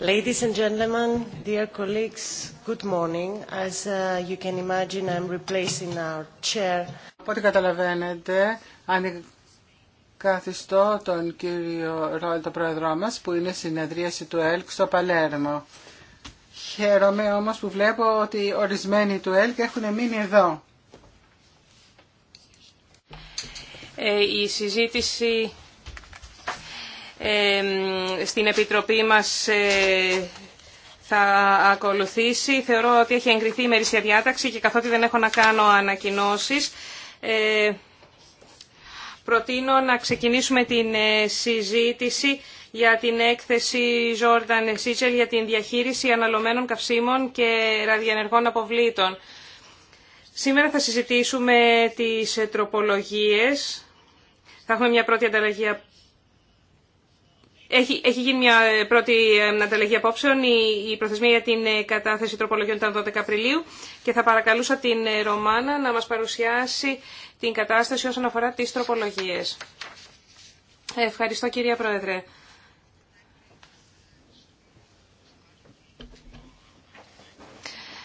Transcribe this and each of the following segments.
Ladies and gentlemen, dear colleagues, good morning. As uh, you can imagine, I'm replacing our chair. Οπότε καταλαβαίνετε, ανεκαθιστώ τον κύριο Ρόλ, τον πρόεδρό μας, που είναι συνεδρίαση του ΕΛΚ στο Παλέρμο. Χαίρομαι όμως που βλέπω ότι ορισμένοι του ΕΛΚ έχουν μείνει εδώ. Ε, η συζήτηση στην Επιτροπή μας ε, θα ακολουθήσει. Θεωρώ ότι έχει εγκριθεί η ημερήσια διάταξη και καθότι δεν έχω να κάνω ανακοινώσεις, ε, προτείνω να ξεκινήσουμε την ε, συζήτηση για την έκθεση Jordan Sitchell για την διαχείριση αναλωμένων καυσίμων και ραδιενεργών αποβλήτων. Σήμερα θα συζητήσουμε τις τροπολογίες. Θα έχουμε μια πρώτη ανταλλαγή έχει, έχει γίνει μια ε, πρώτη ε, ανταλλαγή απόψεων. Η, η προθεσμία για την ε, κατάθεση τροπολογιών ήταν 12 Απριλίου και θα παρακαλούσα την Ρωμάνα να μας παρουσιάσει την κατάσταση όσον αφορά τις τροπολογίες. Ευχαριστώ κυρία Πρόεδρε.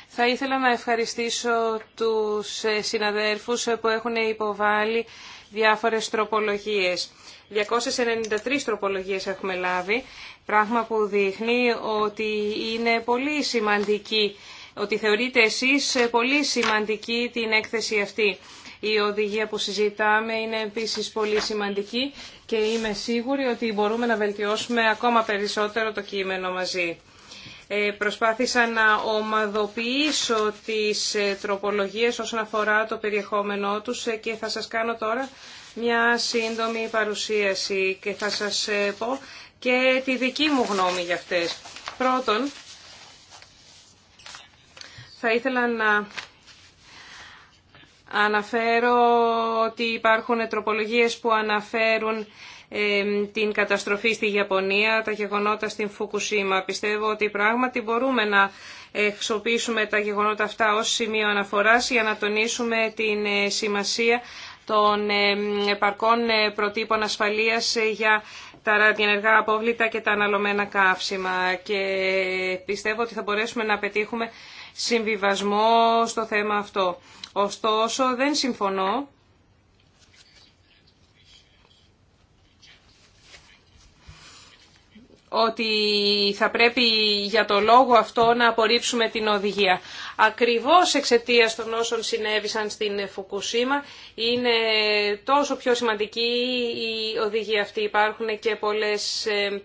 Θα ήθελα να ευχαριστήσω τους συναδέρφους που έχουν υποβάλει διάφορες τροπολογίες. 293 τροπολογίες έχουμε λάβει, πράγμα που δείχνει ότι είναι πολύ σημαντική, ότι θεωρείτε εσείς πολύ σημαντική την έκθεση αυτή. Η οδηγία που συζητάμε είναι επίσης πολύ σημαντική και είμαι σίγουρη ότι μπορούμε να βελτιώσουμε ακόμα περισσότερο το κείμενο μαζί. Ε, προσπάθησα να ομαδοποιήσω τις ε, τροπολογίες όσον αφορά το περιεχόμενό τους ε, και θα σας κάνω τώρα μια σύντομη παρουσίαση και θα σας ε, πω και τη δική μου γνώμη για αυτές. Πρώτον, θα ήθελα να αναφέρω ότι υπάρχουν τροπολογίες που αναφέρουν την καταστροφή στη Ιαπωνία, τα γεγονότα στην Φουκουσίμα. Πιστεύω ότι πράγματι μπορούμε να εξοπλίσουμε τα γεγονότα αυτά ως σημείο αναφοράς για να τονίσουμε την ε, σημασία των επαρκών ε, προτύπων ασφαλείας ε, για τα ραδιενεργά απόβλητα και τα αναλωμένα καύσιμα. Και πιστεύω ότι θα μπορέσουμε να πετύχουμε συμβιβασμό στο θέμα αυτό. Ωστόσο, δεν συμφωνώ ότι θα πρέπει για το λόγο αυτό να απορρίψουμε την οδηγία. Ακριβώς εξαιτία των όσων συνέβησαν στην Φουκουσίμα είναι τόσο πιο σημαντική η οδηγία αυτή. Υπάρχουν και πολλές ε,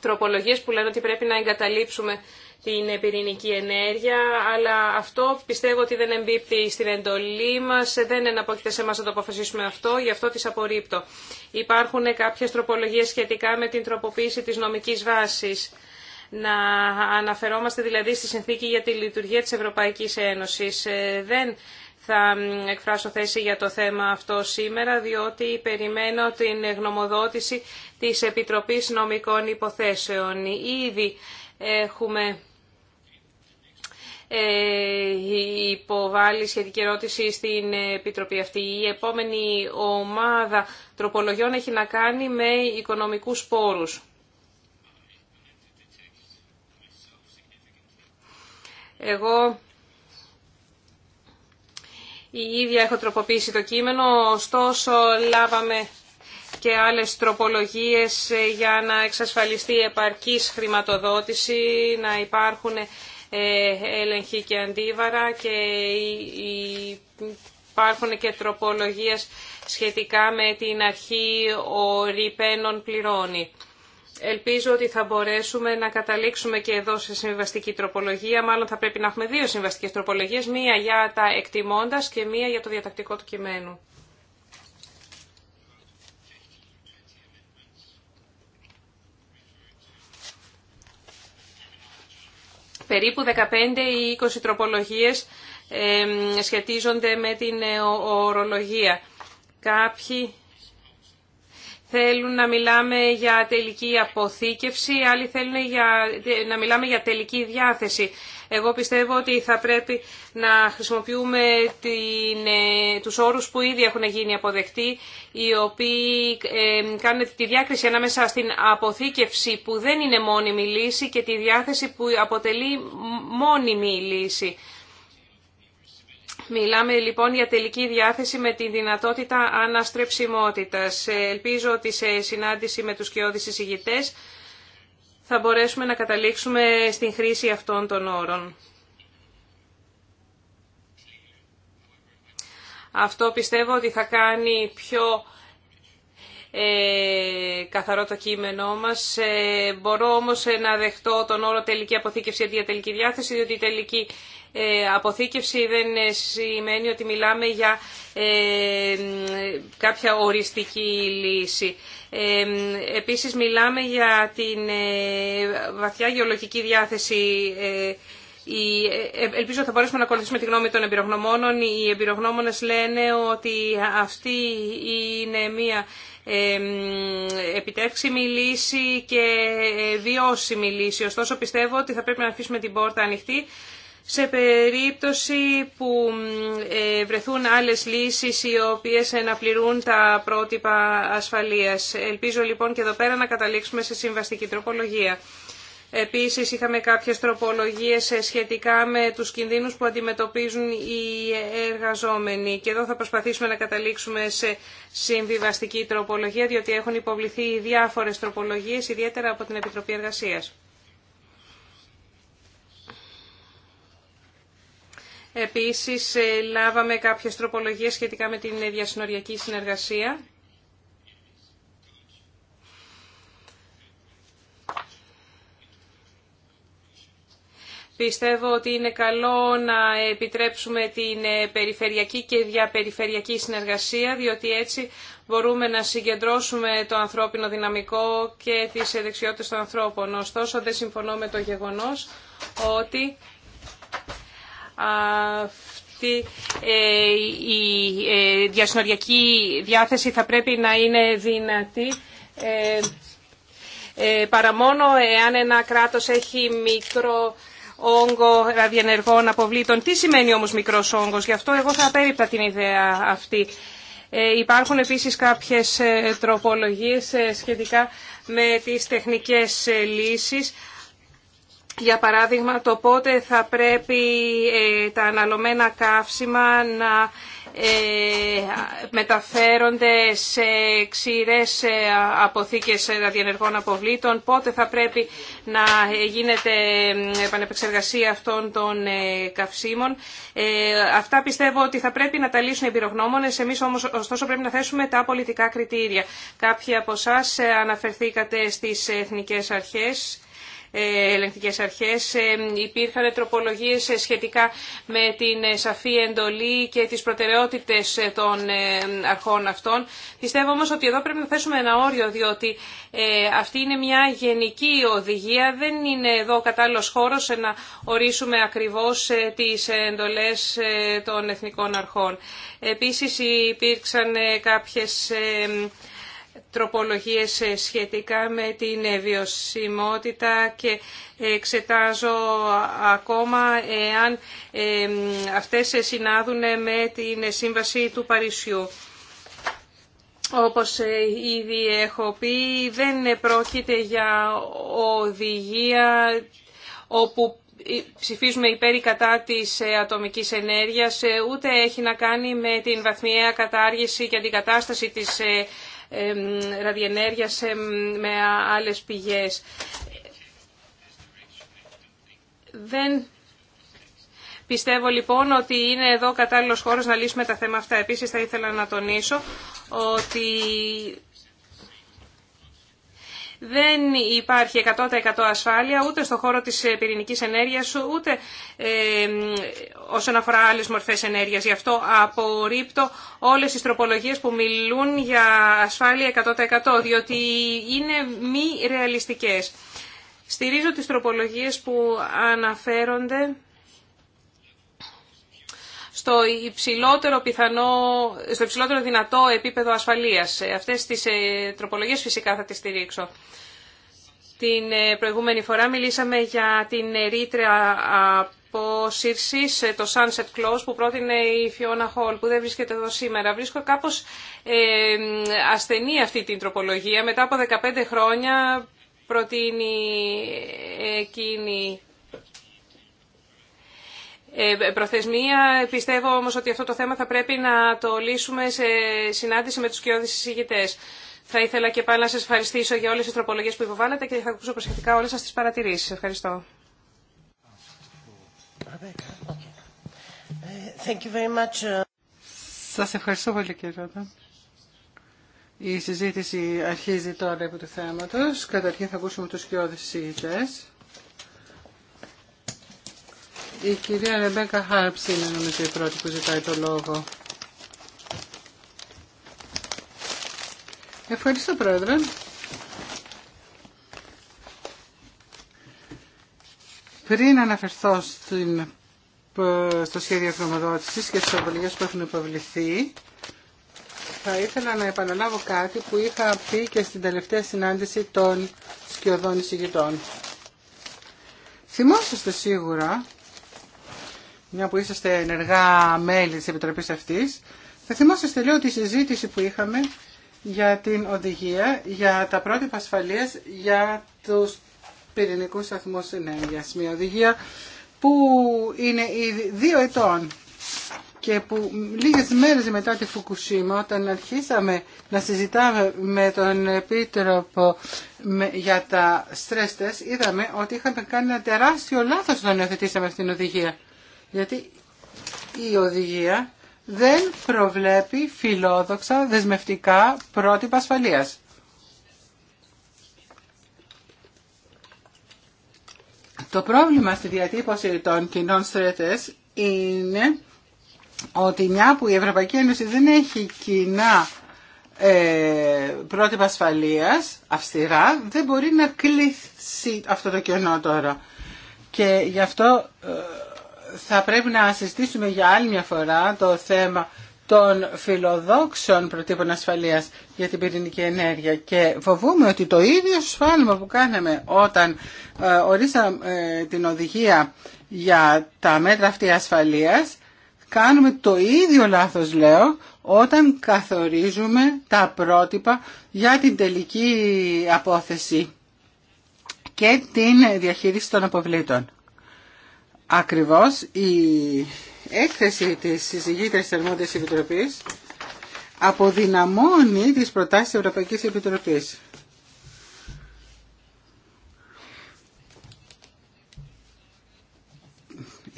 τροπολογίες που λένε ότι πρέπει να εγκαταλείψουμε την πυρηνική ενέργεια, αλλά αυτό πιστεύω ότι δεν εμπίπτει στην εντολή μας, δεν εναπόκειται σε εμάς να το αποφασίσουμε αυτό, γι' αυτό τις απορρίπτω. Υπάρχουν κάποιες τροπολογίες σχετικά με την τροποποίηση της νομικής βάσης. Να αναφερόμαστε δηλαδή στη συνθήκη για τη λειτουργία της Ευρωπαϊκής Ένωσης. Ε, δεν θα εκφράσω θέση για το θέμα αυτό σήμερα, διότι περιμένω την γνωμοδότηση της Επιτροπής Νομικών Υποθέσεων. Ήδη Έχουμε ε, υποβάλει σχετική ερώτηση στην Επιτροπή αυτή. Η επόμενη ομάδα τροπολογιών έχει να κάνει με οικονομικούς πόρους. Εγώ η ίδια έχω τροποποιήσει το κείμενο, ωστόσο λάβαμε και άλλες τροπολογίες ε, για να εξασφαλιστεί επαρκής χρηματοδότηση, να υπάρχουν ε, έλεγχοι και αντίβαρα και υπάρχουν και τροπολογίες σχετικά με την αρχή ο ρηπαίνων πληρώνει. Ελπίζω ότι θα μπορέσουμε να καταλήξουμε και εδώ σε συμβαστική τροπολογία. Μάλλον θα πρέπει να έχουμε δύο συμβαστικές τροπολογίες, μία για τα εκτιμώντας και μία για το διατακτικό του κειμένου. Περίπου 15 ή 20 τροπολογίες σχετίζονται με την ε, ορολογία. Κάποιοι θέλουν να μιλάμε για τελική αποθήκευση, άλλοι θέλουν για, να μιλάμε για τελική διάθεση. Εγώ πιστεύω ότι θα πρέπει να χρησιμοποιούμε την, ε, τους όρους που ήδη έχουν γίνει αποδεκτοί, οι οποίοι ε, κάνουν τη διάκριση ανάμεσα στην αποθήκευση που δεν είναι μόνιμη λύση και τη διάθεση που αποτελεί μόνιμη λύση. Μιλάμε λοιπόν για τελική διάθεση με τη δυνατότητα αναστρεψιμότητας. Ελπίζω ότι σε συνάντηση με τους κοιόδης εισηγητές θα μπορέσουμε να καταλήξουμε στην χρήση αυτών των όρων. Αυτό πιστεύω ότι θα κάνει πιο ε, καθαρό το κείμενό μας. Ε, μπορώ όμως ε, να δεχτώ τον όρο τελική αποθήκευση αντί για τελική διάθεση, διότι η τελική αποθήκευση δεν σημαίνει ότι μιλάμε για κάποια οριστική λύση. Επίσης μιλάμε για την βαθιά γεωλογική διάθεση ε, ε, ελπίζω θα μπορέσουμε να ακολουθήσουμε τη γνώμη των εμπειρογνωμόνων. Οι εμπειρογνώμονες λένε ότι αυτή είναι μία επιτεύξιμη λύση και ε, βιώσιμη λύση. Ωστόσο πιστεύω ότι θα πρέπει να αφήσουμε την πόρτα ανοιχτή σε περίπτωση που βρεθούν άλλες λύσεις οι οποίες να τα πρότυπα ασφαλείας. Ελπίζω λοιπόν και εδώ πέρα να καταλήξουμε σε συμβαστική τροπολογία. Επίσης είχαμε κάποιες τροπολογίες σχετικά με τους κινδύνους που αντιμετωπίζουν οι εργαζόμενοι και εδώ θα προσπαθήσουμε να καταλήξουμε σε συμβιβαστική τροπολογία διότι έχουν υποβληθεί διάφορες τροπολογίες ιδιαίτερα από την Επιτροπή Εργασίας. Επίσης ε, λάβαμε κάποιες τροπολογίες σχετικά με την διασυνοριακή συνεργασία. Πιστεύω ότι είναι καλό να επιτρέψουμε την ε, περιφερειακή και διαπεριφερειακή συνεργασία, διότι έτσι μπορούμε να συγκεντρώσουμε το ανθρώπινο δυναμικό και τις ε, δεξιότητες των ανθρώπων. Ωστόσο, δεν συμφωνώ με το γεγονός ότι αυτή ε, η διασυνοριακή διάθεση θα πρέπει να είναι δυνατή παρά μόνο εάν ένα κράτος έχει μικρό όγκο ραδιενεργών αποβλήτων. Τι σημαίνει όμως μικρός όγκος, γι' αυτό εγώ θα απέριπτα την ιδέα αυτή. Ε, υπάρχουν επίσης κάποιες ε, τροπολογίες ε, σχετικά με τις τεχνικές λύσεις. Για παράδειγμα, το πότε θα πρέπει τα αναλωμένα καύσιμα να ε, μεταφέρονται σε ξηρές ε, αποθήκες ραδιενεργών αποβλήτων, πότε θα πρέπει να γίνεται επανεπεξεργασία αυτών των ε, καυσίμων. Αυτά πιστεύω ότι θα πρέπει να τα λύσουν οι πυρογνώμονες, Εμείς όμως ωστόσο πρέπει να θέσουμε τα πολιτικά κριτήρια. Κάποιοι από εσά αναφερθήκατε στις εθνικές αρχές ε, ελεγκτικές αρχές. Ε, υπήρχαν τροπολογίε ε, σχετικά με την σαφή εντολή και τις προτεραιότητες των αρχών αυτών. Πιστεύω όμω ότι εδώ πρέπει να θέσουμε ένα όριο, διότι αυτή είναι μια γενική οδηγία. Δεν είναι εδώ ο χώρο να ορίσουμε ακριβώς τι εντολές των εθνικών αρχών. Επίση, υπήρξαν κάποιες τροπολογίες ε, σχετικά με την ε, βιωσιμότητα και εξετάζω ακόμα εάν ε, αυτές συνάδουν με την σύμβαση του Παρισιού. Όπως ήδη έχω πει, δεν πρόκειται για οδηγία όπου ψηφίζουμε υπέρ ή κατά της ατομικής ενέργειας, ούτε έχει να κάνει με την βαθμιαία κατάργηση και αντικατάσταση της σε, με άλλες πηγές. Δεν πιστεύω λοιπόν ότι είναι εδώ κατάλληλος χώρος να λύσουμε τα θέματα αυτά. Επίσης θα ήθελα να τονίσω ότι δεν υπάρχει 100% ασφάλεια ούτε στον χώρο της ε, πυρηνικής ενέργειας ούτε ε, όσον αφορά άλλες μορφές ενέργειας. Γι' αυτό απορρίπτω όλες τις τροπολογίες που μιλούν για ασφάλεια 100% διότι είναι μη ρεαλιστικές. Στηρίζω τις τροπολογίες που αναφέρονται στο υψηλότερο, πιθανό, στο υψηλότερο δυνατό επίπεδο ασφαλείας. Ε, αυτές τις ε, τροπολογίες φυσικά θα τις στηρίξω. Την ε, προηγούμενη φορά μιλήσαμε για την ρήτρα αποσύρση το sunset close που πρότεινε η Φιώνα Χολ, που δεν βρίσκεται εδώ σήμερα. Βρίσκω κάπως ασθενή αυτή την τροπολογία. Μετά από 15 χρόνια προτείνει εκείνη ε, προθεσμία. Πιστεύω όμως ότι αυτό το θέμα θα πρέπει να το λύσουμε σε συνάντηση με τους κοιόδης συζητητέ. Θα ήθελα και πάλι να σας ευχαριστήσω για όλες τις τροπολογίες που υποβάλλατε και θα ακούσω προσεκτικά όλες σας τις παρατηρήσεις. Ευχαριστώ. Thank you very much. Uh, σας ευχαριστώ πολύ κύριε Ρόδο. Η συζήτηση αρχίζει τώρα επί του θέματο. Καταρχήν θα ακούσουμε τους κοιόδης συζητητέ. Η κυρία Ρεμπέκα Χάρψ είναι νομίζω η πρώτη που ζητάει το λόγο. Ευχαριστώ πρόεδρε. Πριν αναφερθώ στην, στο σχέδιο χρηματοδότησης και στις απολογές που έχουν υποβληθεί, θα ήθελα να επαναλάβω κάτι που είχα πει και στην τελευταία συνάντηση των σκιωδών εισηγητών. Θυμόσαστε σίγουρα μια που είσαστε ενεργά μέλη της Επιτροπής αυτής, θα θυμόσαστε λέω τη συζήτηση που είχαμε για την οδηγία, για τα πρότυπα ασφαλείας, για τους πυρηνικούς σταθμούς Ενέργεια. Μια οδηγία που είναι ήδη δύο ετών και που λίγες μέρες μετά τη Φουκουσίμα όταν αρχίσαμε να συζητάμε με τον Επίτροπο για τα στρέστες είδαμε ότι είχαμε κάνει ένα τεράστιο λάθος όταν υιοθετήσαμε αυτήν την οδηγία γιατί η οδηγία δεν προβλέπει φιλόδοξα δεσμευτικά πρότυπα ασφαλείας. Το πρόβλημα στη διατύπωση των κοινών στρέτες είναι ότι μια που η Ευρωπαϊκή Ένωση δεν έχει κοινά ε, πρότυπα ασφαλείας αυστηρά, δεν μπορεί να κλείσει αυτό το κενό τώρα. Και γι' αυτό ε, θα πρέπει να συζητήσουμε για άλλη μια φορά το θέμα των φιλοδόξων προτύπων ασφαλείας για την πυρηνική ενέργεια και φοβούμε ότι το ίδιο σφάλμα που κάναμε όταν ε, ορίσαμε ε, την οδηγία για τα μέτρα αυτή ασφαλείας κάνουμε το ίδιο λάθος λέω όταν καθορίζουμε τα πρότυπα για την τελική απόθεση και την διαχείριση των αποβλήτων. Ακριβώς η έκθεση της συζητήτρες της Επιτροπής αποδυναμώνει τις προτάσεις της Ευρωπαϊκής Επιτροπής.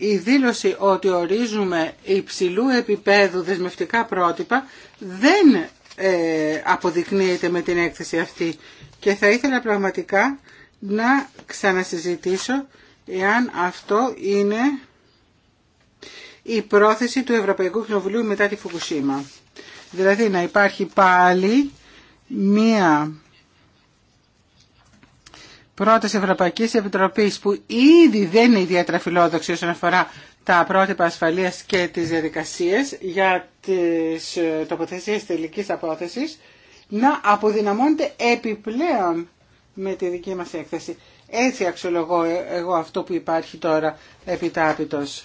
η δήλωση ότι ορίζουμε υψηλού επίπεδου δεσμευτικά πρότυπα δεν ε, αποδεικνύεται με την έκθεση αυτή. Και θα ήθελα πραγματικά να ξανασυζητήσω εάν αυτό είναι η πρόθεση του Ευρωπαϊκού Κοινοβουλίου μετά τη Φουκουσίμα. Δηλαδή να υπάρχει πάλι μία πρόταση Ευρωπαϊκής Επιτροπής που ήδη δεν είναι ιδιαίτερα φιλόδοξη όσον αφορά τα πρότυπα ασφαλείας και τις διαδικασίες για τις τοποθεσίες τελικής απόθεσης να αποδυναμώνεται επιπλέον με τη δική μας έκθεση. Έτσι αξιολογώ εγώ αυτό που υπάρχει τώρα επιτάπητος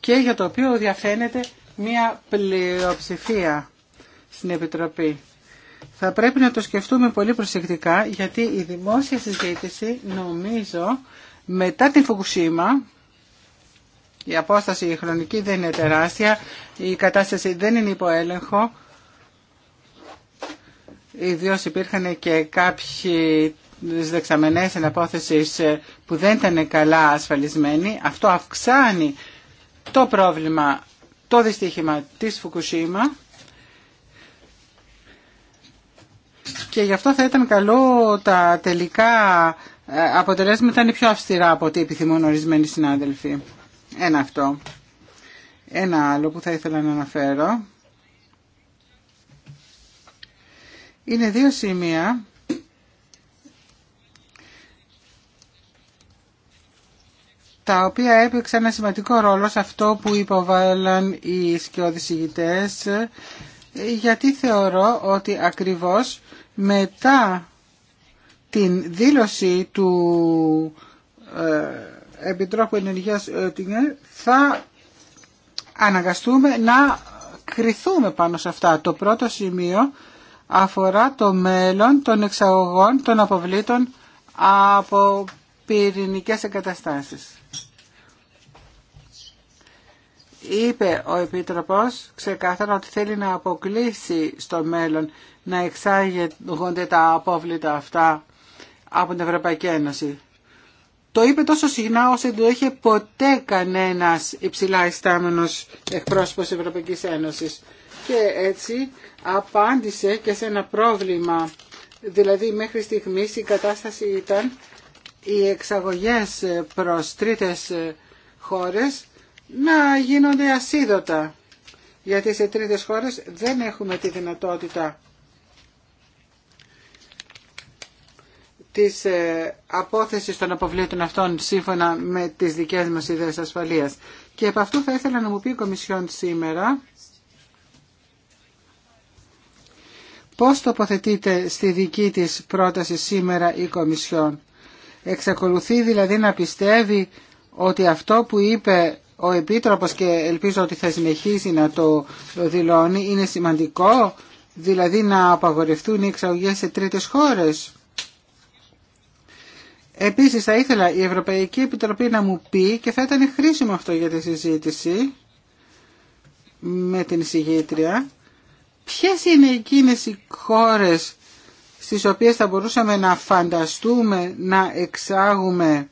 και για το οποίο διαφαίνεται μια πλειοψηφία στην Επιτροπή. Θα πρέπει να το σκεφτούμε πολύ προσεκτικά γιατί η δημόσια συζήτηση νομίζω μετά την Φουκουσίμα η απόσταση η χρονική δεν είναι τεράστια, η κατάσταση δεν είναι υποέλεγχο. Ιδίως υπήρχαν και κάποιοι τις δεξαμενές αναπόθεσης ε, που δεν ήταν καλά ασφαλισμένη, Αυτό αυξάνει το πρόβλημα, το δυστύχημα της Φουκουσίμα και γι' αυτό θα ήταν καλό τα τελικά ε, αποτελέσματα είναι πιο αυστηρά από ό,τι επιθυμούν ορισμένοι συνάδελφοι. Ένα αυτό. Ένα άλλο που θα ήθελα να αναφέρω. Είναι δύο σημεία τα οποία έπαιξαν ένα σημαντικό ρόλο σε αυτό που υποβάλλαν οι σκιώδησηγητές γιατί θεωρώ ότι ακριβώς μετά την δήλωση του ε, Επιτρόπου Ενεργείας θα αναγκαστούμε να κριθούμε πάνω σε αυτά. Το πρώτο σημείο αφορά το μέλλον των εξαγωγών των αποβλήτων από πυρηνικές εγκαταστάσεις είπε ο Επίτροπος ξεκάθαρα ότι θέλει να αποκλείσει στο μέλλον να εξάγονται τα απόβλητα αυτά από την Ευρωπαϊκή Ένωση. Το είπε τόσο συχνά όσο δεν το είχε ποτέ κανένας υψηλά ιστάμενος εκπρόσωπος της Ευρωπαϊκής Ένωσης. Και έτσι απάντησε και σε ένα πρόβλημα. Δηλαδή μέχρι στιγμής η κατάσταση ήταν οι εξαγωγές προς τρίτες χώρες να γίνονται ασίδωτα. Γιατί σε τρίτες χώρες δεν έχουμε τη δυνατότητα της ε, απόθεσης των αποβλήτων αυτών σύμφωνα με τις δικές μας ιδέες ασφαλείας. Και από αυτού θα ήθελα να μου πει η Κομισιόν σήμερα πώς τοποθετείται στη δική της πρόταση σήμερα η Κομισιόν. Εξακολουθεί δηλαδή να πιστεύει ότι αυτό που είπε ο Επίτροπος και ελπίζω ότι θα συνεχίσει να το δηλώνει, είναι σημαντικό, δηλαδή να απαγορευτούν οι εξαγωγές σε τρίτες χώρες. Επίσης θα ήθελα η Ευρωπαϊκή Επιτροπή να μου πει και θα ήταν χρήσιμο αυτό για τη συζήτηση με την εισηγήτρια, ποιες είναι εκείνες οι χώρες στις οποίες θα μπορούσαμε να φανταστούμε να εξάγουμε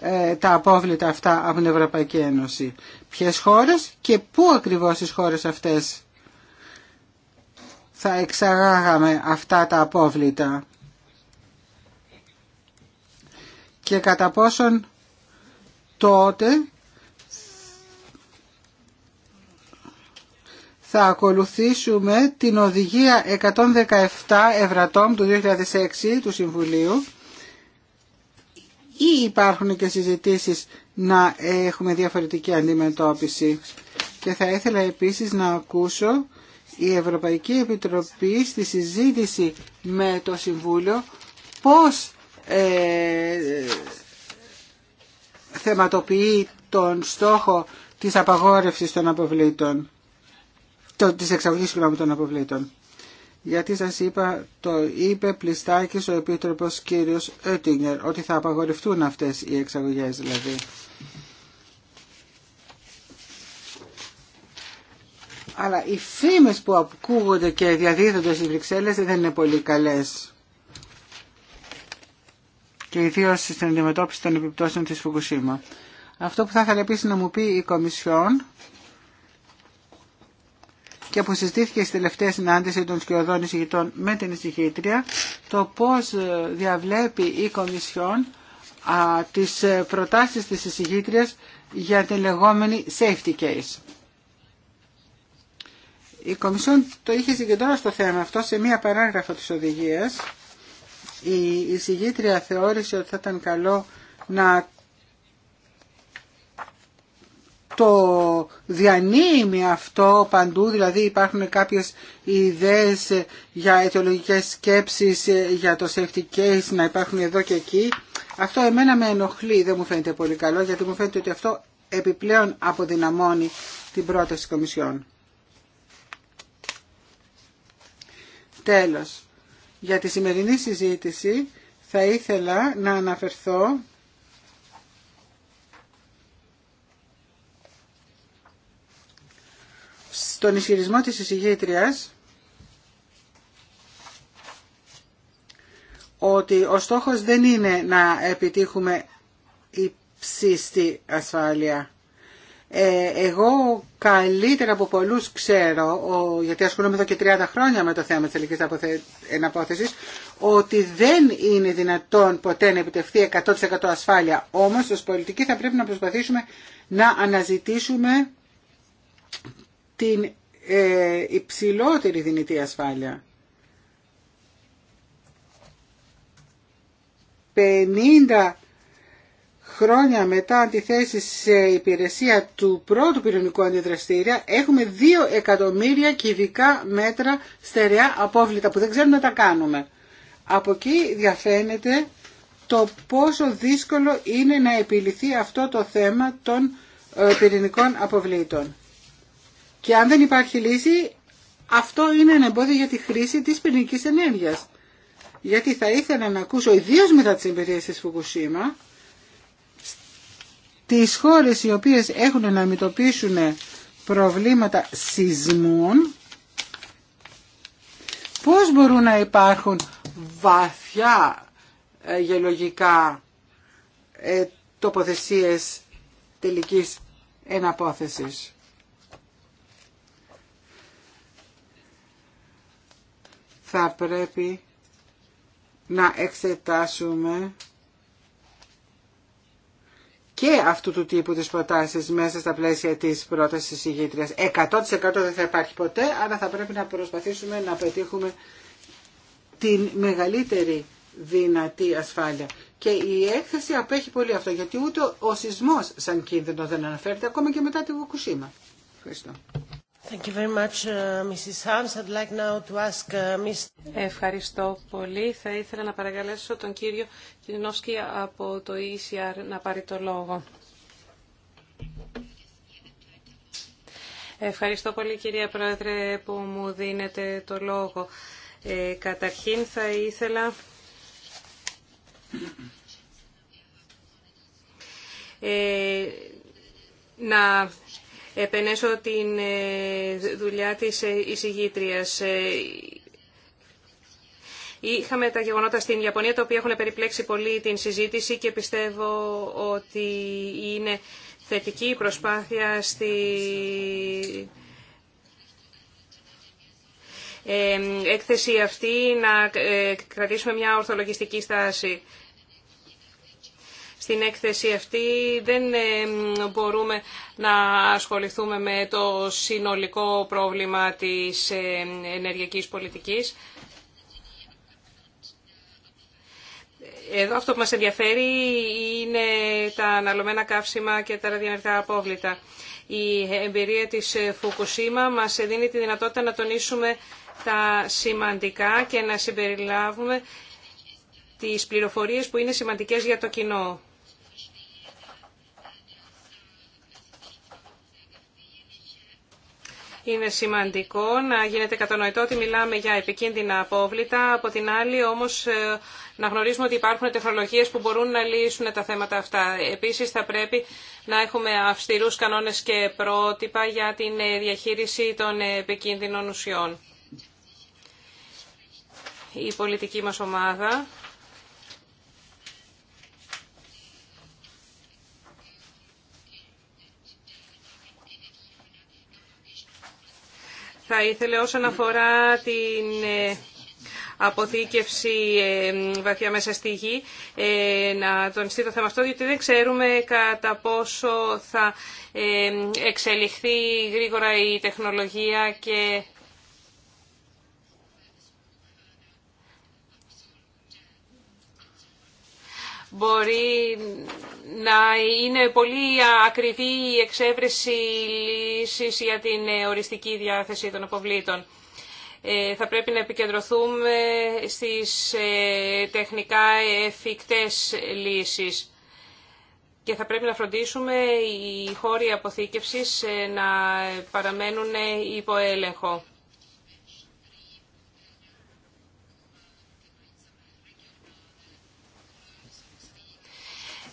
ε, τα απόβλητα αυτά από την Ευρωπαϊκή Ένωση. Ποιες χώρες και πού ακριβώς τις χώρες αυτές θα εξαγάγαμε αυτά τα απόβλητα και κατά πόσον τότε θα ακολουθήσουμε την οδηγία 117 Ευρατόμ του 2006 του Συμβουλίου ή υπάρχουν και συζητήσεις να έχουμε διαφορετική αντιμετώπιση. Και θα ήθελα επίσης να ακούσω η Ευρωπαϊκή Επιτροπή στη συζήτηση με το Συμβούλιο πώς ε, θεματοποιεί τον στόχο της απαγόρευσης των αποβλήτων, το, της εξαγωγής των αποβλήτων γιατί σας είπα, το είπε πλειστάκης ο Επίτροπος κύριος Ότιγκερ ότι θα απαγορευτούν αυτές οι εξαγωγές δηλαδή. Αλλά οι φήμες που ακούγονται και διαδίδονται στις Βρυξέλλες δεν είναι πολύ καλές. Και ιδίω στην αντιμετώπιση των επιπτώσεων της Φουκουσίμα. Αυτό που θα ήθελα επίσης να μου πει η Κομισιόν και που συζητήθηκε στη τελευταία συνάντηση των σκιωδών εισηγητών με την εισηγήτρια το πώς ε, διαβλέπει η Κομισιόν α, τις ε, προτάσεις της εισηγήτριας για την λεγόμενη safety case. Η Κομισιόν το είχε συγκεντρώσει το θέμα αυτό σε μία παράγραφο της οδηγίας. Η εισηγήτρια θεώρησε ότι θα ήταν καλό να το με αυτό παντού, δηλαδή υπάρχουν κάποιες ιδέες για αιτιολογικές σκέψεις, για το safety case να υπάρχουν εδώ και εκεί. Αυτό εμένα με ενοχλεί, δεν μου φαίνεται πολύ καλό, γιατί μου φαίνεται ότι αυτό επιπλέον αποδυναμώνει την πρόταση της Κομισιόν. Τέλος, για τη σημερινή συζήτηση θα ήθελα να αναφερθώ στον ισχυρισμό της εισηγήτριας ότι ο στόχος δεν είναι να επιτύχουμε υψίστη ασφάλεια. Ε, εγώ καλύτερα από πολλούς ξέρω, γιατί ασχολούμαι εδώ και 30 χρόνια με το θέμα της ελληνικής αναπόθεσης, ότι δεν είναι δυνατόν ποτέ να επιτευχθεί 100% ασφάλεια. Όμως ως πολιτική θα πρέπει να προσπαθήσουμε να αναζητήσουμε την ε, υψηλότερη δυνητή ασφάλεια. 50 χρόνια μετά τη σε υπηρεσία του πρώτου πυρηνικού αντιδραστήρια έχουμε 2 εκατομμύρια κυβικά μέτρα στερεά απόβλητα που δεν ξέρουμε να τα κάνουμε. Από εκεί διαφαίνεται το πόσο δύσκολο είναι να επιληθεί αυτό το θέμα των ε, πυρηνικών αποβλήτων. Και αν δεν υπάρχει λύση, αυτό είναι ένα εμπόδιο για τη χρήση της πυρηνικής ενέργειας. Γιατί θα ήθελα να ακούσω, ιδίω μετά τις εμπειρίες της Φουκουσίμα, τις χώρες οι οποίες έχουν να αντιμετωπίσουν προβλήματα σεισμών, πώς μπορούν να υπάρχουν βαθιά ε, γεωλογικά ε, τοποθεσίες τελικής εναπόθεσης. θα πρέπει να εξετάσουμε και αυτού του τύπου τις προτάσεις μέσα στα πλαίσια της πρότασης ηγήτριας. 100% δεν θα υπάρχει ποτέ, αλλά θα πρέπει να προσπαθήσουμε να πετύχουμε την μεγαλύτερη δυνατή ασφάλεια. Και η έκθεση απέχει πολύ αυτό, γιατί ούτε ο σεισμός σαν κίνδυνο δεν αναφέρεται, ακόμα και μετά τη Βουκουσίμα. Ευχαριστώ. Thank you very much, uh, Mrs. I'd like uh, Ευχαριστώ πολύ. Θα ήθελα να παρακαλέσω τον κύριο Κινινόφσκι από το ECR να πάρει το λόγο. Ευχαριστώ πολύ κυρία Πρόεδρε που μου δίνετε το λόγο. Ε, καταρχήν θα ήθελα ε, να επενέσω την ε, δουλειά της ε, εισηγήτριας. Ε, είχαμε τα γεγονότα στην Ιαπωνία, τα οποία έχουν περιπλέξει πολύ την συζήτηση και πιστεύω ότι είναι θετική η προσπάθεια στη... έκθεση αυτή να κρατήσουμε μια ορθολογιστική στάση στην έκθεση αυτή δεν ε, μπορούμε να ασχοληθούμε με το συνολικό πρόβλημα της ε, ενεργειακής πολιτικής. Εδώ αυτό που μας ενδιαφέρει είναι τα αναλωμένα καύσιμα και τα ραδιενεργά απόβλητα. Η εμπειρία της ε, Φουκουσίμα μας δίνει τη δυνατότητα να τονίσουμε τα σημαντικά και να συμπεριλάβουμε τις πληροφορίες που είναι σημαντικές για το κοινό. Είναι σημαντικό να γίνεται κατανοητό ότι μιλάμε για επικίνδυνα απόβλητα, από την άλλη όμως ε, να γνωρίζουμε ότι υπάρχουν τεχνολογίες που μπορούν να λύσουν τα θέματα αυτά. Επίσης θα πρέπει να έχουμε αυστηρούς κανόνες και πρότυπα για την ε, διαχείριση των ε, επικίνδυνων ουσιών. Η πολιτική μας ομάδα θα ήθελε όσον αφορά την ε, αποθήκευση ε, βαθιά μέσα στη γη ε, να τονιστεί το θέμα αυτό, διότι δεν ξέρουμε κατά πόσο θα εξελιχθεί γρήγορα η τεχνολογία και μπορεί να είναι πολύ ακριβή η εξέβρεση λύσης για την οριστική διάθεση των αποβλήτων. Ε, θα πρέπει να επικεντρωθούμε στις ε, τεχνικά εφικτές λύσεις και θα πρέπει να φροντίσουμε οι χώροι αποθήκευσης ε, να παραμένουν υπό έλεγχο.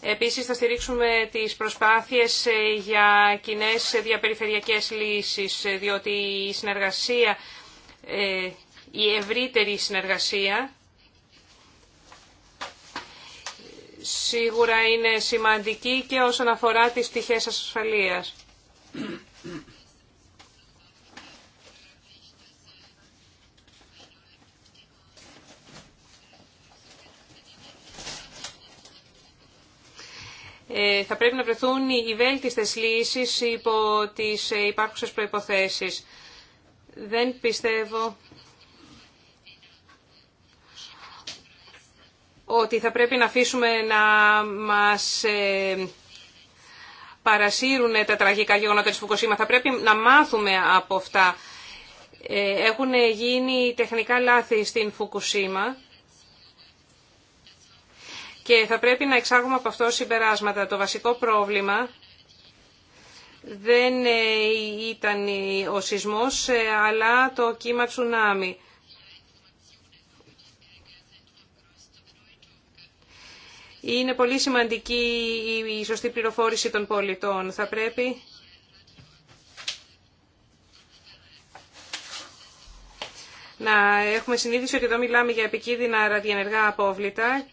Επίσης θα στηρίξουμε τις προσπάθειες ε, για κοινέ διαπεριφερειακές λύσεις, ε, διότι η συνεργασία, ε, η ευρύτερη συνεργασία σίγουρα είναι σημαντική και όσον αφορά τις πτυχές ασφαλείας. Ε, θα πρέπει να βρεθούν οι βέλτιστες λύσεις υπό τις ε, υπάρχουσες προϋποθέσεις. Δεν πιστεύω ότι θα πρέπει να αφήσουμε να μας ε, παρασύρουν τα τραγικά γεγονότα της Φουκοσίμα. Θα πρέπει να μάθουμε από αυτά. Έχουν γίνει τεχνικά λάθη στην Φουκουσίμα και θα πρέπει να εξάγουμε από αυτό συμπεράσματα. Το βασικό πρόβλημα δεν ε, ήταν ο σεισμός, ε, αλλά το κύμα τσουνάμι. Είναι πολύ σημαντική η σωστή πληροφόρηση των πολιτών. Θα πρέπει να έχουμε συνείδηση ότι εδώ μιλάμε για επικίνδυνα ραδιενεργά απόβλητα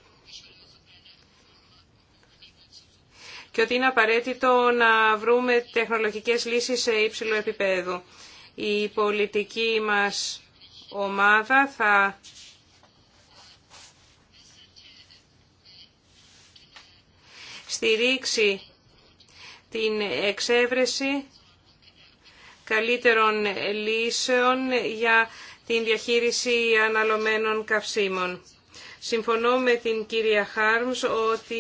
και ότι είναι απαραίτητο να βρούμε τεχνολογικές λύσεις σε υψηλό επίπεδο. Η πολιτική μας ομάδα θα στηρίξει την εξέβρεση καλύτερων λύσεων για την διαχείριση αναλωμένων καυσίμων. Συμφωνώ με την κυρία Χάρμς ότι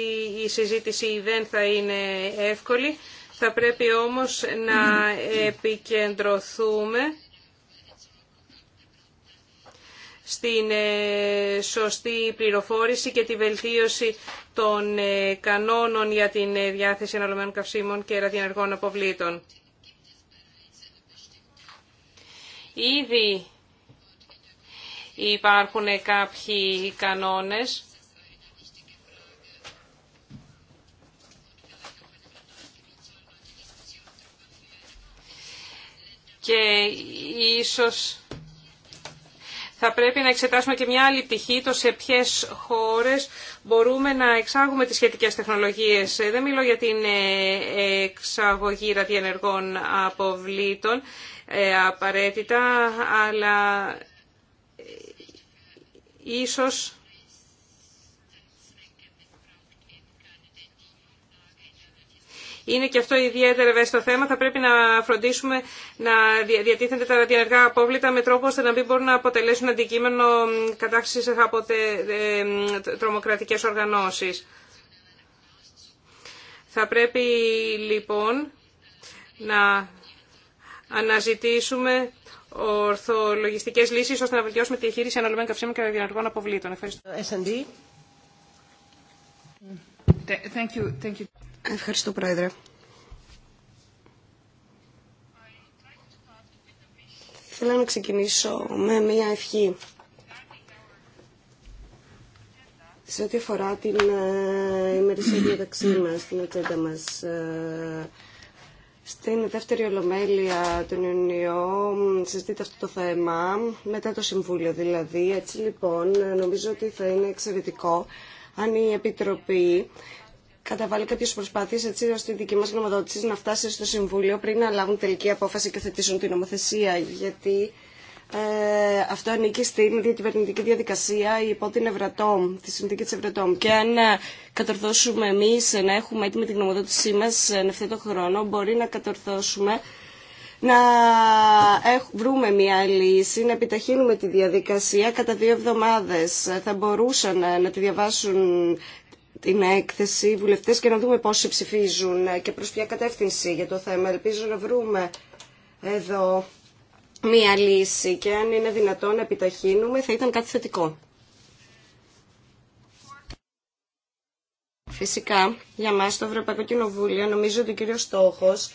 η συζήτηση δεν θα είναι εύκολη. Θα πρέπει όμως να επικεντρωθούμε στην ε, σωστή πληροφόρηση και τη βελτίωση των ε, κανόνων για την ε, διάθεση αναλωμένων καυσίμων και ραδιενεργών αποβλήτων. Ήδη υπάρχουν κάποιοι κανόνες. Και ίσως θα πρέπει να εξετάσουμε και μια άλλη πτυχή, το σε ποιες χώρες μπορούμε να εξάγουμε τις σχετικές τεχνολογίες. Δεν μιλώ για την ε, εξαγωγή ραδιενεργών αποβλήτων ε, απαραίτητα, αλλά Ίσως είναι και αυτό ιδιαίτερα ευαίσθητο θέμα. Θα πρέπει να φροντίσουμε να διατίθενται τα ραδιενεργά απόβλητα με τρόπο ώστε να μην μπορούν να αποτελέσουν αντικείμενο κατάξυσης από τρομοκρατικές οργανώσεις. Θα πρέπει λοιπόν να αναζητήσουμε ορθολογιστικέ λύσει ώστε να βελτιώσουμε τη διαχείριση αναλωμένων καυσίμων και διανεργών αποβλήτων. Ευχαριστώ. S&D. Ευχαριστώ, Πρόεδρε. Θέλω να ξεκινήσω με μια ευχή σε ό,τι αφορά την ε, ημερησία διαταξή μας, την ατζέντα μας. Ε, στην δεύτερη ολομέλεια των σε συζητείται αυτό το θέμα, μετά το Συμβούλιο δηλαδή. Έτσι λοιπόν νομίζω ότι θα είναι εξαιρετικό αν η Επιτροπή καταβάλει κάποιες προσπάθειε έτσι ώστε η δική μα γνωμοδότηση να φτάσει στο Συμβούλιο πριν να λάβουν τελική απόφαση και θετήσουν την νομοθεσία. Γιατί ε, αυτό ανήκει στην διακυβερνητική διαδικασία υπό την Ευρατόμ, τη συνθήκη τη Ευρατόμ. Και αν ε, κατορθώσουμε εμεί να έχουμε έτοιμη την γνωμοδότησή μα εν τον χρόνο, μπορεί να κατορθώσουμε να βρούμε μια λύση, να επιταχύνουμε τη διαδικασία κατά δύο εβδομάδες. Ε, θα μπορούσαν ε, να τη διαβάσουν την έκθεση οι βουλευτέ και να δούμε πόσοι ψηφίζουν και προς ποια κατεύθυνση για το θέμα. Ελπίζω να βρούμε εδώ μία λύση και αν είναι δυνατόν να επιταχύνουμε θα ήταν κάτι θετικό. Φυσικά, για μας το Ευρωπαϊκό Κοινοβούλιο νομίζω ότι ο κύριος στόχος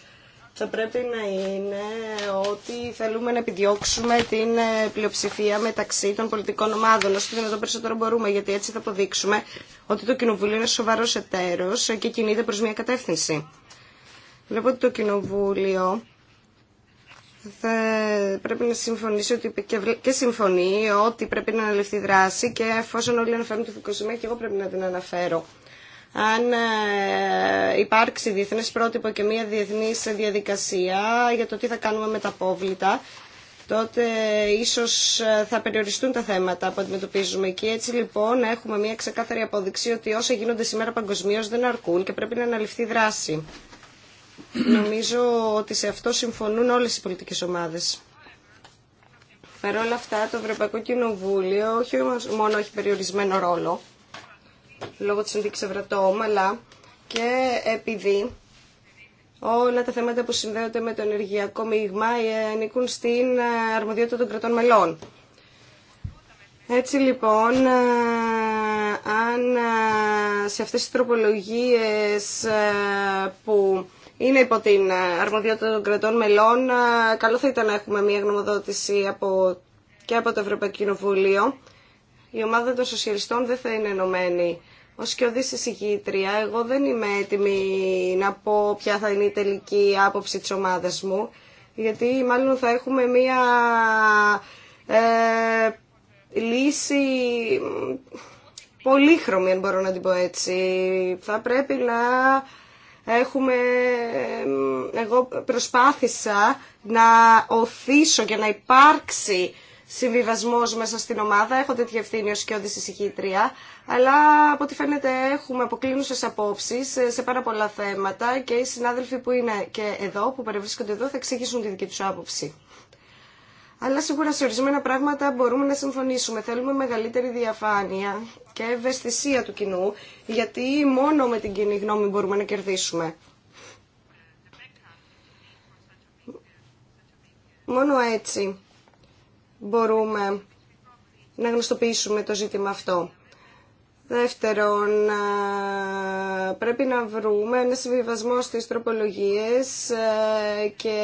θα πρέπει να είναι ότι θέλουμε να επιδιώξουμε την ε, πλειοψηφία μεταξύ των πολιτικών ομάδων όσο το δυνατόν περισσότερο μπορούμε, γιατί έτσι θα αποδείξουμε ότι το Κοινοβούλιο είναι σοβαρός εταίρος και κινείται προς μια κατεύθυνση. Βλέπω ότι το Κοινοβούλιο πρέπει να συμφωνήσει ότι, και, συμφωνεί ότι πρέπει να αναλυφθεί δράση και εφόσον όλοι αναφέρουν το Φουκοσιμία και εγώ πρέπει να την αναφέρω. Αν ε, υπάρξει διεθνές πρότυπο και μια διεθνής διαδικασία για το τι θα κάνουμε με τα πόβλητα τότε ε, ίσως ε, θα περιοριστούν τα θέματα που αντιμετωπίζουμε. εκεί έτσι λοιπόν έχουμε μια ξεκάθαρη απόδειξη ότι όσα γίνονται σήμερα παγκοσμίω δεν αρκούν και πρέπει να αναλυφθεί δράση. Νομίζω ότι σε αυτό συμφωνούν όλες οι πολιτικές ομάδες. Παρ' όλα αυτά, το Ευρωπαϊκό Κοινοβούλιο όχι μόνο έχει περιορισμένο ρόλο, λόγω της συνθήκης Ευρατόμ, αλλά και επειδή όλα τα θέματα που συνδέονται με το ενεργειακό μείγμα ανήκουν στην αρμοδιότητα των κρατών μελών. Έτσι λοιπόν, αν σε αυτές τις τροπολογίες που είναι υπό την ε, αρμοδιότητα των κρατών μελών. Ε, καλό θα ήταν να έχουμε μια γνωμοδότηση από, και από το Ευρωπαϊκό Κοινοβούλιο. Η ομάδα των σοσιαλιστών δεν θα είναι ενωμένη. Ω και ηγήτρια, εγώ δεν είμαι έτοιμη να πω ποια θα είναι η τελική άποψη τη ομάδα μου, γιατί μάλλον θα έχουμε μία ε, λύση πολύχρωμη, αν μπορώ να την πω έτσι. Θα πρέπει να Έχουμε, ε, εγώ προσπάθησα να οθήσω και να υπάρξει συμβιβασμό μέσα στην ομάδα. Έχω τέτοια ευθύνη ω και Αλλά από ό,τι φαίνεται έχουμε αποκλίνουσες απόψεις σε πάρα πολλά θέματα και οι συνάδελφοι που είναι και εδώ, που παρευρίσκονται εδώ, θα εξηγήσουν τη δική τους άποψη. Αλλά σίγουρα σε ορισμένα πράγματα μπορούμε να συμφωνήσουμε. Θέλουμε μεγαλύτερη διαφάνεια και ευαισθησία του κοινού, γιατί μόνο με την κοινή γνώμη μπορούμε να κερδίσουμε. Μόνο έτσι μπορούμε να γνωστοποιήσουμε το ζήτημα αυτό. Δεύτερον, πρέπει να βρούμε ένα συμβιβασμό στις τροπολογίες και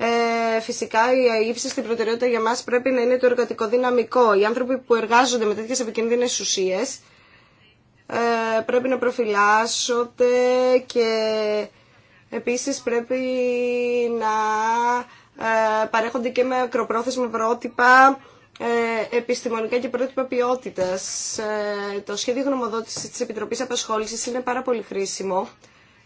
ε, φυσικά η ύψιστη προτεραιότητα για μας πρέπει να είναι το εργατικό δυναμικό. Οι άνθρωποι που εργάζονται με τέτοιες επικίνδυνες ουσίες ε, πρέπει να προφυλάσσονται και επίσης πρέπει να ε, παρέχονται και με ακροπρόθεσμα πρότυπα ε, επιστημονικά και πρότυπα ποιότητας. Ε, το σχέδιο γνωμοδότησης της Επιτροπής Απασχόλησης είναι πάρα πολύ χρήσιμο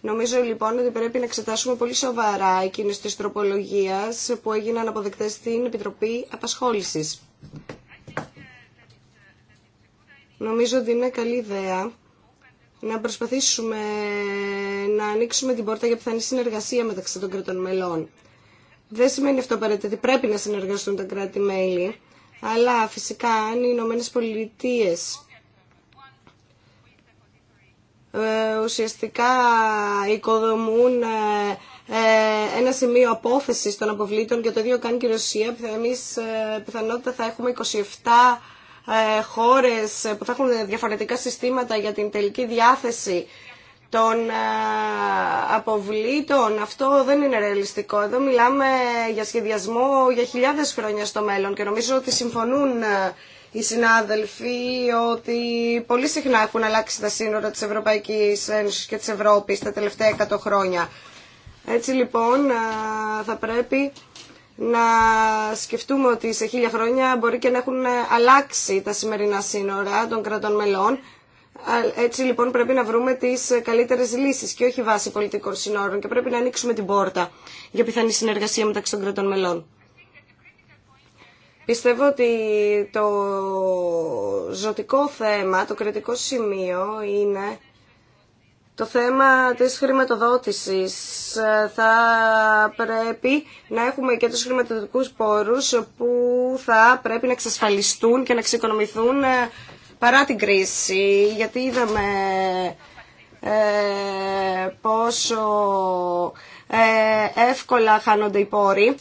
Νομίζω λοιπόν ότι πρέπει να εξετάσουμε πολύ σοβαρά εκείνες τις τροπολογίες που έγιναν αποδεκτές στην Επιτροπή Απασχόλησης. Νομίζω ότι είναι καλή ιδέα να προσπαθήσουμε να ανοίξουμε την πόρτα για πιθανή συνεργασία μεταξύ των κρατών μελών. Δεν σημαίνει αυτό απαραίτητα ότι πρέπει να συνεργαστούν τα κράτη-μέλη, αλλά φυσικά αν οι Ηνωμένε Πολιτείες ε, ουσιαστικά οικοδομούν ε, ε, ένα σημείο απόθεση των αποβλήτων και το ίδιο κάνει και η Ρωσία. Εμεί πιθανότητα θα έχουμε 27 χώρες που θα έχουν διαφορετικά συστήματα για την τελική διάθεση των αποβλήτων. Αυτό δεν είναι ρεαλιστικό. Εδώ μιλάμε για σχεδιασμό για χιλιάδες χρόνια στο μέλλον και νομίζω ότι συμφωνούν οι συνάδελφοι ότι πολύ συχνά έχουν αλλάξει τα σύνορα της Ευρωπαϊκής Ένωσης και της Ευρώπης τα τελευταία 100 χρόνια. Έτσι λοιπόν θα πρέπει να σκεφτούμε ότι σε χίλια χρόνια μπορεί και να έχουν αλλάξει τα σημερινά σύνορα των κρατών μελών. Έτσι λοιπόν πρέπει να βρούμε τις καλύτερες λύσεις και όχι βάση πολιτικών σύνορων και πρέπει να ανοίξουμε την πόρτα για πιθανή συνεργασία μεταξύ των κρατών μελών. Πιστεύω ότι το ζωτικό θέμα, το κριτικό σημείο είναι το θέμα της χρηματοδότησης. Θα πρέπει να έχουμε και τους χρηματοδοτικούς πόρους που θα πρέπει να εξασφαλιστούν και να εξοικονομηθούν ε, παρά την κρίση. Γιατί είδαμε ε, πόσο ε, εύκολα χάνονται οι πόροι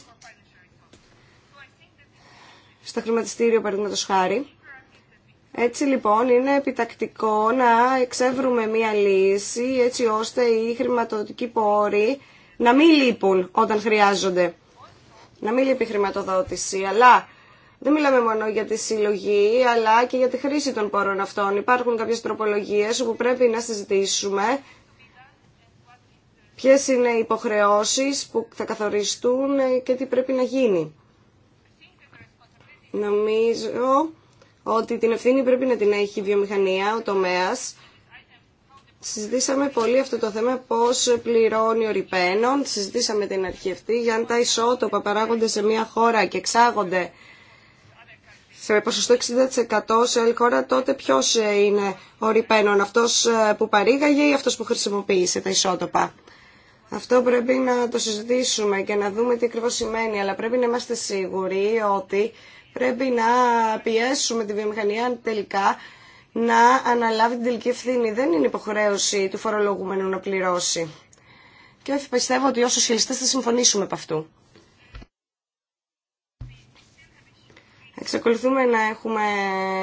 στο χρηματιστήριο παραδείγματο χάρη. Έτσι λοιπόν είναι επιτακτικό να εξεύρουμε μία λύση έτσι ώστε οι χρηματοδοτικοί πόροι να μην λείπουν όταν χρειάζονται. Να μην λείπει η χρηματοδότηση, αλλά δεν μιλάμε μόνο για τη συλλογή, αλλά και για τη χρήση των πόρων αυτών. Υπάρχουν κάποιες τροπολογίες που πρέπει να συζητήσουμε ποιες είναι οι υποχρεώσεις που θα καθοριστούν και τι πρέπει να γίνει. Νομίζω ότι την ευθύνη πρέπει να την έχει η βιομηχανία, ο τομέας. Συζητήσαμε πολύ αυτό το θέμα, πώς πληρώνει ο Ριπένον. Συζητήσαμε την αρχή αυτή για αν τα ισότοπα παράγονται σε μια χώρα και εξάγονται σε ποσοστό 60% σε άλλη χώρα, τότε ποιο ε, είναι ο Ριπένον, αυτός ε, που παρήγαγε ή αυτός που χρησιμοποίησε τα ισότοπα. Αυτό πρέπει να το συζητήσουμε και να δούμε τι ακριβώ σημαίνει, αλλά πρέπει να είμαστε σίγουροι ότι πρέπει να πιέσουμε τη βιομηχανία τελικά να αναλάβει την τελική ευθύνη. Δεν είναι υποχρέωση του φορολογούμενου να πληρώσει. Και πιστεύω ότι ως σοσιαλιστές θα συμφωνήσουμε από αυτού. Εξακολουθούμε να έχουμε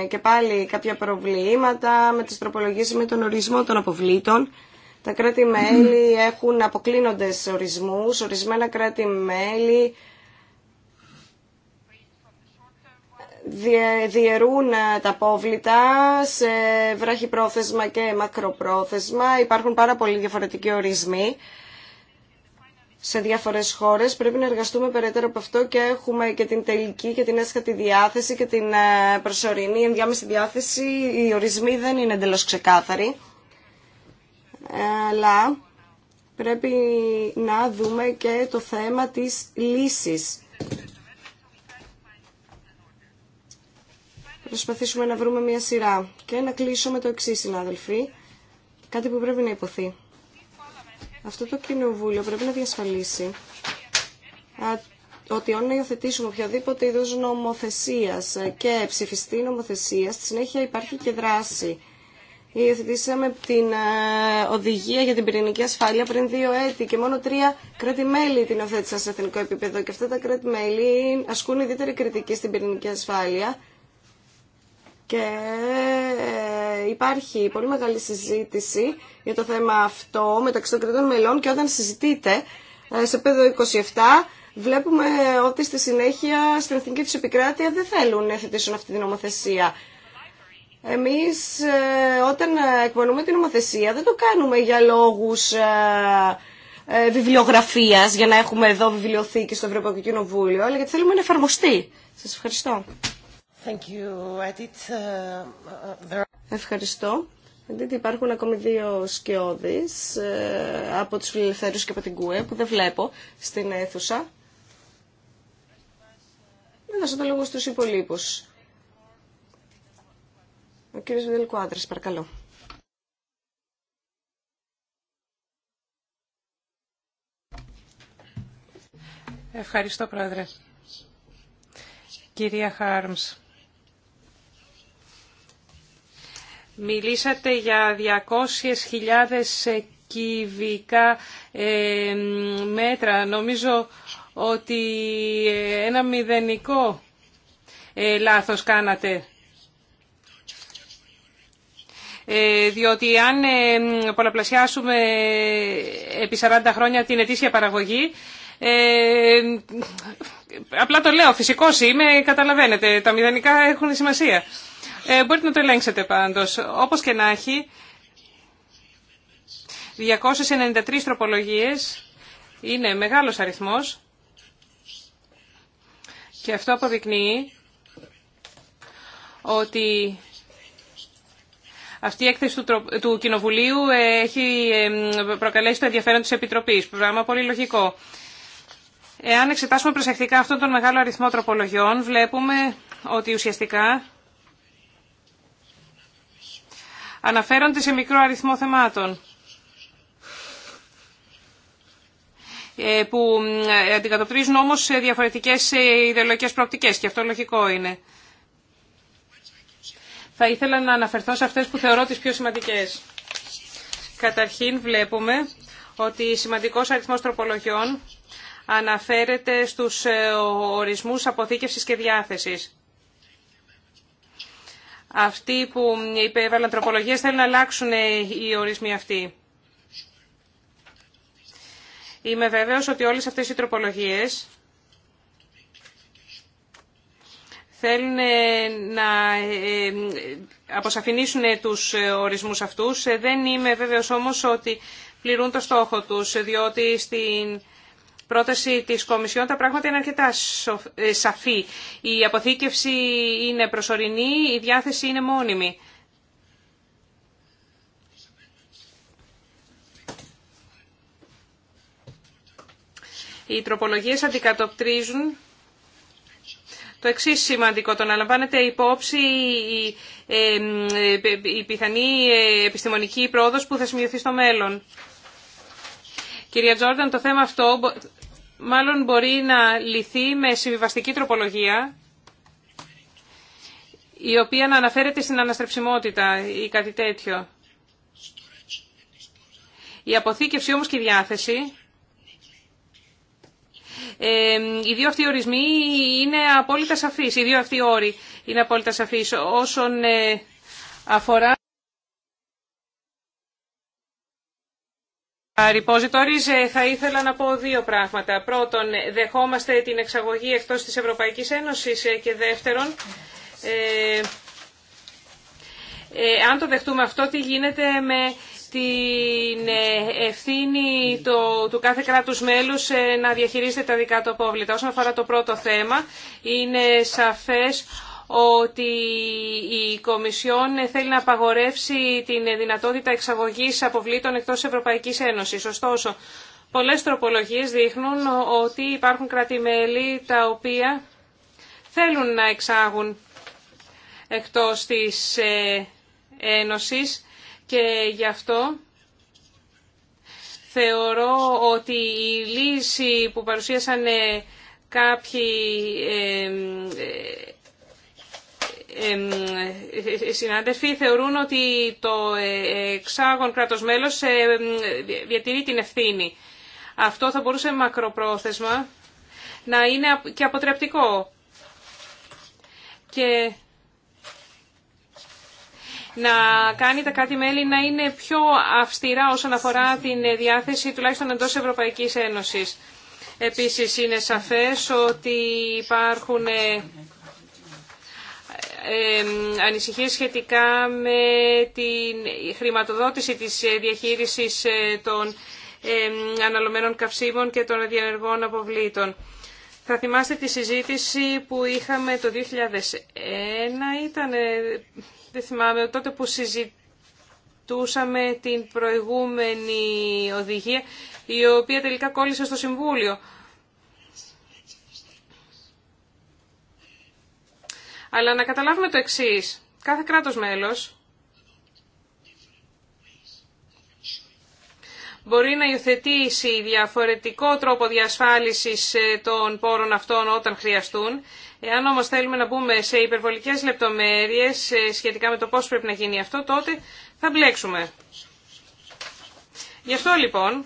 και πάλι κάποια προβλήματα με τις τροπολογίες με τον ορισμό των αποβλήτων. Τα κράτη-μέλη έχουν αποκλίνοντες ορισμούς. Ορισμένα κράτη-μέλη διαιρούν ε, τα πόβλητα σε βραχυπρόθεσμα και μακροπρόθεσμα. Υπάρχουν πάρα πολλοί διαφορετικοί ορισμοί σε διάφορες χώρες. Πρέπει να εργαστούμε περαιτέρω από αυτό και έχουμε και την τελική και την έσχατη διάθεση και την ε, προσωρινή ενδιάμεση διάθεση. Οι ορισμοί δεν είναι εντελώ ξεκάθαροι. Ε, αλλά πρέπει να δούμε και το θέμα της λύσης προσπαθήσουμε να βρούμε μια σειρά. Και να κλείσω με το εξή, συνάδελφοι. Κάτι που πρέπει να υποθεί. Αυτό το κοινοβούλιο πρέπει να διασφαλίσει ότι όταν υιοθετήσουμε οποιαδήποτε είδο νομοθεσία και ψηφιστή νομοθεσία, στη συνέχεια υπάρχει και δράση. Υιοθετήσαμε την οδηγία για την πυρηνική ασφάλεια πριν δύο έτη και μόνο τρία κράτη-μέλη την υιοθέτησαν σε εθνικό επίπεδο. Και αυτά τα κράτη-μέλη ασκούν ιδιαίτερη κριτική στην πυρηνική ασφάλεια και ε, υπάρχει πολύ μεγάλη συζήτηση για το θέμα αυτό μεταξύ των κρατών μελών και όταν συζητείτε, ε, σε πέδο 27 βλέπουμε ότι στη συνέχεια στην εθνική του επικράτεια δεν θέλουν να θετήσουν αυτή την νομοθεσία. Εμείς ε, όταν εκπονούμε την νομοθεσία δεν το κάνουμε για λόγους βιβλιογραφίας για να έχουμε εδώ βιβλιοθήκη στο Ευρωπαϊκό Κοινοβούλιο αλλά γιατί θέλουμε να εφαρμοστεί. Σας ευχαριστώ. Uh, uh, Ευχαριστώ. Δεν υπάρχουν ακόμη δύο σκιώδεις ε, από τους Φιλελευθέρους και από την ΚΟΕ που δεν βλέπω στην αίθουσα. Δεν δώσω το λόγο στους υπολείπους. Ο κύριος Βιδέλ παρακαλώ. Ευχαριστώ, Πρόεδρε. Κυρία Χάρμς, Μιλήσατε για 200.000 κυβικά ε, μέτρα. Νομίζω ότι ε, ένα μηδενικό ε, λάθος κάνατε. Διότι αν πολλαπλασιάσουμε επί 40 χρόνια την ετήσια παραγωγή, ε, απλά το λέω, φυσικό είμαι, καταλαβαίνετε, τα μηδενικά έχουν σημασία. Ε, μπορείτε να το ελέγξετε πάντως. Όπως και να έχει, 293 τροπολογίες είναι μεγάλος αριθμός και αυτό αποδεικνύει ότι αυτή η έκθεση του Κοινοβουλίου έχει προκαλέσει το ενδιαφέρον της Επιτροπής, πράγμα πολύ λογικό. Εάν εξετάσουμε προσεκτικά αυτόν τον μεγάλο αριθμό τροπολογιών, βλέπουμε ότι ουσιαστικά αναφέρονται σε μικρό αριθμό θεμάτων ε, που ε, αντικατοπτρίζουν όμως διαφορετικές ε, ιδεολογικές προοπτικές και αυτό λογικό είναι. Θα ήθελα να αναφερθώ σε αυτές που θεωρώ τις πιο σημαντικές. Καταρχήν βλέπουμε ότι σημαντικός αριθμός τροπολογιών αναφέρεται στους ε, ορισμούς αποθήκευσης και διάθεσης. Αυτοί που υπέβαλαν τροπολογίες θέλουν να αλλάξουν ε, οι ορισμοί αυτοί. Είμαι βέβαιος ότι όλες αυτές οι τροπολογίες θέλουν ε, να αποσαφηνίσουν τους ορισμούς αυτούς. Δεν είμαι βέβαιος όμως ότι πληρούν το στόχο τους, διότι στην πρόταση της Κομισιόν τα πράγματα είναι αρκετά ε, σαφή. Η αποθήκευση είναι προσωρινή, η διάθεση είναι μόνιμη. Οι τροπολογίες αντικατοπτρίζουν το εξή σημαντικό, το να λαμβάνεται υπόψη η, ε, η πιθανή ε, επιστημονική πρόοδος που θα σημειωθεί στο μέλλον. Κυρία Τζόρνταν, το θέμα αυτό μάλλον μπορεί να λυθεί με συμβιβαστική τροπολογία η οποία να αναφέρεται στην αναστρεψιμότητα ή κάτι τέτοιο. Η αποθήκευση όμως και η διάθεση, ε, οι δύο αυτοί ορισμοί είναι απόλυτα σαφείς, οι δύο αυτοί όροι είναι απόλυτα σαφείς όσον ε, αφορά... Αριπόζητορις, ε, θα ήθελα να πω δύο πράγματα. Πρώτον, δεχόμαστε την εξαγωγή εκτός της Ευρωπαϊκής Ένωσης ε, και δεύτερον, ε, αν το δεχτούμε αυτό, τι γίνεται με την ευθύνη το, του κάθε κράτους μέλους να διαχειρίζεται τα δικά του απόβλητα. Όσον αφορά το πρώτο θέμα, είναι σαφές ότι η Κομισιόν θέλει να απαγορεύσει την δυνατότητα εξαγωγής αποβλήτων εκτός Ευρωπαϊκής Ένωσης. Ωστόσο, πολλές τροπολογίες δείχνουν ότι υπάρχουν κράτη-μέλη τα οποία θέλουν να εξάγουν εκτός της ε, Ένωσης και γι' αυτό θεωρώ ότι η λύση που παρουσίασαν ε, κάποιοι ε, οι ε, συνάδελφοι θεωρούν ότι το ε, εξάγον κράτος μέλος ε, διατηρεί την ευθύνη. Αυτό θα μπορούσε μακροπρόθεσμα να είναι και αποτρεπτικό. Και να κάνει τα κάτι μέλη να είναι πιο αυστηρά όσον αφορά την διάθεση τουλάχιστον εντός Ευρωπαϊκής Ένωσης. Επίσης είναι σαφές ότι υπάρχουν ανησυχίες σχετικά με τη χρηματοδότηση της ε, διαχείρισης ε, των αναλωμένων καυσίμων και των διανεργών αποβλήτων. Θα θυμάστε τη συζήτηση που είχαμε το 2001, ήταν, ε, δεν θυμάμαι, τότε που συζητούσαμε την προηγούμενη οδηγία, η οποία τελικά κόλλησε στο Συμβούλιο. Αλλά να καταλάβουμε το εξής. Κάθε κράτος μέλος μπορεί να υιοθετήσει διαφορετικό τρόπο διασφάλισης ε, των πόρων αυτών όταν χρειαστούν. Εάν όμως θέλουμε να μπούμε σε υπερβολικές λεπτομέρειες ε, σχετικά με το πώς πρέπει να γίνει αυτό, τότε θα μπλέξουμε. Γι' αυτό λοιπόν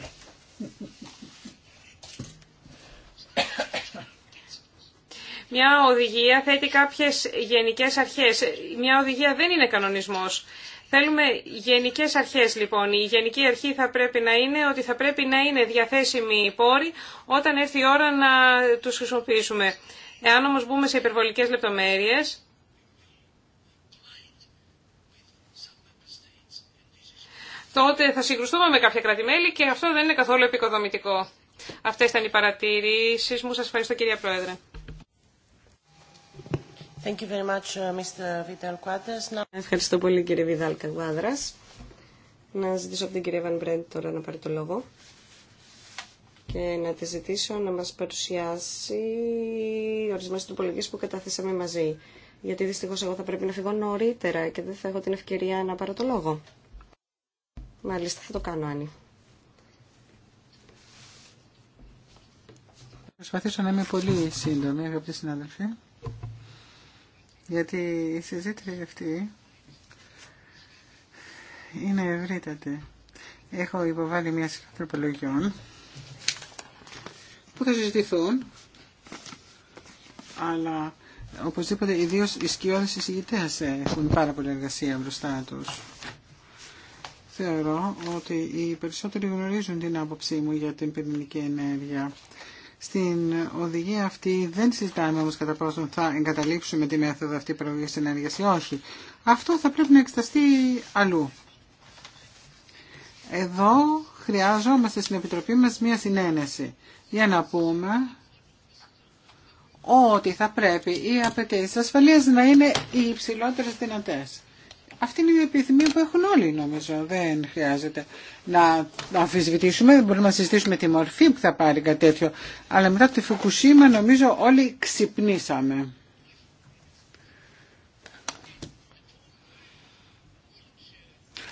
μια οδηγία θέτει κάποιες γενικές αρχές. Μια οδηγία δεν είναι κανονισμός. Θέλουμε γενικές αρχές λοιπόν. Η γενική αρχή θα πρέπει να είναι ότι θα πρέπει να είναι διαθέσιμοι οι πόροι όταν έρθει η ώρα να τους χρησιμοποιήσουμε. Εάν όμως μπούμε σε υπερβολικές λεπτομέρειες, τότε θα συγκρουστούμε με κάποια κρατημέλη και αυτό δεν είναι καθόλου επικοδομητικό. Αυτές ήταν οι παρατηρήσεις μου. Σας ευχαριστώ κυρία Πρόεδρε. Uh, Ευχαριστώ πολύ κύριε Βιδάλ Καγουάδρας. Να ζητήσω από την κυρία Βαν Μπρέντ τώρα να πάρει το λόγο και να τη ζητήσω να μας παρουσιάσει ορισμένες υπολογίες που καταθέσαμε μαζί. Γιατί δυστυχώς εγώ θα πρέπει να φύγω νωρίτερα και δεν θα έχω την ευκαιρία να πάρω το λόγο. Μάλιστα θα το κάνω, Άννη. Προσπαθήσω να είμαι πολύ σύντομη, αγαπητοί συνάδελφοι γιατί η συζήτηση αυτή είναι ευρύτατη. Έχω υποβάλει μια σειρά τροπολογιών που θα συζητηθούν, αλλά οπωσδήποτε ιδίω οι σκιώδε εισηγητέ έχουν πάρα πολλή εργασία μπροστά του. Θεωρώ ότι οι περισσότεροι γνωρίζουν την άποψή μου για την πυρηνική ενέργεια στην οδηγία αυτή δεν συζητάμε όμως κατά πόσο θα εγκαταλείψουμε τη μέθοδο αυτή στην ενέργειας ή όχι. Αυτό θα πρέπει να εξεταστεί αλλού. Εδώ χρειάζομαστε στην Επιτροπή μας μία συνένεση για να πούμε ότι θα πρέπει οι απαιτήσει ασφαλείας να είναι οι υψηλότερες δυνατές. Αυτή είναι η επιθυμία που έχουν όλοι νομίζω. Δεν χρειάζεται να αμφισβητήσουμε, δεν μπορούμε να συζητήσουμε τη μορφή που θα πάρει κάτι τέτοιο. Αλλά μετά τη Φουκουσίμα νομίζω όλοι ξυπνήσαμε.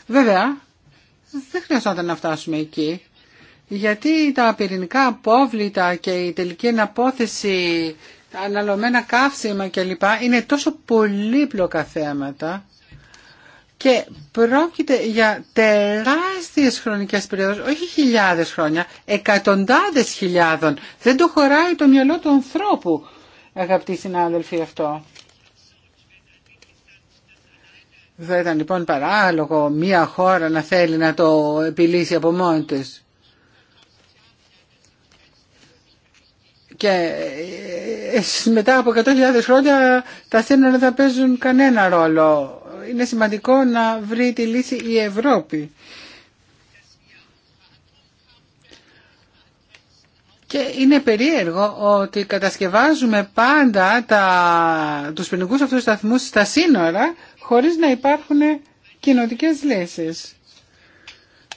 Βέβαια, δεν χρειαζόταν να φτάσουμε εκεί. Γιατί τα πυρηνικά απόβλητα και η τελική αναπόθεση, τα αναλωμένα καύσιμα κλπ. είναι τόσο πολύπλοκα θέματα και πρόκειται για τεράστιες χρονικές περιόδους, όχι χιλιάδες χρόνια, εκατοντάδες χιλιάδων. Δεν το χωράει το μυαλό του ανθρώπου, αγαπητοί συνάδελφοι, αυτό. Δεν ήταν λοιπόν παράλογο μία χώρα να θέλει να το επιλύσει από μόνη της. Και ε, ε, ε, μετά από 100.000 χρόνια τα σύνορα δεν θα παίζουν κανένα ρόλο είναι σημαντικό να βρει τη λύση η Ευρώπη. Και είναι περίεργο ότι κατασκευάζουμε πάντα τα, τους ποινικούς αυτούς σταθμούς στα σύνορα χωρίς να υπάρχουν κοινωτικές λύσεις.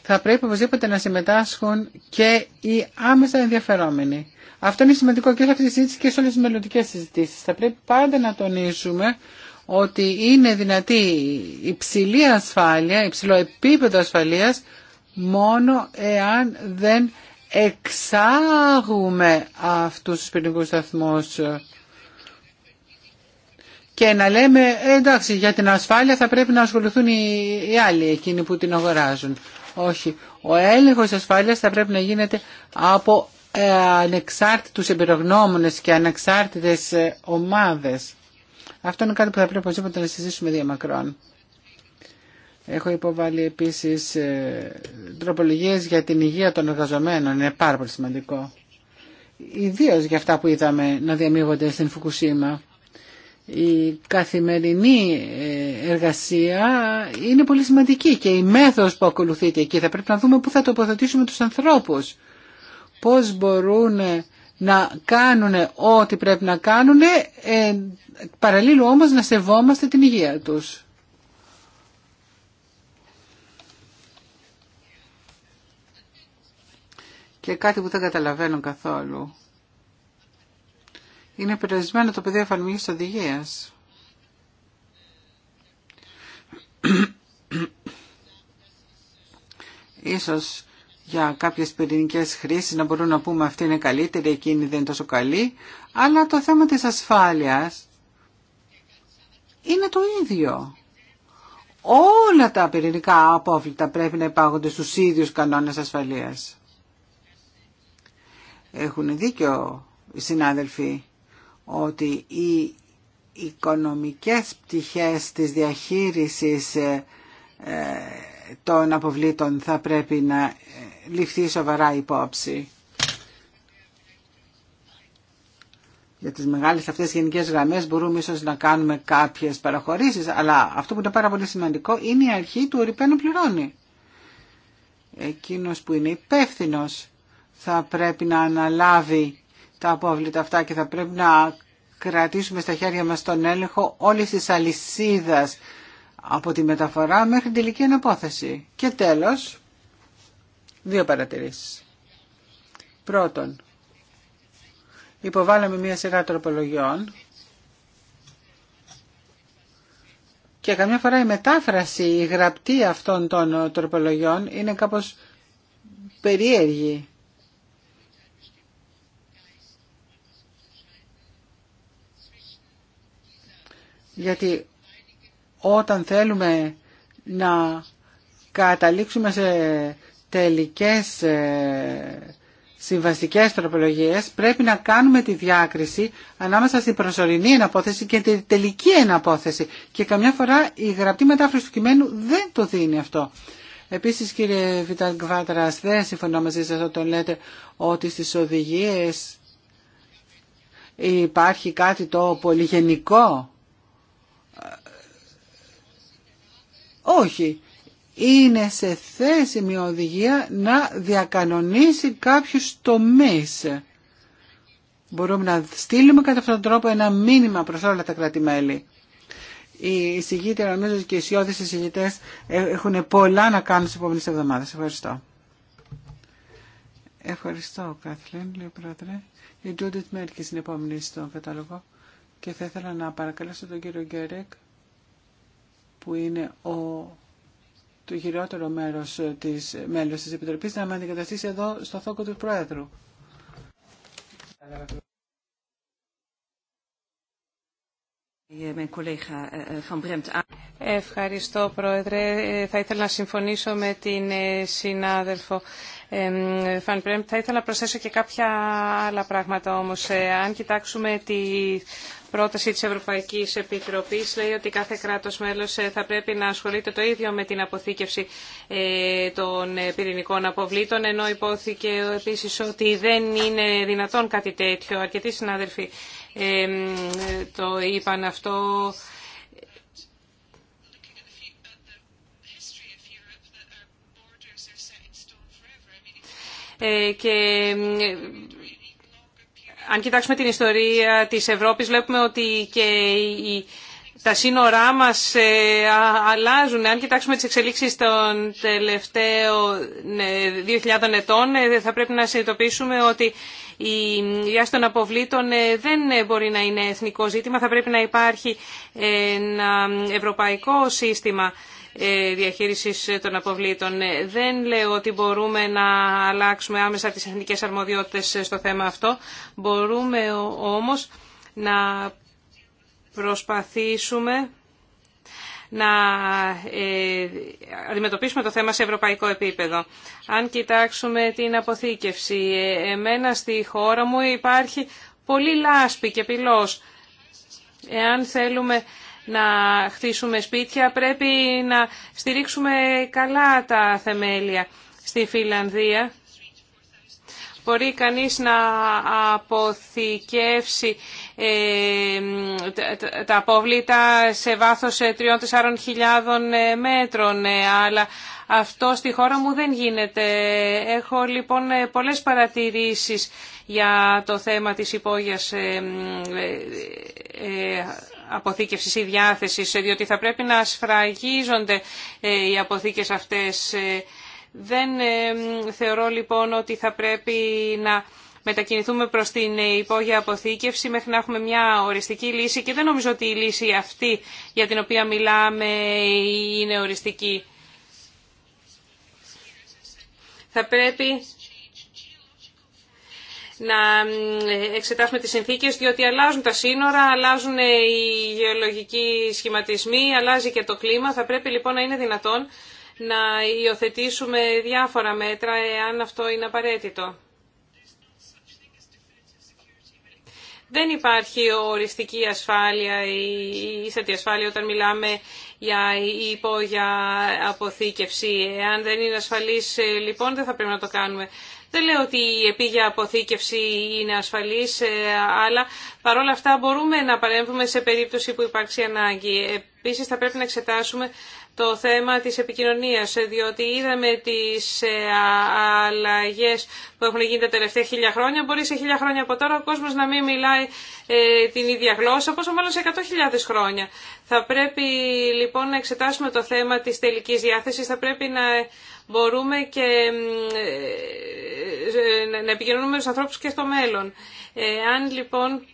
Θα πρέπει οπωσδήποτε να συμμετάσχουν και οι άμεσα ενδιαφερόμενοι. Αυτό είναι σημαντικό και σε αυτή τη συζήτηση και σε όλες τις μελλοντικές συζητήσεις. Θα πρέπει πάντα να τονίσουμε ότι είναι δυνατή υψηλή ασφάλεια, υψηλό επίπεδο ασφαλείας μόνο εάν δεν εξάγουμε αυτούς τους πυρηνικούς σταθμούς και να λέμε εντάξει για την ασφάλεια θα πρέπει να ασχοληθούν οι, άλλοι εκείνοι που την αγοράζουν. Όχι. Ο έλεγχος ασφάλειας θα πρέπει να γίνεται από ε, ανεξάρτητους εμπειρογνώμονες και ανεξάρτητες ε, ομάδες. Αυτό είναι κάτι που θα πρέπει οπωσδήποτε να συζητήσουμε διαμακρών. Έχω υποβάλει επίσης ε, τροπολογίες για την υγεία των εργαζομένων. Είναι πάρα πολύ σημαντικό. Ιδίω για αυτά που είδαμε να διαμείγονται στην Φουκουσίμα. Η καθημερινή ε, εργασία είναι πολύ σημαντική και η μέθοδος που ακολουθείται εκεί θα πρέπει να δούμε πού θα τοποθετήσουμε τους ανθρώπους. Πώς μπορούν ε, να κάνουν ό,τι πρέπει να κάνουν, ε, παραλλήλου όμως να σεβόμαστε την υγεία τους. Και κάτι που δεν καταλαβαίνω καθόλου. Είναι περιορισμένο το πεδίο εφαρμογή οδηγία. Ίσως για κάποιες πυρηνικές χρήσεις, να μπορούμε να πούμε αυτή είναι καλύτερη, εκείνη δεν είναι τόσο καλή, αλλά το θέμα της ασφάλειας είναι το ίδιο. Όλα τα πυρηνικά απόβλητα πρέπει να υπάγονται στους ίδιους κανόνες ασφαλείας. Έχουν δίκιο οι συνάδελφοι ότι οι οικονομικές πτυχές της διαχείρισης ε, ε, των αποβλήτων θα πρέπει να ληφθεί σοβαρά υπόψη. Για τις μεγάλες αυτές γενικές γραμμές μπορούμε ίσως να κάνουμε κάποιες παραχωρήσεις, αλλά αυτό που είναι πάρα πολύ σημαντικό είναι η αρχή του ορυπαίνου πληρώνει. Εκείνος που είναι υπεύθυνο θα πρέπει να αναλάβει τα απόβλητα αυτά και θα πρέπει να κρατήσουμε στα χέρια μας τον έλεγχο όλης της αλυσίδας από τη μεταφορά μέχρι την τελική αναπόθεση. Και τέλος, Δύο παρατηρήσεις. Πρώτον, υποβάλαμε μία σειρά τροπολογιών και καμιά φορά η μετάφραση, η γραπτή αυτών των ε, τροπολογιών είναι κάπως περίεργη. Γιατί όταν θέλουμε να καταλήξουμε σε τελικές ε, συμβαστικές τροπολογίες πρέπει να κάνουμε τη διάκριση ανάμεσα στην προσωρινή εναπόθεση και την τελική εναπόθεση και καμιά φορά η γραπτή μετάφραση του κειμένου δεν το δίνει αυτό. Επίσης κύριε Βιτάλ δεν συμφωνώ μαζί σας όταν λέτε ότι στις οδηγίες υπάρχει κάτι το πολυγενικό. Ε, όχι είναι σε θέση μια οδηγία να διακανονίσει κάποιους τομείς. Μπορούμε να στείλουμε κατά αυτόν τον τρόπο ένα μήνυμα προς όλα τα κράτη-μέλη. Οι εισηγήτρια νομίζω και οι ισιώδεις εισηγητές έχουν πολλά να κάνουν στις επόμενες εβδομάδες. Ευχαριστώ. Ευχαριστώ, Κάθλιν, λέει ο πρόεδρε. Η Τζούντιτ Μέρκη είναι επόμενη στον κατάλογο και θα ήθελα να παρακαλέσω τον κύριο Γκέρεκ που είναι ο το χειρότερο μέρο τη μέλος τη επιτροπή, να με αντικαταστήσει εδώ στο θόκο του Πρόεδρου. Ευχαριστώ, Πρόεδρε. Ε, θα ήθελα να συμφωνήσω με την ε, συνάδελφο. Θα ήθελα να προσθέσω και κάποια άλλα πράγματα όμως. Ε, αν κοιτάξουμε τη πρόταση της Ευρωπαϊκής Επιτροπής λέει ότι κάθε κράτος μέλος ε, θα πρέπει να ασχολείται το ίδιο με την αποθήκευση ε, των πυρηνικών αποβλήτων, ενώ υπόθηκε επίσης ότι δεν είναι δυνατόν κάτι τέτοιο. Αρκετοί συνάδελφοι το είπαν αυτό Ε, και αν κοιτάξουμε την ιστορία της Ευρώπης βλέπουμε ότι και η τα σύνορά μας ε, αλλάζουν. Αν κοιτάξουμε τις εξελίξεις των τελευταίων ε, 2.000 ετών, θα πρέπει να συνειδητοποιήσουμε ότι η διάσταση των αποβλήτων δεν μπορεί να είναι εθνικό ζήτημα. Θα πρέπει να υπάρχει ένα ευρωπαϊκό σύστημα. Ε, διαχείρισης των αποβλήτων. Ε, δεν λέω ότι μπορούμε να αλλάξουμε άμεσα τις εθνικές αρμοδιότητες στο θέμα αυτό. Μπορούμε όμως να προσπαθήσουμε να ε, αντιμετωπίσουμε το θέμα σε ευρωπαϊκό επίπεδο. Αν κοιτάξουμε την αποθήκευση, εμένα στη χώρα μου υπάρχει πολύ λάσπη και πυλός. Εάν θέλουμε να χτίσουμε σπίτια, πρέπει να στηρίξουμε καλά τα θεμέλια στη Φιλανδία. Μπορεί κανείς να αποθηκεύσει ε, τα απόβλητα σε βάθος 3-4 ε, χιλιάδων ε, μέτρων, αλλά αυτό στη χώρα μου δεν γίνεται. Έχω λοιπόν πολλές παρατηρήσεις για το θέμα της υπόγειας αποθήκευσης ή διάθεσης, διότι θα πρέπει να σφραγίζονται ε, οι αποθήκες αυτές. Ε, δεν ε, θεωρώ λοιπόν ότι θα πρέπει να μετακινηθούμε προς την υπόγεια αποθήκευση μέχρι να έχουμε μια οριστική λύση και δεν νομίζω ότι η λύση αυτή για την οποία μιλάμε είναι οριστική. Θα πρέπει να εξετάσουμε τις συνθήκες, διότι αλλάζουν τα σύνορα, αλλάζουν οι γεωλογικοί σχηματισμοί, αλλάζει και το κλίμα. Θα πρέπει λοιπόν να είναι δυνατόν να υιοθετήσουμε διάφορα μέτρα, εάν αυτό είναι απαραίτητο. Δεν υπάρχει οριστική ασφάλεια ή ίστατη ασφάλεια όταν μιλάμε για υπόγεια αποθήκευση. Εάν δεν είναι ασφαλής, ε, λοιπόν, δεν θα πρέπει να το κάνουμε. Δεν λέω ότι η επίγεια αποθήκευση είναι ασφαλής, ε, αλλά παρόλα αυτά μπορούμε να παρέμβουμε σε περίπτωση που υπάρξει ανάγκη. Επίσης θα πρέπει να εξετάσουμε το θέμα της επικοινωνίας, ε, διότι είδαμε τις ε, αλλαγές που έχουν γίνει τα τελευταία χίλια χρόνια. Μπορεί σε χίλια χρόνια από τώρα ο κόσμος να μην μιλάει την ίδια γλώσσα, πόσο μάλλον σε εκατό 100.000 χρόνια. Θα πρέπει λοιπόν να εξετάσουμε το θέμα της τελικής διάθεσης, θα πρέπει να μπορούμε και ε, να επικοινωνούμε με τους ανθρώπους και στο μέλλον. Ε, αν λοιπόν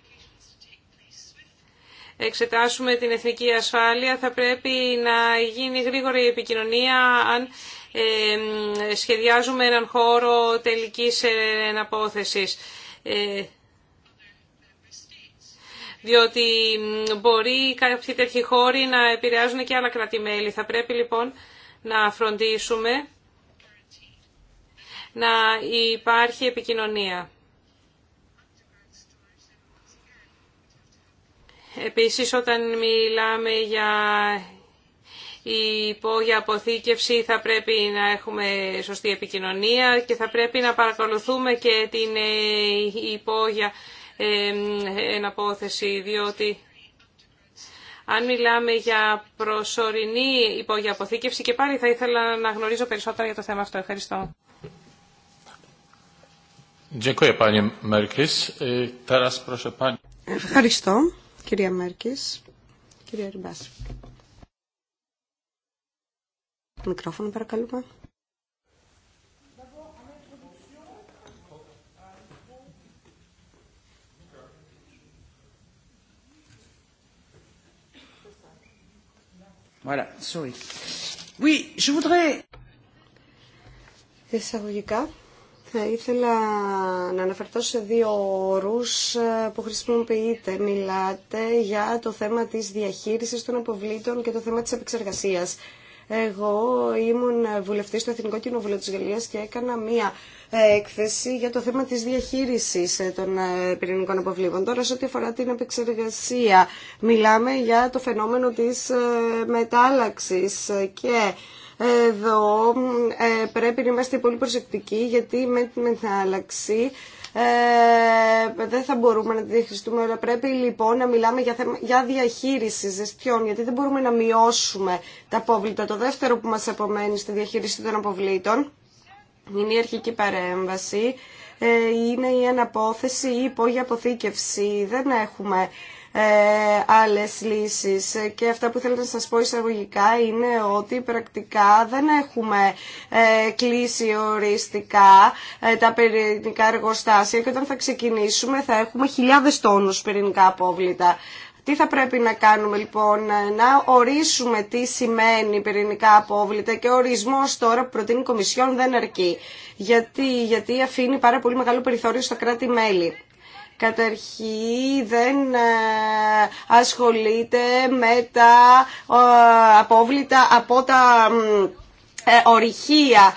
εξετάσουμε την εθνική ασφάλεια θα πρέπει να γίνει γρήγορη η επικοινωνία αν ε, σχεδιάζουμε έναν χώρο τελικής εναπόθεσης διότι μπορεί κάποιοι τέτοιοι χώροι να επηρεάζουν και άλλα κρατημέλη. Θα πρέπει λοιπόν να φροντίσουμε να υπάρχει επικοινωνία. Επίσης, όταν μιλάμε για η υπόγεια αποθήκευση θα πρέπει να έχουμε σωστή επικοινωνία και θα πρέπει να παρακολουθούμε και την ε, υπόγεια ε, εναπόθεση, διότι αν μιλάμε για προσωρινή υπόγεια αποθήκευση και πάλι θα ήθελα να γνωρίζω περισσότερα για το θέμα αυτό. Ευχαριστώ. Ευχαριστώ, κυρία Μέρκης. Κυρία Ριμπάς. Μικρόφωνο, παρακαλούμε. Voilà, sorry. Oui, je voudrais... Εισαγωγικά, θα ήθελα να αναφερθώ σε δύο όρους ε, που χρησιμοποιείτε. Μιλάτε για το θέμα της διαχείρισης των αποβλήτων και το θέμα της επεξεργασίας. Εγώ ήμουν βουλευτής στο Εθνικό Κοινοβούλιο της Γαλλίας και έκανα μία ε, έκθεση για το θέμα της διαχείρισης ε, των πυρηνικών αποβλήτων. Τώρα, σε ό,τι αφορά την επεξεργασία, μιλάμε για το φαινόμενο της μετάλλαξης και εδώ ε, πρέπει να είμαστε πολύ προσεκτικοί γιατί με τη μετάλλαξη ε, δεν θα μπορούμε να τη διαχειριστούμε όλα. Πρέπει λοιπόν να μιλάμε για, θέμα, για διαχείριση ζεστιών, γιατί δεν μπορούμε να μειώσουμε τα απόβλητα. Το δεύτερο που μας απομένει στη διαχείριση των αποβλήτων είναι η αρχική παρέμβαση, ε, είναι η αναπόθεση ή η υπόγεια αποθήκευση. Δεν έχουμε ε, άλλες λύσεις. Και αυτά που θέλω να σας πω εισαγωγικά είναι ότι πρακτικά δεν έχουμε ε, κλείσει οριστικά ε, τα πυρηνικά εργοστάσια και όταν θα ξεκινήσουμε θα έχουμε χιλιάδες τόνους πυρηνικά απόβλητα. Τι θα πρέπει να κάνουμε λοιπόν, να ορίσουμε τι σημαίνει πυρηνικά απόβλητα και ο ορισμός τώρα που προτείνει η Κομισιόν δεν αρκεί. Γιατί, γιατί αφήνει πάρα πολύ μεγάλο περιθώριο στα κράτη-μέλη. Καταρχή δεν ε, ασχολείται με τα ε, απόβλητα από τα ε, ορυχεία.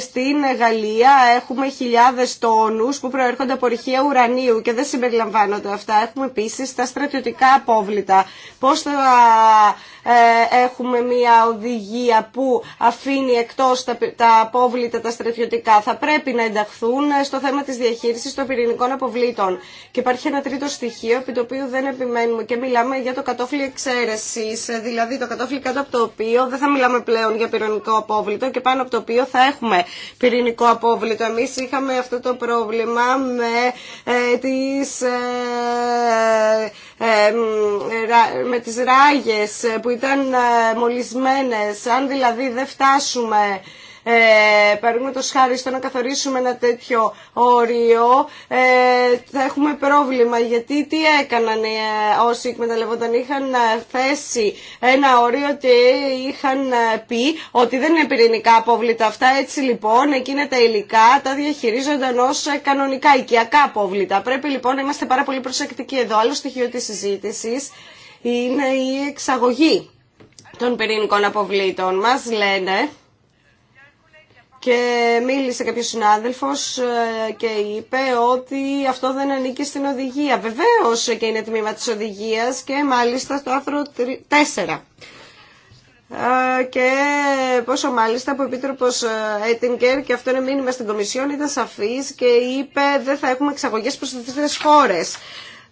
Στην Γαλλία έχουμε χιλιάδες τόνους που προέρχονται από ορυχεία ουρανίου και δεν συμπεριλαμβάνονται αυτά. Έχουμε επίσης τα στρατιωτικά απόβλητα. Πώς θα ε, έχουμε μια οδηγία που αφήνει εκτός τα, τα απόβλητα τα στρατιωτικά. Θα πρέπει να ενταχθούν στο θέμα της διαχείρισης των πυρηνικών αποβλήτων. Και υπάρχει ένα τρίτο στοιχείο επί το οποίο δεν επιμένουμε και μιλάμε για το κατόφλι εξαίρεσης, ε, δηλαδή το κατόφλι κάτω από το οποίο δεν θα μιλάμε πλέον για πυρηνικό απόβλητο και πάνω από το οποίο θα έχουμε πυρηνικό απόβλητο. Εμείς είχαμε αυτό το πρόβλημα με ε, τις... Ε, με τις ράγες που ήταν ε, μολυσμένες. Αν δηλαδή δεν φτάσουμε ε, Παραδείγματο χάρη στο να καθορίσουμε ένα τέτοιο όριο ε, θα έχουμε πρόβλημα γιατί τι έκαναν ε, όσοι εκμεταλλευόταν είχαν ε, θέσει ένα όριο και είχαν ε, πει ότι δεν είναι πυρηνικά απόβλητα αυτά έτσι λοιπόν εκείνα τα υλικά τα διαχειρίζονταν ως κανονικά οικιακά απόβλητα. Πρέπει λοιπόν να είμαστε πάρα πολύ προσεκτικοί εδώ. Άλλο στοιχείο τη συζήτηση είναι η εξαγωγή των πυρηνικών αποβλήτων. Μας λένε και μίλησε κάποιος συνάδελφος ε, και είπε ότι αυτό δεν ανήκει στην οδηγία. Βεβαίω και είναι τμήμα τη οδηγία και μάλιστα στο άρθρο 4 ε, και πόσο μάλιστα που ο Επίτροπος ε, Έτιγκερ και αυτό είναι μήνυμα στην Κομισιόν ήταν σαφής και είπε δεν θα έχουμε εξαγωγέ προ τι τρίτες χώρε.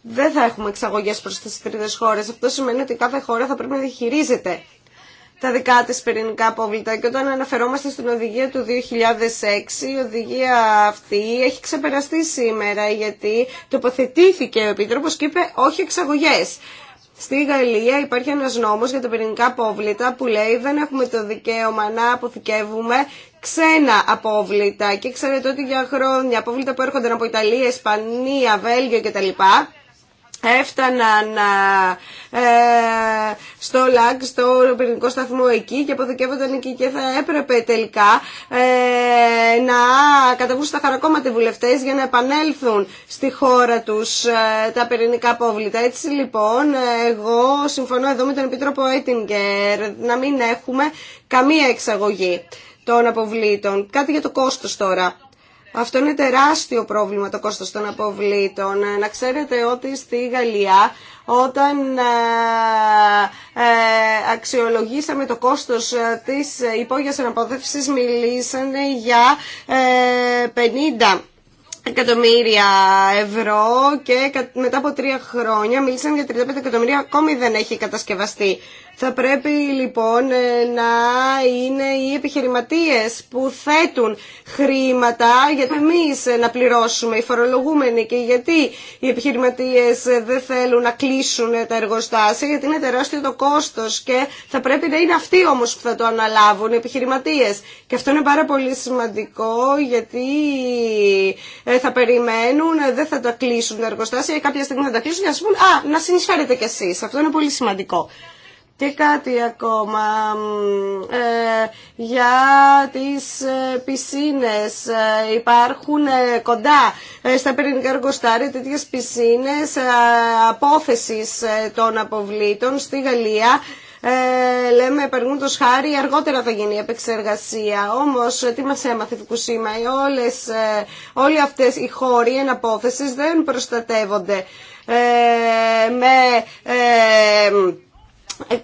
Δεν θα έχουμε εξαγωγέ προ τι τρίτε χώρε. Αυτό σημαίνει ότι κάθε χώρα θα πρέπει να διαχειρίζεται τα δικά της πυρηνικά απόβλητα. Και όταν αναφερόμαστε στην οδηγία του 2006, η οδηγία αυτή έχει ξεπεραστεί σήμερα γιατί τοποθετήθηκε ο Επίτροπος και είπε όχι εξαγωγές. Στη Γαλλία υπάρχει ένας νόμος για τα πυρηνικά απόβλητα που λέει δεν έχουμε το δικαίωμα να αποθηκεύουμε ξένα απόβλητα. Και ξέρετε ότι για χρόνια απόβλητα που έρχονται από Ιταλία, Ισπανία, Βέλγιο κτλ έφταναν ε, στο ΛΑΚ, στο πυρηνικό σταθμό εκεί και αποδοκεύονταν εκεί και θα έπρεπε τελικά ε, να καταβούν στα χαρακόμματα οι βουλευτές για να επανέλθουν στη χώρα τους ε, τα πυρηνικά απόβλητα. Έτσι λοιπόν εγώ συμφωνώ εδώ με τον Επίτροπο Έτιγκερ να μην έχουμε καμία εξαγωγή των αποβλήτων. Κάτι για το κόστος τώρα. Αυτό είναι τεράστιο πρόβλημα το κόστος των αποβλήτων. Ε, να ξέρετε ότι στη Γαλλία όταν ε, ε, αξιολογήσαμε το κόστος της υπόγειας αναποδεύσης μιλήσανε για 50 εκατομμύρια ευρώ και μετά από τρία χρόνια μίλησαν για 35 εκατομμύρια ακόμη δεν έχει κατασκευαστεί θα πρέπει λοιπόν ε, να είναι οι επιχειρηματίες που θέτουν χρήματα γιατί εμείς ε, να πληρώσουμε οι φορολογούμενοι και γιατί οι επιχειρηματίες ε, δεν θέλουν να κλείσουν τα εργοστάσια γιατί είναι τεράστιο το κόστος και θα πρέπει να είναι αυτοί όμως που θα το αναλάβουν οι επιχειρηματίες. Και αυτό είναι πάρα πολύ σημαντικό γιατί θα περιμένουν, δεν θα τα κλείσουν τα εργοστάσια ή κάποια στιγμή θα τα κλείσουν και θα σου πούν «Α, να συνεισφέρετε κι εσείς». Αυτό είναι πολύ σημαντικό. Και κάτι ακόμα ε, για τις ε, πισίνες. Ε, υπάρχουν κοντά στα πυρηνικά εργοστάρια τέτοιες πισίνες απόθεσης των αποβλήτων στη Γαλλία. Ε, λέμε παραδείγματο χάρη αργότερα θα γίνει η επεξεργασία. Όμως, τι μα έμαθε η Φουκουσίμα, όλοι αυτές οι χώροι απόθεσης δεν προστατεύονται με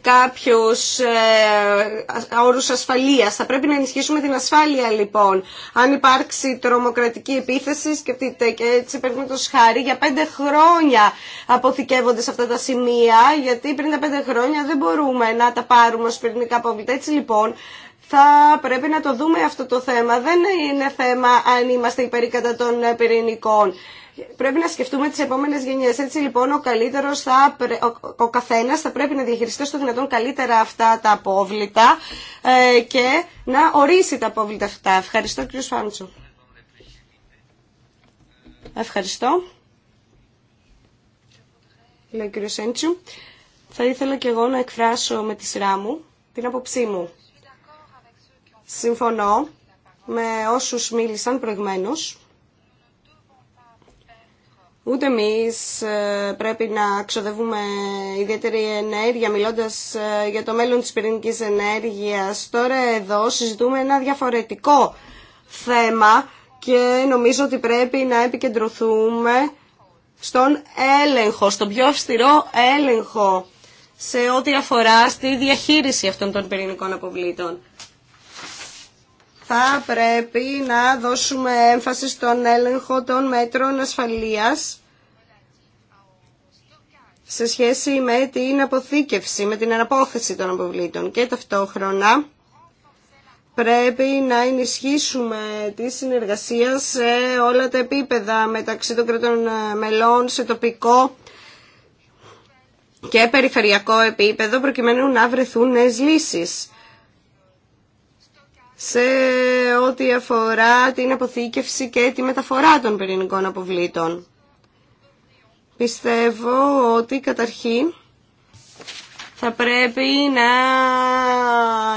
κάποιους ε, όρους ασφαλείας. Θα πρέπει να ενισχύσουμε την ασφάλεια λοιπόν. Αν υπάρξει τρομοκρατική επίθεση, σκεφτείτε και έτσι παίρνουμε το σχάρι, για πέντε χρόνια αποθηκεύονται σε αυτά τα σημεία, γιατί πριν τα πέντε χρόνια δεν μπορούμε να τα πάρουμε ως πυρηνικά απόβλητα. Έτσι λοιπόν θα πρέπει να το δούμε αυτό το θέμα. Δεν είναι θέμα αν είμαστε υπερήκατα των πυρηνικών. Πρέπει να σκεφτούμε τις επόμενες γενιές. Έτσι λοιπόν ο, καλύτερος θα, ο καθένας θα πρέπει να διαχειριστεί στο δυνατόν καλύτερα αυτά τα απόβλητα ε, και να ορίσει τα απόβλητα αυτά. Ευχαριστώ κύριο Φάντσο. Ευχαριστώ. Λέω κύριο Σέντσου. Θα ήθελα και εγώ να εκφράσω με τη σειρά μου την άποψή μου. Συμφωνώ με όσους μίλησαν προηγμένως Ούτε εμεί ε, πρέπει να ξοδεύουμε ιδιαίτερη ενέργεια μιλώντας ε, για το μέλλον της πυρηνικής ενέργειας. Τώρα εδώ συζητούμε ένα διαφορετικό θέμα και νομίζω ότι πρέπει να επικεντρωθούμε στον έλεγχο, στον πιο αυστηρό έλεγχο σε ό,τι αφορά στη διαχείριση αυτών των πυρηνικών αποβλήτων θα πρέπει να δώσουμε έμφαση στον έλεγχο των μέτρων ασφαλείας σε σχέση με την αποθήκευση, με την αναπόθεση των αποβλήτων και ταυτόχρονα πρέπει να ενισχύσουμε τη συνεργασία σε όλα τα επίπεδα μεταξύ των κρατών μελών, σε τοπικό και περιφερειακό επίπεδο προκειμένου να βρεθούν νέες λύσεις σε ό,τι αφορά την αποθήκευση και τη μεταφορά των πυρηνικών αποβλήτων. Πιστεύω ότι καταρχήν θα πρέπει να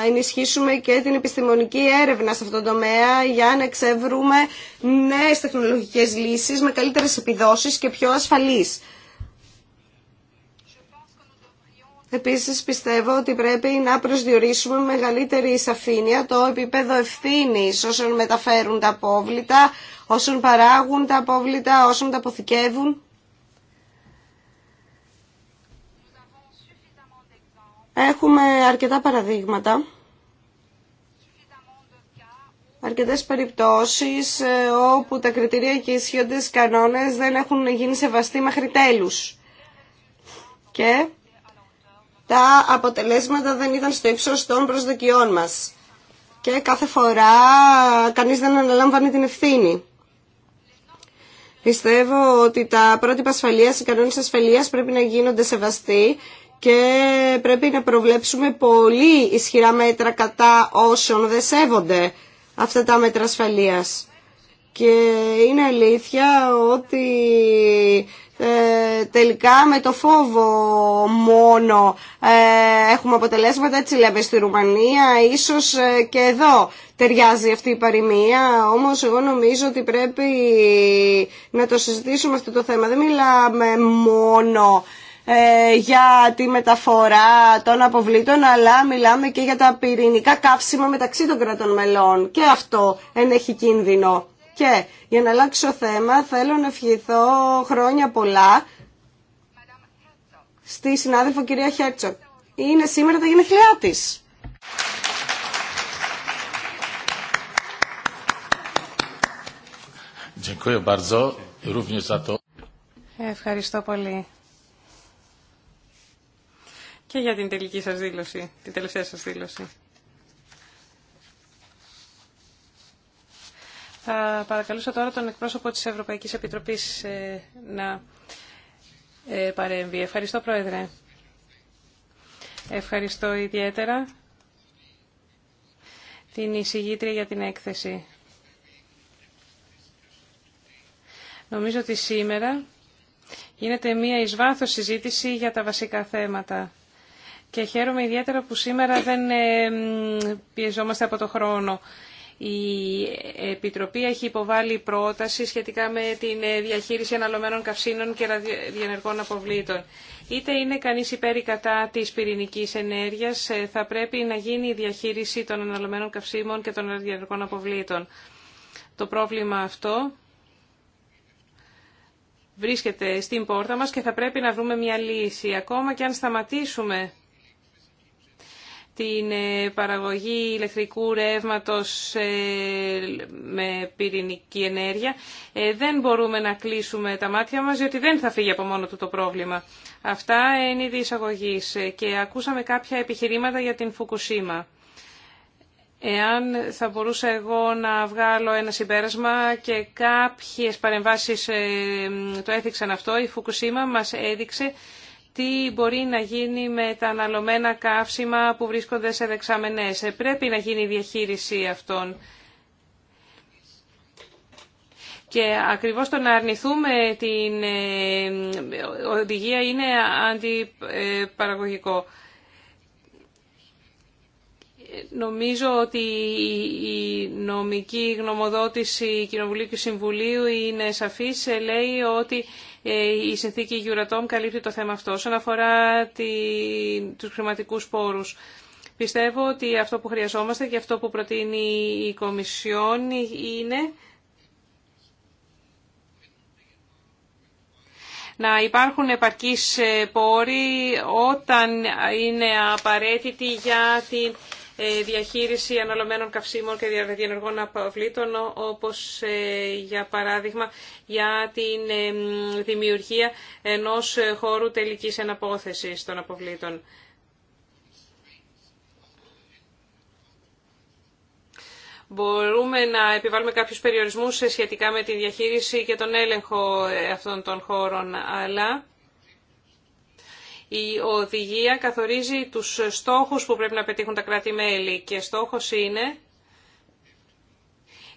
ενισχύσουμε και την επιστημονική έρευνα σε αυτό τον τομέα για να εξεύρουμε νέες τεχνολογικές λύσεις με καλύτερες επιδόσεις και πιο ασφαλείς. Επίσης πιστεύω ότι πρέπει να προσδιορίσουμε μεγαλύτερη σαφήνεια το επίπεδο ευθύνης όσων μεταφέρουν τα απόβλητα, όσων παράγουν τα απόβλητα, όσων τα αποθηκεύουν. Έχουμε αρκετά παραδείγματα, αρκετές περιπτώσεις ε, όπου τα κριτήρια και οι ισχύοντες κανόνες δεν έχουν γίνει σεβαστοί μέχρι τέλους. Και τα αποτελέσματα δεν ήταν στο ύψος των προσδοκιών μας. Και κάθε φορά κανείς δεν αναλάμβανε την ευθύνη. Πιστεύω ότι τα πρότυπα ασφαλείας, οι κανόνες ασφαλείας πρέπει να γίνονται σεβαστοί και πρέπει να προβλέψουμε πολύ ισχυρά μέτρα κατά όσων δεν σέβονται αυτά τα μέτρα ασφαλείας. Και είναι αλήθεια ότι ε, τελικά με το φόβο μόνο ε, έχουμε αποτελέσματα, έτσι λέμε στη Ρουμανία, ίσως ε, και εδώ ταιριάζει αυτή η παροιμία, όμως εγώ νομίζω ότι πρέπει να το συζητήσουμε αυτό το θέμα. Δεν μιλάμε μόνο ε, για τη μεταφορά των αποβλήτων, αλλά μιλάμε και για τα πυρηνικά καύσιμα μεταξύ των κρατών μελών. Και αυτό ενέχει κίνδυνο. Και για να αλλάξω θέμα θέλω να ευχηθώ χρόνια πολλά στη συνάδελφο κυρία Χέρτσοκ. Είναι σήμερα τα γενεθλιά τη. Ευχαριστώ πολύ. Και για την τελική σας δήλωση, την τελευταία σας δήλωση. Θα παρακαλούσα τώρα τον εκπρόσωπο της Ευρωπαϊκής Επιτροπής ε, να ε, παρέμβει. Ευχαριστώ, Πρόεδρε. Ευχαριστώ ιδιαίτερα την εισηγήτρια για την έκθεση. Νομίζω ότι σήμερα γίνεται μία εις συζήτηση για τα βασικά θέματα. Και χαίρομαι ιδιαίτερα που σήμερα δεν ε, πιεζόμαστε από το χρόνο. Η Επιτροπή έχει υποβάλει πρόταση σχετικά με την ε, διαχείριση αναλωμένων καυσίμων και ραδιενεργών αποβλήτων. Είτε είναι κανείς υπέρ ή κατά της πυρηνικής ενέργειας, ε, θα πρέπει να γίνει η διαχείριση των αναλωμένων καυσίμων και των ραδιενεργών αποβλήτων. Το πρόβλημα αυτό βρίσκεται στην πόρτα μας και θα πρέπει να βρούμε μια λύση. Ακόμα και αν σταματήσουμε την ε, παραγωγή ηλεκτρικού ρεύματος ε, με πυρηνική ενέργεια. Ε, δεν μπορούμε να κλείσουμε τα μάτια μας, διότι δεν θα φύγει από μόνο του το πρόβλημα. Αυτά είναι η ε, και ακούσαμε κάποια επιχειρήματα για την Φουκουσίμα. Εάν θα μπορούσα εγώ να βγάλω ένα συμπέρασμα και κάποιες παρεμβάσεις το έθιξαν αυτό, η Φουκουσίμα μας έδειξε τι μπορεί να γίνει με τα αναλωμένα καύσιμα που βρίσκονται σε δεξαμενές. Ε, πρέπει να γίνει η διαχείριση αυτών. Και ακριβώς το να αρνηθούμε την ε, οδηγία είναι αντιπαραγωγικό. Νομίζω ότι η νομική γνωμοδότηση Κοινοβουλίου και Συμβουλίου είναι σαφής. Ε, λέει ότι ε, η συνθήκη Euratom καλύπτει το θέμα αυτό. σε αφορά τη, τους χρηματικούς πόρους, πιστεύω ότι αυτό που χρειαζόμαστε και αυτό που προτείνει η Κομισιόν είναι... να υπάρχουν επαρκείς ε, πόροι όταν είναι απαραίτητοι για την ε, διαχείριση αναλωμένων καυσίμων και διενεργών αποβλήτων, όπως ε, για παράδειγμα για την ε, δημιουργία ενός χώρου τελικής εναπόθεσης των αποβλήτων. Μπορούμε να επιβάλλουμε κάποιους περιορισμούς σχετικά με τη διαχείριση και τον έλεγχο αυτών των χώρων, αλλά η οδηγία καθορίζει τους στόχους που πρέπει να πετύχουν τα κράτη-μέλη και στόχος είναι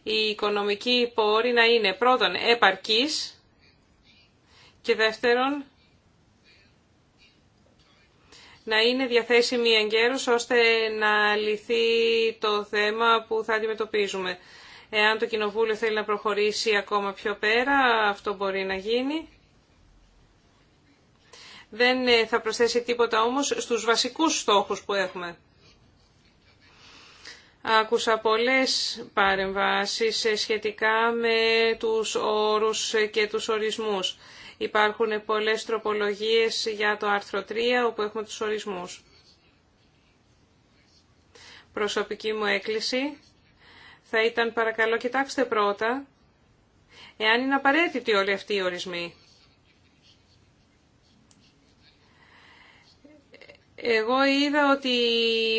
η οικονομική πόρη να είναι πρώτον επαρκής και δεύτερον να είναι διαθέσιμη εγκαίρως ώστε να λυθεί το θέμα που θα αντιμετωπίζουμε. Εάν το Κοινοβούλιο θέλει να προχωρήσει ακόμα πιο πέρα, αυτό μπορεί να γίνει δεν ε, θα προσθέσει τίποτα όμως στους βασικούς στόχους που έχουμε. Άκουσα πολλές παρεμβάσεις ε, σχετικά με τους όρους ε, και τους ορισμούς. Υπάρχουν πολλές τροπολογίες για το άρθρο 3 όπου έχουμε τους ορισμούς. Προσωπική μου έκκληση θα ήταν παρακαλώ κοιτάξτε πρώτα εάν είναι απαραίτητοι όλοι αυτοί οι ορισμοί. Εγώ είδα ότι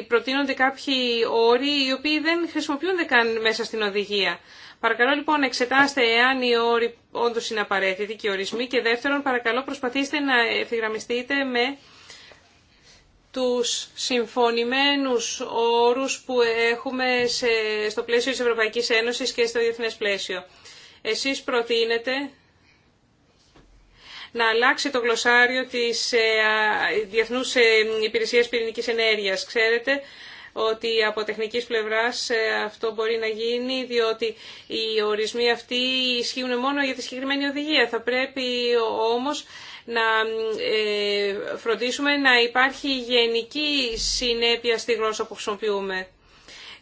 προτείνονται κάποιοι όροι οι οποίοι δεν χρησιμοποιούνται καν μέσα στην οδηγία. Παρακαλώ λοιπόν εξετάστε εάν οι όροι όντως είναι απαραίτητοι και ορισμοί και δεύτερον παρακαλώ προσπαθήστε να ευθυγραμμιστείτε με τους συμφωνημένους όρους που έχουμε στο πλαίσιο της Ευρωπαϊκής Ένωσης και στο διεθνές πλαίσιο. Εσείς προτείνετε να αλλάξει το γλωσσάριο της ε, Διεθνούς ε, Υπηρεσίας Πυρηνικής Ενέργειας. Ξέρετε ότι από τεχνικής πλευράς ε, αυτό μπορεί να γίνει, διότι οι ορισμοί αυτοί ισχύουν μόνο για τη συγκεκριμένη οδηγία. Θα πρέπει όμως να φροντίσουμε να υπάρχει γενική συνέπεια στη γλώσσα που χρησιμοποιούμε.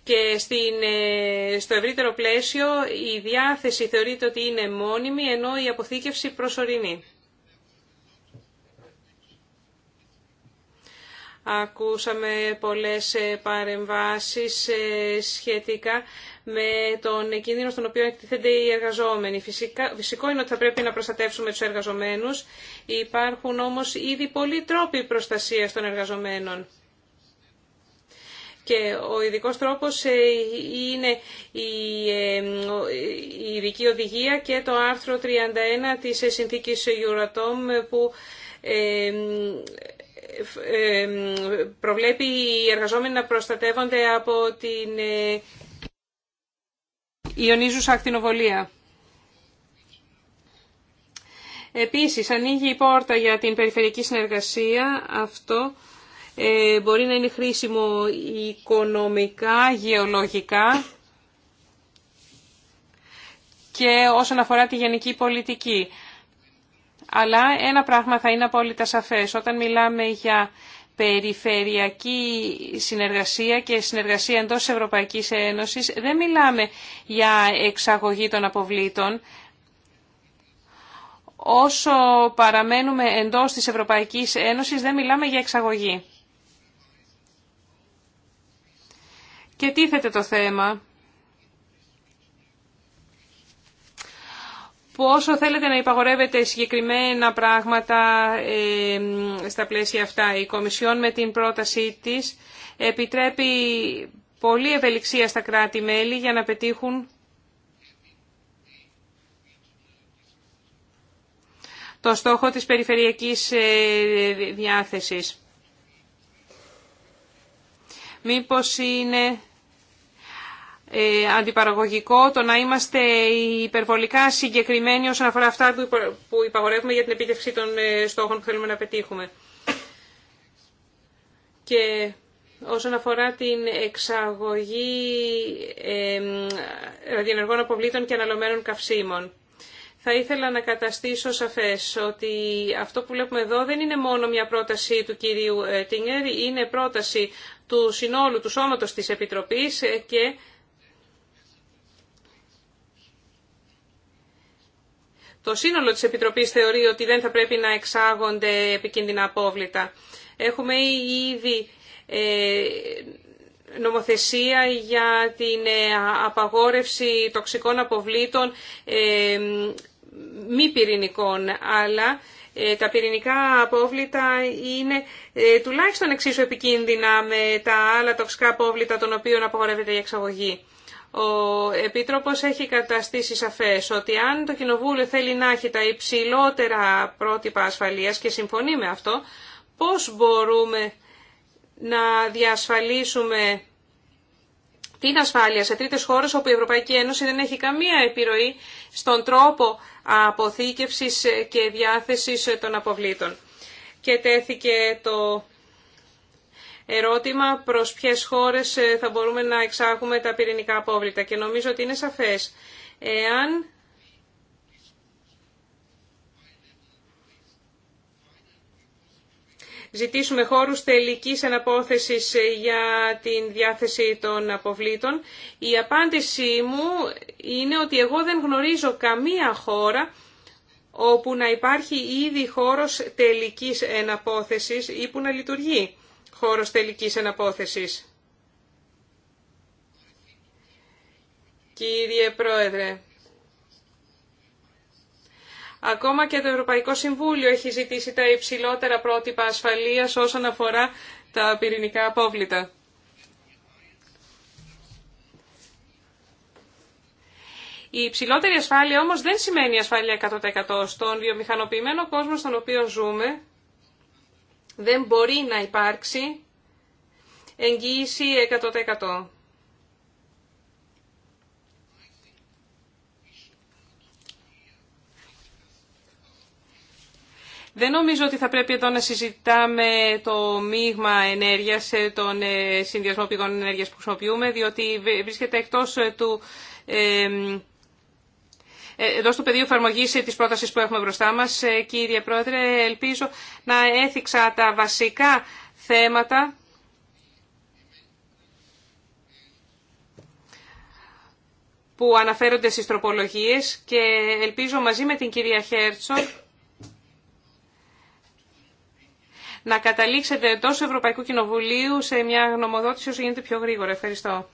Και στην, στο ευρύτερο πλαίσιο η διάθεση θεωρείται ότι είναι μόνιμη, ενώ η αποθήκευση προσωρινή. Ακούσαμε πολλές ε, παρεμβάσεις ε, σχετικά με τον κίνδυνο στον οποίο εκτίθενται οι εργαζόμενοι. Φυσικά, φυσικό είναι ότι θα πρέπει να προστατεύσουμε τους εργαζομένους. Υπάρχουν όμως ήδη πολλοί τρόποι προστασίας των εργαζομένων. Και ο ειδικό τρόπος ε, είναι η ειδική οδηγία και το άρθρο 31 της συνθήκης Euratom που προβλέπει οι εργαζόμενοι να προστατεύονται από την ε, ιονίζουσα ακτινοβολία. Επίσης, ανοίγει η πόρτα για την περιφερειακή συνεργασία. Αυτό ε, μπορεί να είναι χρήσιμο οικονομικά, γεωλογικά και όσον αφορά τη γενική πολιτική. Αλλά ένα πράγμα θα είναι απόλυτα σαφές. Όταν μιλάμε για περιφερειακή συνεργασία και συνεργασία εντός Ευρωπαϊκής Ένωσης, δεν μιλάμε για εξαγωγή των αποβλήτων. Όσο παραμένουμε εντός της Ευρωπαϊκής Ένωσης, δεν μιλάμε για εξαγωγή. Και τίθεται το θέμα που όσο θέλετε να υπαγορεύετε συγκεκριμένα πράγματα στα πλαίσια αυτά. Η Κομισιόν με την πρότασή της επιτρέπει πολλή ευελιξία στα κράτη-μέλη για να πετύχουν το στόχο της περιφερειακής ε, διάθεσης. Μήπως είναι ε, αντιπαραγωγικό το να είμαστε υπερβολικά συγκεκριμένοι όσον αφορά αυτά που υπαγορεύουμε για την επίτευξη των ε, στόχων που θέλουμε να πετύχουμε. Και όσον αφορά την εξαγωγή ε, ραδιενεργών αποβλήτων και αναλωμένων καυσίμων. Θα ήθελα να καταστήσω σαφές ότι αυτό που βλέπουμε εδώ δεν είναι μόνο μια πρόταση του κυρίου Τινέρη, είναι πρόταση του συνόλου του σώματος της Επιτροπής και Το σύνολο της Επιτροπής θεωρεί ότι δεν θα πρέπει να εξάγονται επικίνδυνα απόβλητα. Έχουμε ήδη ε, νομοθεσία για την ε, απαγόρευση τοξικών αποβλήτων ε, μη πυρηνικών, αλλά τα πυρηνικά απόβλητα είναι τουλάχιστον εξίσου επικίνδυνα με τα άλλα τοξικά απόβλητα των οποίων απαγορεύεται η εξαγωγή. Ο Επίτροπος έχει καταστήσει σαφές ότι αν το Κοινοβούλιο θέλει να έχει τα υψηλότερα πρότυπα ασφαλείας και συμφωνεί με αυτό, πώς μπορούμε να διασφαλίσουμε την ασφάλεια σε τρίτες χώρες όπου η Ευρωπαϊκή Ένωση δεν έχει καμία επιρροή στον τρόπο αποθήκευσης και διάθεσης των αποβλήτων. Και τέθηκε το ερώτημα προς ποιες χώρες ε, θα μπορούμε να εξάγουμε τα πυρηνικά απόβλητα και νομίζω ότι είναι σαφές. Εάν ζητήσουμε χώρους τελικής αναπόθεσης ε, για την διάθεση των αποβλήτων. Η απάντησή μου είναι ότι εγώ δεν γνωρίζω καμία χώρα όπου να υπάρχει ήδη χώρος τελικής εναπόθεσης ή που να λειτουργεί χώρος τελικής εναπόθεσης. Κύριε Πρόεδρε, ακόμα και το Ευρωπαϊκό Συμβούλιο έχει ζητήσει τα υψηλότερα πρότυπα ασφαλείας όσον αφορά τα πυρηνικά απόβλητα. Η υψηλότερη ασφάλεια όμως δεν σημαίνει ασφάλεια 100%. Στον βιομηχανοποιημένο κόσμο στον οποίο ζούμε, δεν μπορεί να υπάρξει εγγύηση 100%. Δεν νομίζω ότι θα πρέπει εδώ να συζητάμε το μείγμα ενέργειας, ε, τον ε, συνδυασμό πηγών ενέργειας που χρησιμοποιούμε, διότι βρίσκεται εκτός ε, του εδώ στο πεδίο εφαρμογή ε, τη πρόταση που έχουμε μπροστά μα. Ε, κύριε Πρόεδρε, ελπίζω να έθιξα τα βασικά θέματα. που αναφέρονται στις τροπολογίες και ελπίζω μαζί με την κυρία Χέρτσο να καταλήξετε τόσο Ευρωπαϊκού Κοινοβουλίου σε μια γνωμοδότηση όσο γίνεται πιο γρήγορα. Ευχαριστώ.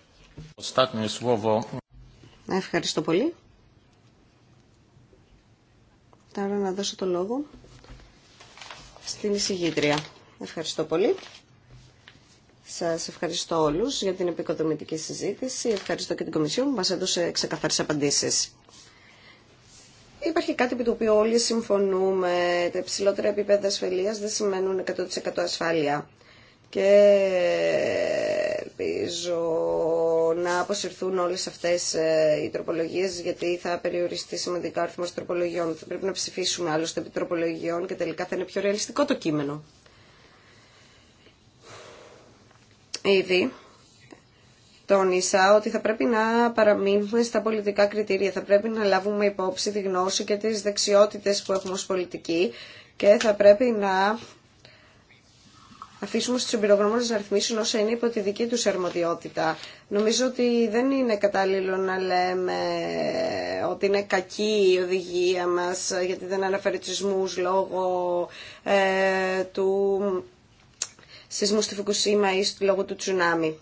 Ευχαριστώ πολύ. Τώρα να δώσω το λόγο στην εισηγήτρια. Ευχαριστώ πολύ. Σας ευχαριστώ όλους για την επικοδομητική συζήτηση. Ευχαριστώ και την Κομισιόν που μας έδωσε ξεκαθαρές απαντήσεις. Υπάρχει κάτι με το οποίο όλοι συμφωνούμε. Τα υψηλότερα επίπεδα ασφαλείας δεν σημαίνουν 100% ασφάλεια και ελπίζω να αποσυρθούν όλες αυτές ε, οι τροπολογίες γιατί θα περιοριστεί σημαντικά ο αριθμός τροπολογιών. Θα πρέπει να ψηφίσουμε άλλωστε επί τροπολογιών και τελικά θα είναι πιο ρεαλιστικό το κείμενο. Ήδη τόνισα ότι θα πρέπει να παραμείνουμε στα πολιτικά κριτήρια. Θα πρέπει να λάβουμε υπόψη τη γνώση και τις δεξιότητες που έχουμε ως πολιτικοί και θα πρέπει να αφήσουμε στους εμπειρογνώμονες να ρυθμίσουν όσα είναι υπό τη δική τους αρμοδιότητα. Νομίζω ότι δεν είναι κατάλληλο να λέμε ότι είναι κακή η οδηγία μας γιατί δεν αναφέρει τους λόγω ε, του σεισμού στη Φουκουσίμα ή λόγω του τσουνάμι.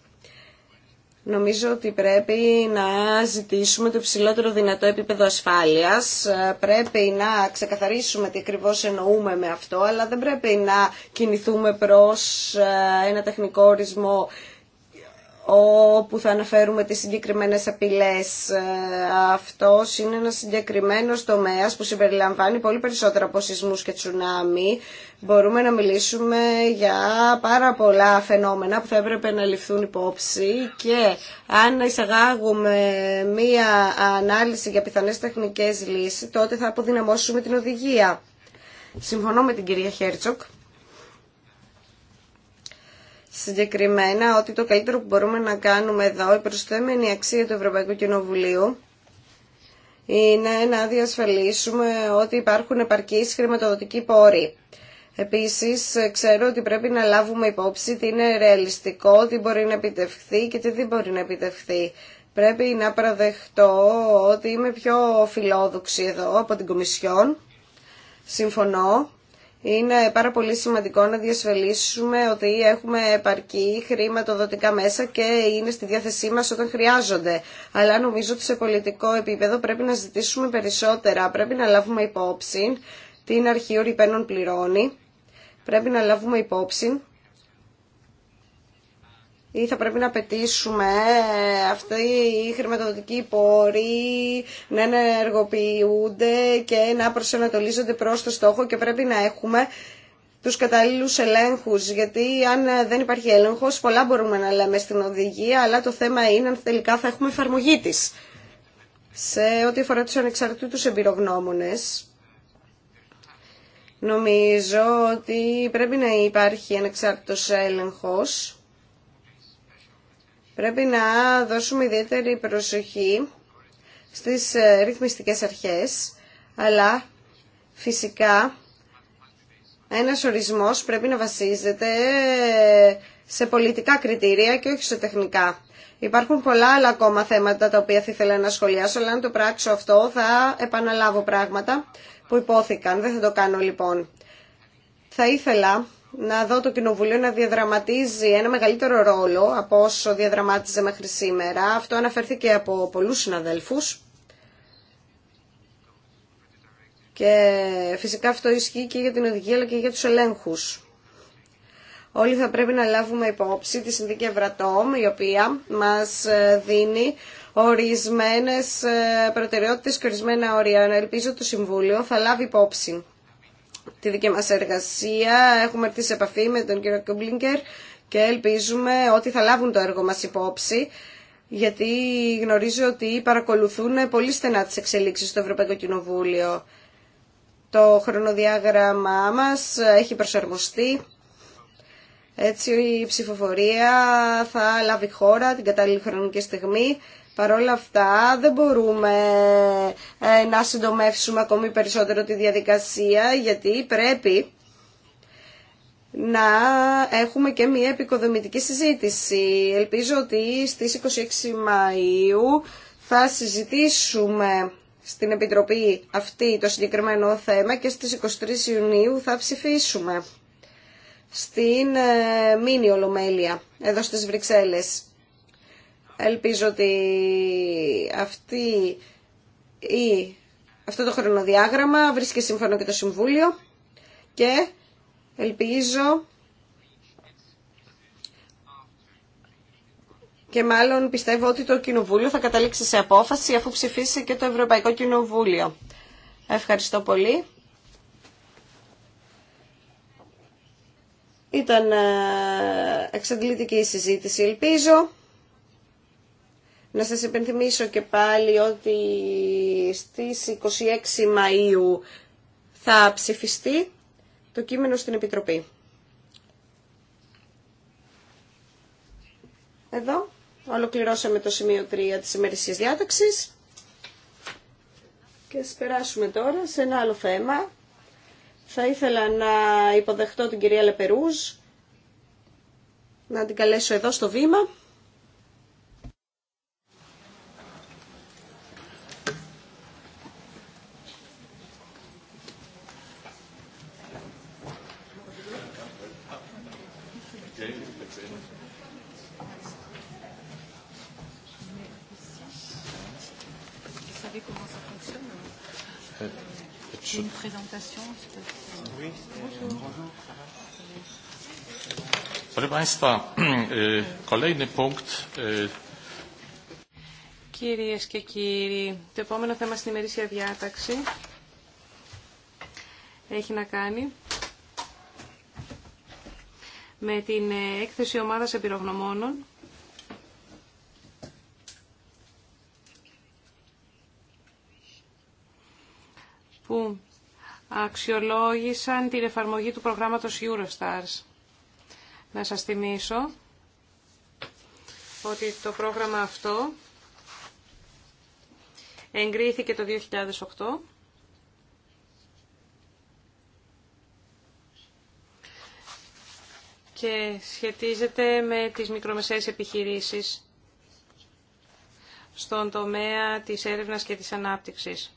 Νομίζω ότι πρέπει να ζητήσουμε το υψηλότερο δυνατό επίπεδο ασφάλειας. Ε, πρέπει να ξεκαθαρίσουμε τι ακριβώς εννοούμε με αυτό, αλλά δεν πρέπει να κινηθούμε προς ε, ένα τεχνικό ορισμό όπου θα αναφέρουμε τις συγκεκριμένες απειλές. Ε, αυτός είναι ένας συγκεκριμένος τομέας που συμπεριλαμβάνει πολύ περισσότερα από σεισμούς και τσουνάμι. Μπορούμε να μιλήσουμε για πάρα πολλά φαινόμενα που θα έπρεπε να ληφθούν υπόψη και αν εισαγάγουμε μία ανάλυση για πιθανές τεχνικές λύσεις, τότε θα αποδυναμώσουμε την οδηγία. Συμφωνώ με την κυρία Χέρτσοκ συγκεκριμένα ότι το καλύτερο που μπορούμε να κάνουμε εδώ, η προσθέμενη αξία του Ευρωπαϊκού Κοινοβουλίου, είναι να διασφαλίσουμε ότι υπάρχουν επαρκείς χρηματοδοτικοί πόροι. Επίσης, ξέρω ότι πρέπει να λάβουμε υπόψη τι είναι ρεαλιστικό, τι μπορεί να επιτευχθεί και τι δεν μπορεί να επιτευχθεί. Πρέπει να παραδεχτώ ότι είμαι πιο φιλόδοξη εδώ από την Κομισιόν. Συμφωνώ είναι πάρα πολύ σημαντικό να διασφαλίσουμε ότι έχουμε επαρκή χρηματοδοτικά μέσα και είναι στη διάθεσή μας όταν χρειάζονται. Αλλά νομίζω ότι σε πολιτικό επίπεδο πρέπει να ζητήσουμε περισσότερα. Πρέπει να λάβουμε υπόψη την αρχή ο πληρώνει. Πρέπει να λάβουμε υπόψη ή θα πρέπει να πετήσουμε ε, αυτοί οι χρηματοδοτικη πόροι να ενεργοποιούνται και να προσανατολίζονται προς το στόχο και πρέπει να έχουμε τους καταλλήλους ελέγχους, γιατί αν ε, δεν υπάρχει έλεγχος, πολλά μπορούμε να λέμε στην οδηγία, αλλά το θέμα είναι αν τελικά θα έχουμε εφαρμογή τη. Σε ό,τι αφορά τους ανεξαρτήτους εμπειρογνώμονες, νομίζω ότι πρέπει να υπάρχει ανεξάρτητος έλεγχος, Πρέπει να δώσουμε ιδιαίτερη προσοχή στις ε, ρυθμιστικές αρχές, αλλά φυσικά ένας ορισμός πρέπει να βασίζεται σε πολιτικά κριτήρια και όχι σε τεχνικά. Υπάρχουν πολλά άλλα ακόμα θέματα τα οποία θα ήθελα να σχολιάσω, αλλά αν το πράξω αυτό θα επαναλάβω πράγματα που υπόθηκαν. Δεν θα το κάνω λοιπόν. Θα ήθελα να δω το Κοινοβουλίο να διαδραματίζει ένα μεγαλύτερο ρόλο από όσο διαδραμάτιζε μέχρι σήμερα. Αυτό αναφέρθηκε από πολλούς συναδέλφους. Και φυσικά αυτό ισχύει και για την οδηγία αλλά και για τους ελέγχους. Όλοι θα πρέπει να λάβουμε υπόψη τη Συνδική Ευρατόμ, η οποία μας ε, δίνει ορισμένες ε, προτεραιότητες και ορισμένα όρια. Ελπίζω το Συμβούλιο θα λάβει υπόψη τη δική μας εργασία. Έχουμε έρθει σε επαφή με τον κύριο Κούμπλιγκερ και ελπίζουμε ότι θα λάβουν το έργο μας υπόψη γιατί γνωρίζω ότι παρακολουθούν πολύ στενά τις εξελίξεις στο Ευρωπαϊκό Κοινοβούλιο. Το χρονοδιάγραμμά μας έχει προσαρμοστεί. Έτσι η ψηφοφορία θα λάβει χώρα την κατάλληλη χρονική στιγμή Παρ' όλα αυτά δεν μπορούμε ε, να συντομεύσουμε ακόμη περισσότερο τη διαδικασία γιατί πρέπει να έχουμε και μια επικοδομητική συζήτηση. Ελπίζω ότι στις 26 Μαΐου θα συζητήσουμε στην Επιτροπή αυτή το συγκεκριμένο θέμα και στις 23 Ιουνίου θα ψηφίσουμε στην ε, μήνυ Ολομέλεια εδώ στις Βρυξέλλες. Ελπίζω ότι αυτή αυτό το χρονοδιάγραμμα βρίσκεται σύμφωνο και το Συμβούλιο και ελπίζω και μάλλον πιστεύω ότι το Κοινοβούλιο θα καταλήξει σε απόφαση αφού ψηφίσει και το Ευρωπαϊκό Κοινοβούλιο. Ευχαριστώ πολύ. Ήταν ε, εξαντλητική η συζήτηση, ελπίζω. Να σας υπενθυμίσω και πάλι ότι στις 26 Μαΐου θα ψηφιστεί το κείμενο στην Επιτροπή. Εδώ ολοκληρώσαμε το σημείο 3 της ημερησίας διάταξης και ας περάσουμε τώρα σε ένα άλλο θέμα. Θα ήθελα να υποδεχτώ την κυρία Λεπερούς, να την καλέσω εδώ στο βήμα. présentation. Κυρίες και κύριοι, το επόμενο θέμα στην ημερήσια διάταξη έχει να κάνει με την ε, έκθεση ομάδας εμπειρογνωμόνων που αξιολόγησαν την εφαρμογή του προγράμματος Eurostars. Να σας θυμίσω ότι το πρόγραμμα αυτό εγκρίθηκε το 2008 και σχετίζεται με τις μικρομεσαίες επιχειρήσεις στον τομέα της έρευνας και της ανάπτυξης.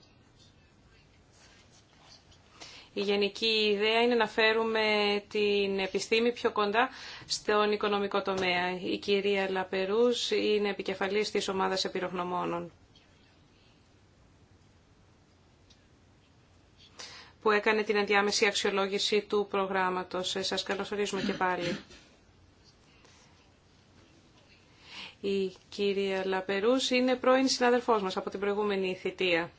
Η γενική ιδέα είναι να φέρουμε την επιστήμη πιο κοντά στον οικονομικό τομέα. Η κυρία Λαπερούς είναι επικεφαλής της ομάδας επιρογνωμόνων. που έκανε την ενδιάμεση αξιολόγηση του προγράμματος. Ε, σας καλωσορίζουμε και πάλι. Η κυρία Λαπερούς είναι πρώην συνάδελφός μας από την προηγούμενη θητεία.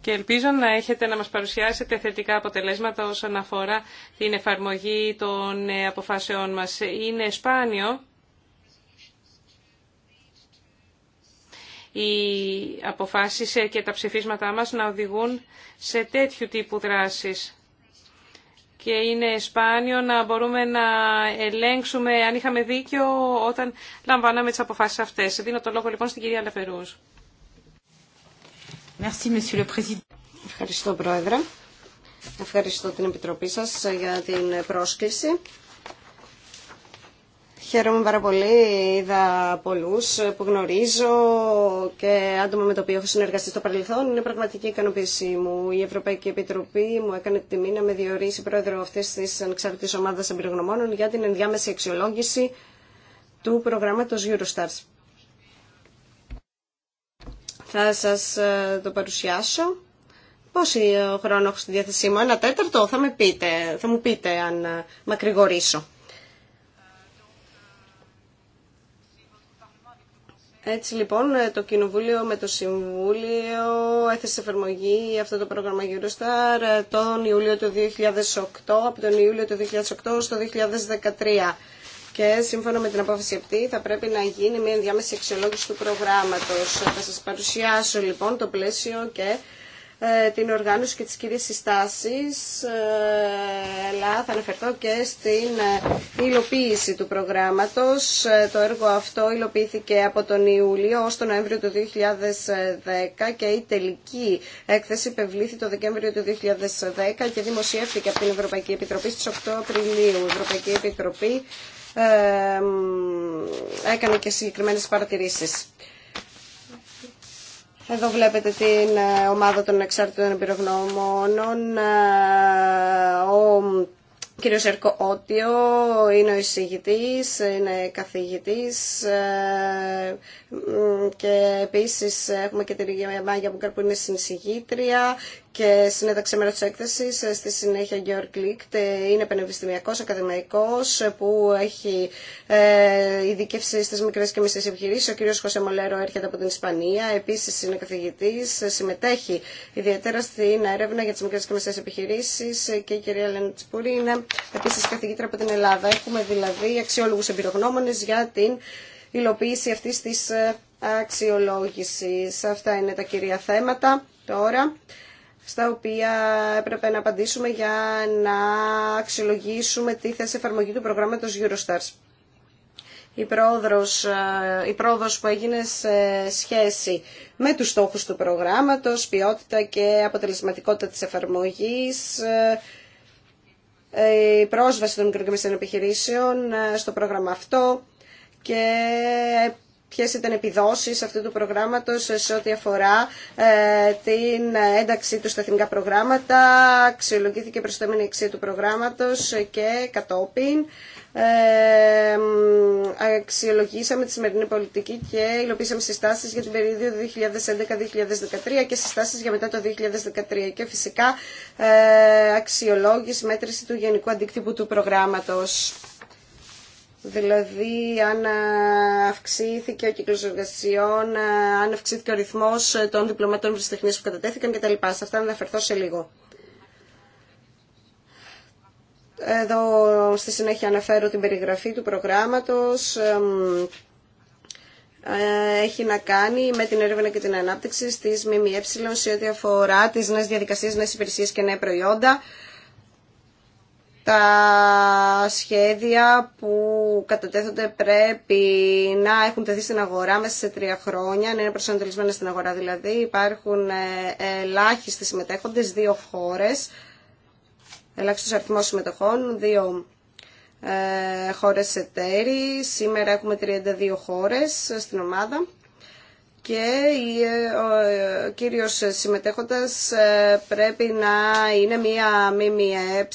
και ελπίζω να έχετε να μας παρουσιάσετε θετικά αποτελέσματα όσον αφορά την εφαρμογή των ε, αποφάσεών μας. Είναι σπάνιο οι αποφάσεις ε, και τα ψηφίσματά μας να οδηγούν σε τέτοιου τύπου δράσεις. Και είναι σπάνιο να μπορούμε να ελέγξουμε αν είχαμε δίκιο όταν λαμβάναμε τις αποφάσεις αυτές. Δίνω το λόγο λοιπόν στην κυρία Λαφερούς. Ευχαριστώ, Πρόεδρε. Ευχαριστώ την Επιτροπή σας για την πρόσκληση. Χαίρομαι πάρα πολύ. Είδα πολλού που γνωρίζω και άτομα με το οποίο έχω συνεργαστεί στο παρελθόν. Είναι πραγματική ικανοποίησή μου. Η Ευρωπαϊκή Επιτροπή μου έκανε τη μήνα με διορίσει πρόεδρο αυτή τη ανεξάρτητη ομάδα εμπειρογνωμόνων για την ενδιάμεση αξιολόγηση του προγράμματο Eurostars. Θα σας ε, το παρουσιάσω. Πόση ε, χρόνο έχω στη διάθεσή μου, ένα τέταρτο, θα, με πείτε, θα μου πείτε αν ε, μακρηγορήσω. Έτσι λοιπόν το Κοινοβούλιο με το Συμβούλιο έθεσε εφαρμογή αυτό το πρόγραμμα Eurostar τον Ιούλιο του 2008, από τον Ιούλιο του 2008 στο 2013 και σύμφωνα με την απόφαση αυτή θα πρέπει να γίνει μια ενδιάμεση αξιολόγηση του προγράμματος. Θα σας παρουσιάσω λοιπόν το πλαίσιο και ε, την οργάνωση και τις κυρίες συστάσεις, ε, αλλά θα αναφερθώ και στην ε, υλοποίηση του προγράμματος. Το έργο αυτό υλοποιήθηκε από τον Ιούλιο ως τον Νοέμβριο του 2010 και η τελική έκθεση υπευλήθη το Δεκέμβριο του 2010 και δημοσιεύτηκε από την Ευρωπαϊκή Επιτροπή στις 8 Απριλίου. Η Ευρωπαϊκή Επιτροπή ε, έκανε και συγκεκριμένες παρατηρήσεις. Εδώ βλέπετε την ε, ομάδα των εξάρτητων εμπειρογνώμων. Ε, ο κύριος Ερκο Ότιο είναι ο εισηγητής, είναι καθηγητής και επίσης έχουμε και την Μάγια Μπουγκάρ που είναι συνεισηγήτρια και συνέταξε μέρο τη έκθεση. Ε, στη συνέχεια, Γιώργ Λίκτ ε, είναι πανεπιστημιακό, ακαδημαϊκό, ε, που έχει ειδικεύσει στι μικρέ και μισέ επιχειρήσει. Ο κ. Χωσέ Μολέρο έρχεται από την Ισπανία. Επίση, είναι καθηγητή, συμμετέχει ιδιαίτερα στην έρευνα για τι μικρέ και μισέ επιχειρήσει. Και η κυρία Λένα Τσπούρη είναι επίση καθηγήτρια από την Ελλάδα. Έχουμε δηλαδή αξιόλογου εμπειρογνώμονε για την υλοποίηση αυτή τη αξιολόγηση. Αυτά είναι τα κυρία θέματα τώρα στα οποία έπρεπε να απαντήσουμε για να αξιολογήσουμε τη θέση εφαρμογή του προγράμματος Eurostars. Η πρόοδος, ε, η πρόοδος που έγινε σε σχέση με τους στόχους του προγράμματος, ποιότητα και αποτελεσματικότητα της εφαρμογής, ε, ε, η πρόσβαση των μικροκομιστών επιχειρήσεων στο πρόγραμμα αυτό και Ποιε ήταν επιδόσεις αυτού του προγράμματος σε ό,τι αφορά ε, την ένταξή του στα εθνικά προγράμματα, αξιολογήθηκε προς το αξία του προγράμματος και κατόπιν ε, αξιολογήσαμε τη σημερινή πολιτική και υλοποίησαμε συστάσεις για την περίοδο 2011-2013 και συστάσεις για μετά το 2013 και φυσικά ε, αξιολόγηση μέτρηση του γενικού αντίκτυπου του προγράμματος. Δηλαδή αν ε, αυξήθηκε ο κύκλος εργασιών, ε, αν αυξήθηκε ο ρυθμός ε, των διπλωμάτων βρυστεχνίας που κατατέθηκαν κτλ. Σε αυτά να αναφερθώ σε λίγο. Εδώ στη συνέχεια αναφέρω την περιγραφή του προγράμματος. Έχει να κάνει με την έρευνα και την ανάπτυξη στις ΜΜΕ σε ό,τι αφορά τις νέες διαδικασίες, νέες υπηρεσίες και νέα προϊόντα τα σχέδια που κατατέθονται πρέπει να έχουν τεθεί στην αγορά μέσα σε τρία χρόνια, να είναι προσανατολισμένα στην αγορά δηλαδή. Υπάρχουν ε, ελάχιστοι συμμετέχοντες, δύο χώρες, ελάχιστος αριθμός συμμετοχών, δύο ε, χώρες εταίροι. Σήμερα έχουμε 32 χώρες στην ομάδα και ο κύριος συμμετέχοντας ε, πρέπει να είναι μία ΜΜΕ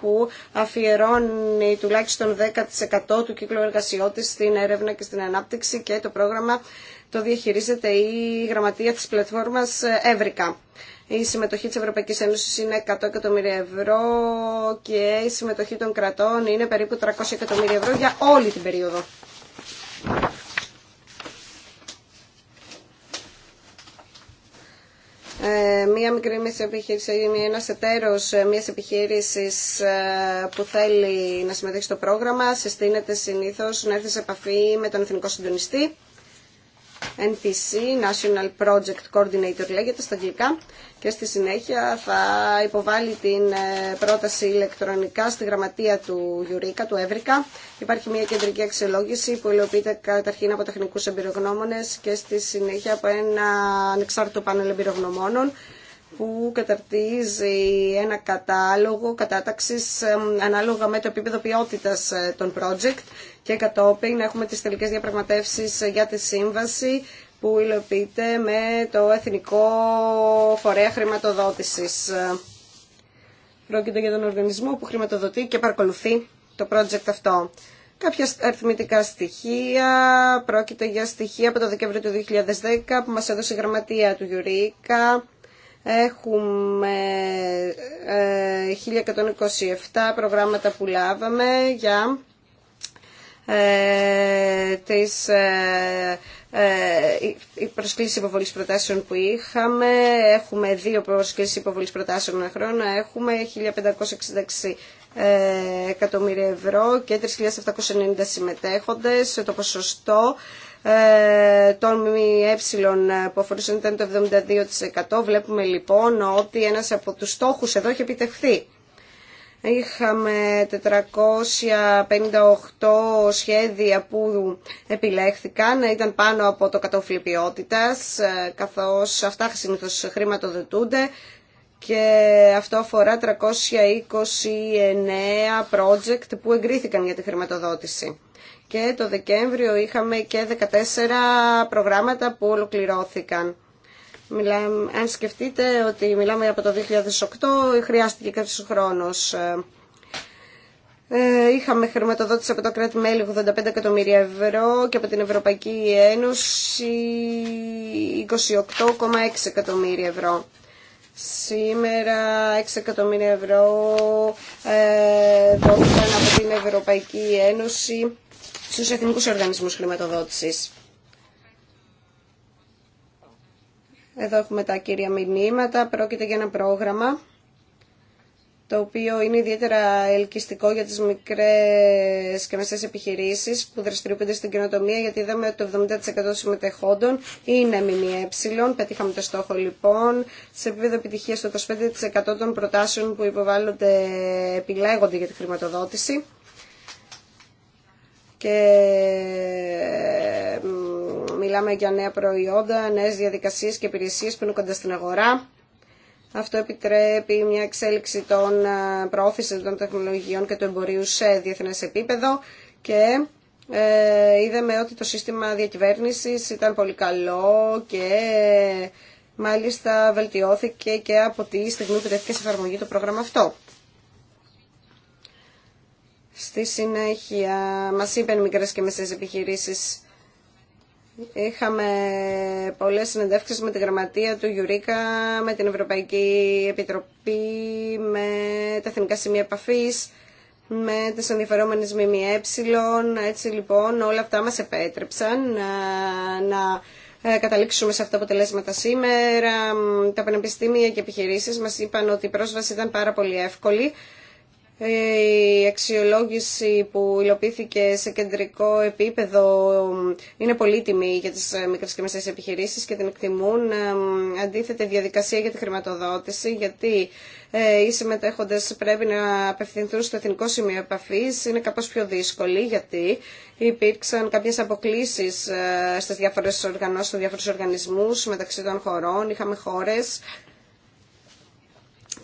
που αφιερώνει τουλάχιστον 10% του κύκλου εργασιών στην έρευνα και στην ανάπτυξη και το πρόγραμμα το διαχειρίζεται η γραμματεία της πλατφόρμας Εύρικα. Η συμμετοχή της Ευρωπαϊκής Ένωσης είναι 100 εκατομμύρια ευρώ και η συμμετοχή των κρατών είναι περίπου 300 εκατομμύρια ευρώ για όλη την περίοδο. Ε, μία μικρή μέση επιχείρηση είναι ένας εταίρος ε, μιας επιχείρησης ε, που θέλει να συμμετέχει στο πρόγραμμα, συστήνεται συνήθως να έρθει σε επαφή με τον εθνικό συντονιστή NPC, National Project Coordinator λέγεται στα αγγλικά και στη συνέχεια θα υποβάλει την ε, πρόταση ηλεκτρονικά στη γραμματεία του Γιουρίκα, του Εύρικα. Υπάρχει μια κεντρική αξιολόγηση που υλοποιείται καταρχήν από τεχνικούς εμπειρογνώμονες και στη συνέχεια από ένα ανεξάρτητο πάνελ εμπειρογνωμόνων που καταρτίζει ένα κατάλογο κατάταξης ανάλογα με το επίπεδο ποιότητας ε, των project και κατόπιν έχουμε τις τελικές διαπραγματεύσεις ε, για τη σύμβαση που υλοποιείται με το Εθνικό Φορέα Χρηματοδότησης. Πρόκειται για τον οργανισμό που χρηματοδοτεί και παρακολουθεί το project αυτό. Κάποια αριθμητικά στοιχεία, πρόκειται για στοιχεία από το Δεκέμβριο του 2010 που μας έδωσε η γραμματεία του Γιουρίκα Έχουμε 1127 ε, προγράμματα που λάβαμε για ε, τις η ε, προσκλήση υποβολής προτάσεων που είχαμε, έχουμε δύο προσκλήσεις υποβολής προτάσεων ένα χρόνο, έχουμε 1566 εκατομμύρια ευρώ και 3.790 συμμετέχοντες. Το ποσοστό ε, των ΜΜΕ που αφορούσαν ήταν το 72%. Βλέπουμε λοιπόν ότι ένας από τους στόχους εδώ έχει επιτευχθεί. Είχαμε 458 σχέδια που επιλέχθηκαν, ήταν πάνω από το κατόφλι ποιότητας, ε, καθώς αυτά συνήθως χρηματοδοτούνται και αυτό αφορά 329 project που εγκρίθηκαν για τη χρηματοδότηση και το Δεκέμβριο είχαμε και 14 προγράμματα που ολοκληρώθηκαν. Μιλάμε, αν σκεφτείτε ότι μιλάμε από το 2008, χρειάστηκε κάποιος χρόνος. Ε, είχαμε χρηματοδότηση από το κράτη-μέλη 85 εκατομμύρια ευρώ και από την Ευρωπαϊκή Ένωση 28,6 εκατομμύρια ευρώ. Σήμερα 6 εκατομμύρια ευρώ ε, δόθηκαν από την Ευρωπαϊκή Ένωση στους εθνικούς οργανισμούς χρηματοδότησης. Εδώ έχουμε τα κύρια μηνύματα. Πρόκειται για ένα πρόγραμμα το οποίο είναι ιδιαίτερα ελκυστικό για τις μικρές και μεσές επιχειρήσεις που δραστηριοποιούνται στην κοινοτομία, γιατί είδαμε ότι το 70% των συμμετεχόντων είναι ΜΜΕ. Πετύχαμε το στόχο λοιπόν. Σε επίπεδο επιτυχίας το 25% των προτάσεων που υποβάλλονται επιλέγονται για τη χρηματοδότηση και ε, μιλάμε για νέα προϊόντα, νέες διαδικασίες και υπηρεσίες που είναι κοντά στην αγορά. Αυτό επιτρέπει μια εξέλιξη των ε, προώθησης των τεχνολογιών και του εμπορίου σε διεθνές επίπεδο και ε, είδαμε ότι το σύστημα διακυβέρνησης ήταν πολύ καλό και μάλιστα βελτιώθηκε και από τη στιγμή που τέθηκε σε εφαρμογή το πρόγραμμα αυτό. Στη συνέχεια μας είπαν μικρές και μεσές επιχειρήσεις. Είχαμε πολλές συνεντεύξεις με τη γραμματεία του Γιουρίκα, με την Ευρωπαϊκή Επιτροπή, με τα Εθνικά Σημεία Επαφής, με τις ενδιαφερόμενες ΜΜΕ. Έτσι λοιπόν όλα αυτά μας επέτρεψαν ε, να ε, καταλήξουμε σε αυτά τα αποτελέσματα σήμερα. Τα πανεπιστήμια και επιχειρήσεις μας είπαν ότι η πρόσβαση ήταν πάρα πολύ εύκολη η αξιολόγηση που υλοποιήθηκε σε κεντρικό επίπεδο είναι πολύτιμη για τις μικρές και μεσαίες επιχειρήσεις και την εκτιμούν αντίθετη διαδικασία για τη χρηματοδότηση γιατί ε, οι συμμετέχοντες πρέπει να απευθυνθούν στο εθνικό σημείο επαφής είναι κάπως πιο δύσκολη γιατί υπήρξαν κάποιες αποκλήσεις ε, στις διάφορες οργανώσεις, στους διάφορους οργανισμούς μεταξύ των χωρών. Είχαμε χώρες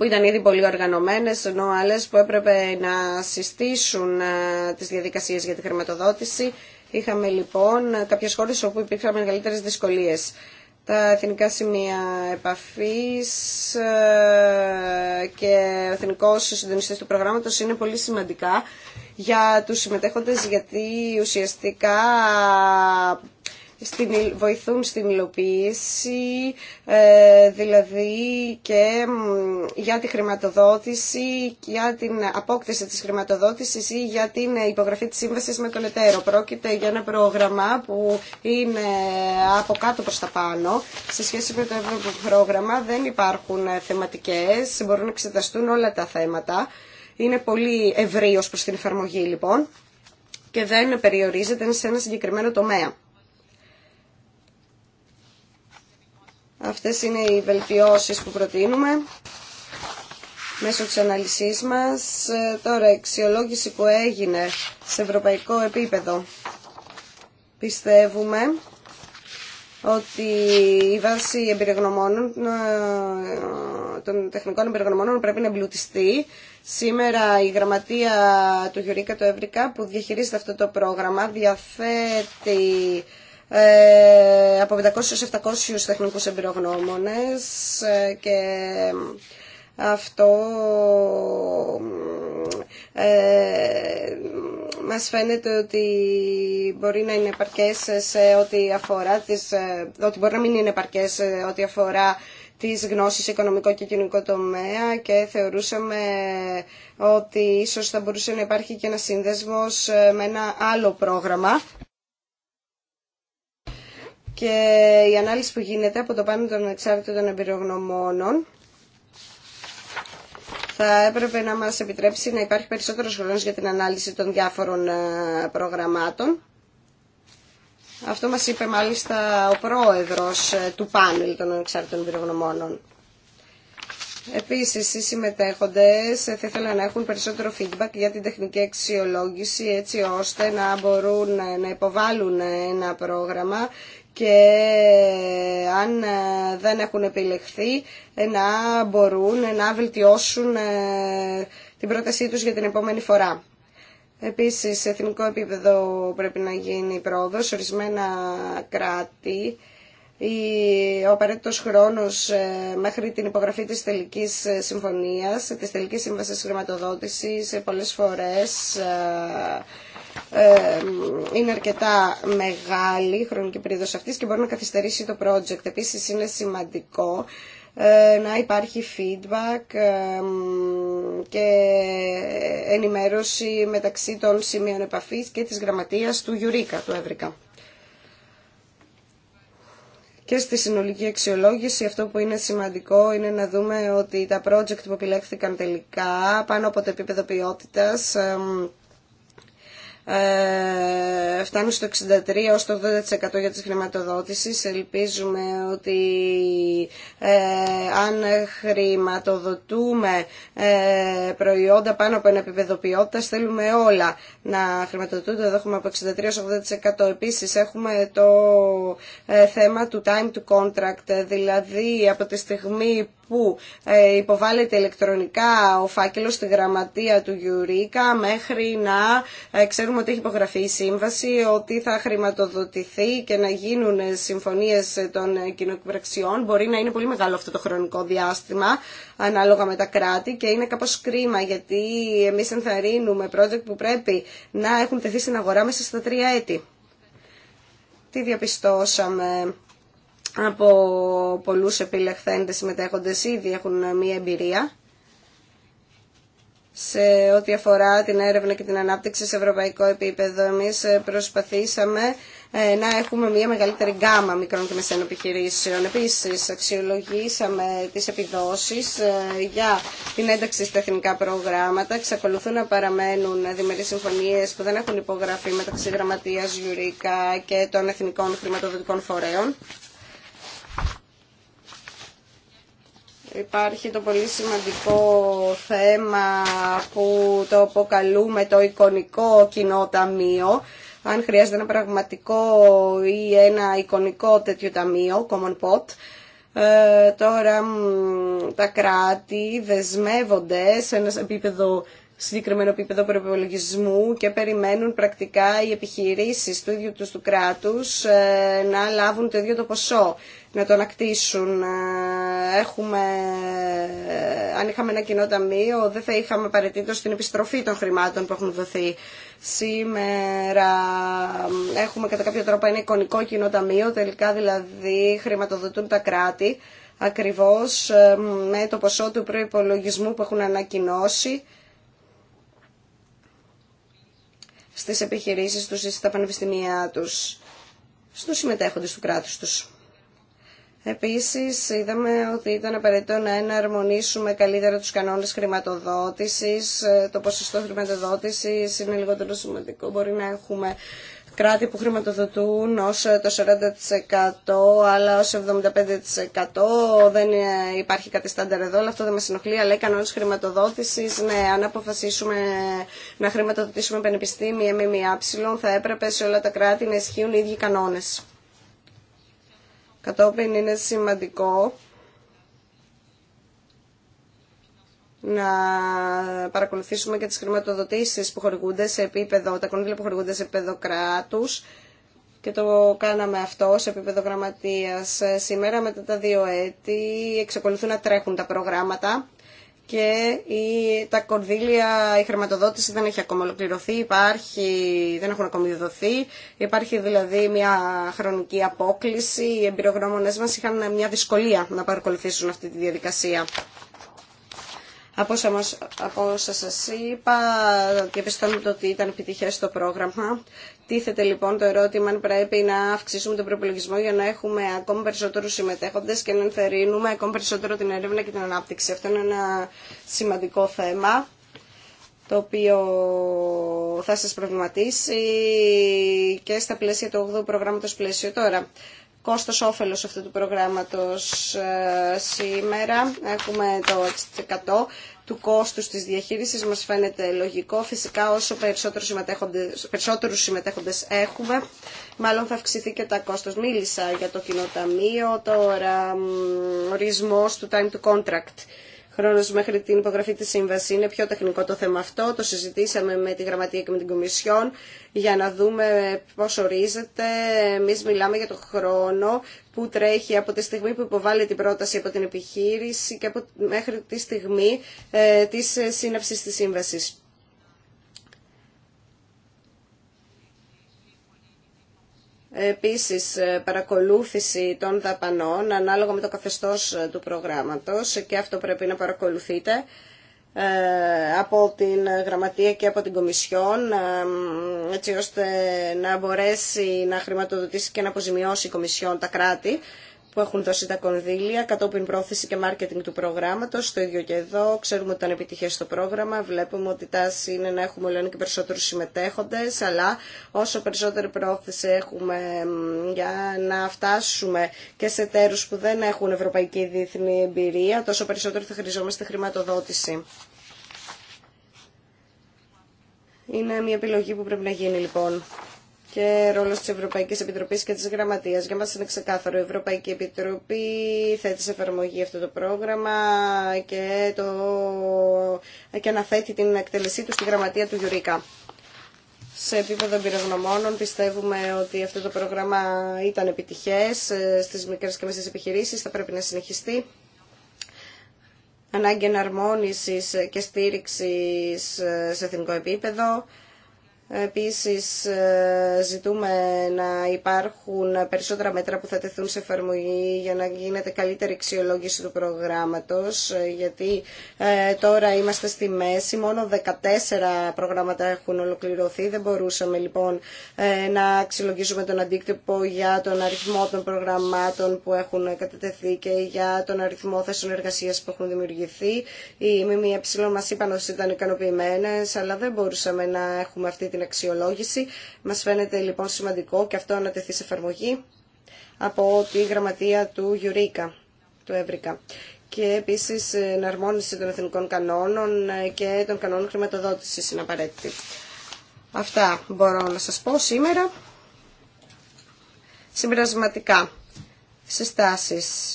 που ήταν ήδη πολύ οργανωμένες, ενώ άλλες που έπρεπε να συστήσουν ε, τις διαδικασίες για τη χρηματοδότηση. Είχαμε λοιπόν κάποιες χώρες όπου υπήρχαν μεγαλύτερες δυσκολίες. Τα εθνικά σημεία επαφής ε, και ο εθνικός συντονιστής του προγράμματος είναι πολύ σημαντικά για τους συμμετέχοντες γιατί ουσιαστικά στην, βοηθούν στην υλοποίηση, ε, δηλαδή και για τη χρηματοδότηση, για την απόκτηση της χρηματοδότησης ή για την υπογραφή της σύμβασης με τον εταίρο. Πρόκειται για ένα πρόγραμμα που είναι από κάτω προς τα πάνω. Σε σχέση με το ευρωπαϊκό πρόγραμμα δεν υπάρχουν ε, θεματικές, μπορούν να εξεταστούν όλα τα θέματα. Είναι πολύ ευρύ ως προς την εφαρμογή λοιπόν και δεν περιορίζεται σε ένα συγκεκριμένο τομέα. Αυτές είναι οι βελτιώσεις που προτείνουμε μέσω της αναλυσής μας. Ε, τώρα, εξιολόγηση που έγινε σε ευρωπαϊκό επίπεδο. Πιστεύουμε ότι η βάση εμπειρογνωμόνων, ε, των τεχνικών εμπειρογνωμόνων πρέπει να εμπλουτιστεί. Σήμερα η γραμματεία του Γιουρίκα το Ευρικά που διαχειρίζεται αυτό το πρόγραμμα διαθέτει ε, από 500 700 τεχνικούς εμπειρογνώμονες ε, και ε, αυτό ε, μας φαίνεται ότι μπορεί να είναι επαρκές σε ό,τι αφορά τις, ότι μπορεί να μην είναι επαρκές σε ό,τι αφορά τις γνώσεις οικονομικό και κοινωνικό τομέα και θεωρούσαμε ότι ίσως θα μπορούσε να υπάρχει και ένα σύνδεσμος με ένα άλλο πρόγραμμα και η ανάλυση που γίνεται από το πάνελ των εξάρτητων των εμπειρογνωμόνων θα έπρεπε να μας επιτρέψει να υπάρχει περισσότερος χρόνος για την ανάλυση των διάφορων ε, προγραμμάτων. Αυτό μας είπε μάλιστα ο πρόεδρος ε, του πάνελ των εξάρτητων εμπειρογνωμόνων. Επίσης, οι συμμετέχοντες ε, θα ήθελαν να έχουν περισσότερο feedback για την τεχνική αξιολόγηση, έτσι ώστε να μπορούν να υποβάλουν ένα πρόγραμμα και αν ε, δεν έχουν επιλεχθεί ε, να μπορούν ε, να βελτιώσουν την πρότασή τους για την επόμενη φορά. Επίσης, σε εθνικό επίπεδο πρέπει να γίνει πρόοδος. Ορισμένα κράτη ο απαραίτητο χρόνος μέχρι την υπογραφή της τελικής συμφωνίας, της τελικής σύμβασης χρηματοδότησης, πολλές φορές ε, είναι αρκετά μεγάλη η χρονική περίοδος αυτής και μπορεί να καθυστερήσει το project. Επίσης είναι σημαντικό ε, να υπάρχει feedback ε, και ενημέρωση μεταξύ των σημείων επαφής και της γραμματείας του Γιουρίκα, του Ευρικά. Και στη συνολική αξιολόγηση αυτό που είναι σημαντικό είναι να δούμε ότι τα project που επιλέχθηκαν τελικά πάνω από το επίπεδο ποιότητας ε, φτάνουν στο 63% ως το 80% για τις χρηματοδότησεις. Ελπίζουμε ότι ε, αν χρηματοδοτούμε ε, προϊόντα πάνω από ένα επίπεδο θέλουμε όλα να χρηματοδοτούνται. Εδώ έχουμε από 63% 80%. Επίσης έχουμε το θέμα του time to contract, δηλαδή από τη στιγμή που υποβάλλεται ηλεκτρονικά ο φάκελος στη γραμματεία του Γιουρίκα μέχρι να ξέρουμε ότι έχει υπογραφεί η σύμβαση, ότι θα χρηματοδοτηθεί και να γίνουν συμφωνίες των κοινοπραξιών. Μπορεί να είναι πολύ μεγάλο αυτό το χρονικό διάστημα, ανάλογα με τα κράτη και είναι κάπως κρίμα γιατί εμείς ενθαρρύνουμε project που πρέπει να έχουν τεθεί στην αγορά μέσα στα τρία έτη. Τι διαπιστώσαμε από πολλούς επιλεχθέντες συμμετέχοντες ήδη έχουν μία εμπειρία σε ό,τι αφορά την έρευνα και την ανάπτυξη σε ευρωπαϊκό επίπεδο. Εμείς ε, προσπαθήσαμε ε, να έχουμε μια μεγαλύτερη γκάμα μικρών και μεσαίων επιχειρήσεων. Επίσης, αξιολογήσαμε τις επιδόσεις ε, για την ένταξη στα εθνικά προγράμματα. Ξεκολουθούν να παραμένουν διμερεί συμφωνίες που δεν έχουν υπογραφεί μεταξύ γραμματείας Γιουρίκα και των εθνικών χρηματοδοτικών φορέων. Υπάρχει το πολύ σημαντικό θέμα που το αποκαλούμε το εικονικό κοινό ταμείο. Αν χρειάζεται ένα πραγματικό ή ένα εικονικό τέτοιο ταμείο, common pot, ε, τώρα τα κράτη δεσμεύονται σε ένα επίπεδο συγκεκριμένο επίπεδο προπολογισμού και περιμένουν πρακτικά οι επιχειρήσεις του ίδιου τους του κράτους ε, να λάβουν το ίδιο το ποσό να το ανακτήσουν. Έχουμε, αν είχαμε ένα κοινό ταμείο, δεν θα είχαμε παρετήτως την επιστροφή των χρημάτων που έχουν δοθεί. Σήμερα έχουμε κατά κάποιο τρόπο ένα εικονικό κοινό ταμείο, τελικά δηλαδή χρηματοδοτούν τα κράτη ακριβώς ε, με το ποσό του προϋπολογισμού που έχουν ανακοινώσει στις επιχειρήσεις τους ή στα πανεπιστημία τους, στους συμμετέχοντες του κράτους τους. Επίσης, είδαμε ότι ήταν απαραίτητο να εναρμονίσουμε καλύτερα τους κανόνες χρηματοδότησης. Ε, το ποσοστό χρηματοδότησης είναι λιγότερο σημαντικό. Μπορεί να έχουμε κράτη που χρηματοδοτούν ως το 40% αλλά ως 75% δεν ε, υπάρχει κάτι στάνταρ εδώ, αλλά αυτό δεν με συνοχλεί. αλλά οι κανόνες χρηματοδότησης, ναι, αν αποφασίσουμε να χρηματοδοτήσουμε πανεπιστήμια με θα έπρεπε σε όλα τα κράτη να ισχύουν οι ίδιοι κανόνες. Κατόπιν είναι σημαντικό να παρακολουθήσουμε και τις χρηματοδοτήσεις που χορηγούνται σε επίπεδο, τα κονδύλια που χορηγούνται σε επίπεδο κράτους και το κάναμε αυτό σε επίπεδο γραμματείας. Σήμερα μετά τα δύο έτη εξακολουθούν να τρέχουν τα προγράμματα και η, τα κονδύλια, η χρηματοδότηση δεν έχει ακόμα ολοκληρωθεί, υπάρχει, δεν έχουν ακόμη δοθεί. Υπάρχει δηλαδή μια χρονική απόκληση. Οι εμπειρογνώμονες μας είχαν μια δυσκολία να παρακολουθήσουν αυτή τη διαδικασία. Από όσα, μας, από σας είπα, διαπιστώνουμε ότι ήταν επιτυχές το πρόγραμμα. Τίθεται λοιπόν το ερώτημα αν πρέπει να αυξήσουμε τον προπολογισμό για να έχουμε ακόμη περισσότερους συμμετέχοντες και να ενθερρύνουμε ακόμη περισσότερο την έρευνα και την ανάπτυξη. Αυτό είναι ένα σημαντικό θέμα το οποίο θα σας προβληματίσει και στα πλαίσια του 8ου προγράμματος πλαίσιο τώρα κόστος όφελος αυτού του προγράμματος ε, σήμερα. Έχουμε το 6% του κόστους της διαχείρισης μας φαίνεται λογικό. Φυσικά όσο περισσότερους συμμετέχοντες, περισσότερους συμμετέχοντες έχουμε, μάλλον θα αυξηθεί και τα κόστος. Μίλησα για το κοινοταμείο, τώρα ορισμός του time to contract χρόνος μέχρι την υπογραφή της σύμβαση. Είναι πιο τεχνικό το θέμα αυτό. Το συζητήσαμε με τη Γραμματεία και με την Κομισιόν για να δούμε πώς ορίζεται. Εμεί μιλάμε για το χρόνο που τρέχει από τη στιγμή που υποβάλλει την πρόταση από την επιχείρηση και μέχρι τη στιγμή ε, της σύναψης της σύμβασης. Επίσης, ε, παρακολούθηση των δαπανών ανάλογα με το καθεστώς ε, του προγράμματος και αυτό πρέπει να παρακολουθείτε ε, από την Γραμματεία και από την Κομισιόν έτσι ώστε να μπορέσει να χρηματοδοτήσει και να αποζημιώσει η Κομισιόν τα κράτη που έχουν δώσει τα κονδύλια κατόπιν πρόθεση και μάρκετινγκ του προγράμματο. Το ίδιο και εδώ. Ξέρουμε ότι ήταν επιτυχέ το πρόγραμμα. Βλέπουμε ότι η τάση είναι να έχουμε όλο και περισσότερου συμμετέχοντε, αλλά όσο περισσότερη πρόθεση έχουμε για να φτάσουμε και σε τέρους που δεν έχουν ευρωπαϊκή διεθνή εμπειρία, τόσο περισσότερο θα χρειαζόμαστε χρηματοδότηση. Είναι μια επιλογή που πρέπει να γίνει λοιπόν και ρόλο τη Ευρωπαϊκή Επιτροπή και τη Γραμματεία. Για μα είναι ξεκάθαρο. Η Ευρωπαϊκή Επιτροπή θέτει σε εφαρμογή αυτό το πρόγραμμα και, το... και αναθέτει την εκτελεσή του στη Γραμματεία του Γιουρίκα. Σε επίπεδο εμπειρογνωμόνων πιστεύουμε ότι αυτό το πρόγραμμα ήταν επιτυχές ε, στις μικρές και μεσές επιχειρήσεις, θα πρέπει να συνεχιστεί. Ανάγκη εναρμόνισης και στήριξης ε, σε εθνικό επίπεδο. Επίσης ε, ζητούμε να υπάρχουν περισσότερα μέτρα που θα τεθούν σε εφαρμογή για να γίνεται καλύτερη αξιολόγηση του προγράμματος ε, γιατί ε, τώρα είμαστε στη μέση, μόνο 14 προγράμματα έχουν ολοκληρωθεί, δεν μπορούσαμε λοιπόν να αξιολογήσουμε τον αντίκτυπο για τον αριθμό των προγραμμάτων που έχουν κατατεθεί και για τον αριθμό θέσεων εργασίας που έχουν δημιουργηθεί. Οι ΜΜΕ μας είπαν ότι ήταν ικανοποιημένες αλλά δεν μπορούσαμε να έχουμε αυτή την την αξιολόγηση. Μας φαίνεται λοιπόν σημαντικό και αυτό να τεθεί σε εφαρμογή από τη γραμματεία του Γιουρίκα, του Εύρικα και επίσης εναρμόνιση των εθνικών κανόνων και των κανόνων χρηματοδότηση είναι απαραίτητη. Αυτά μπορώ να σας πω σήμερα. Συμπερασματικά, συστάσεις.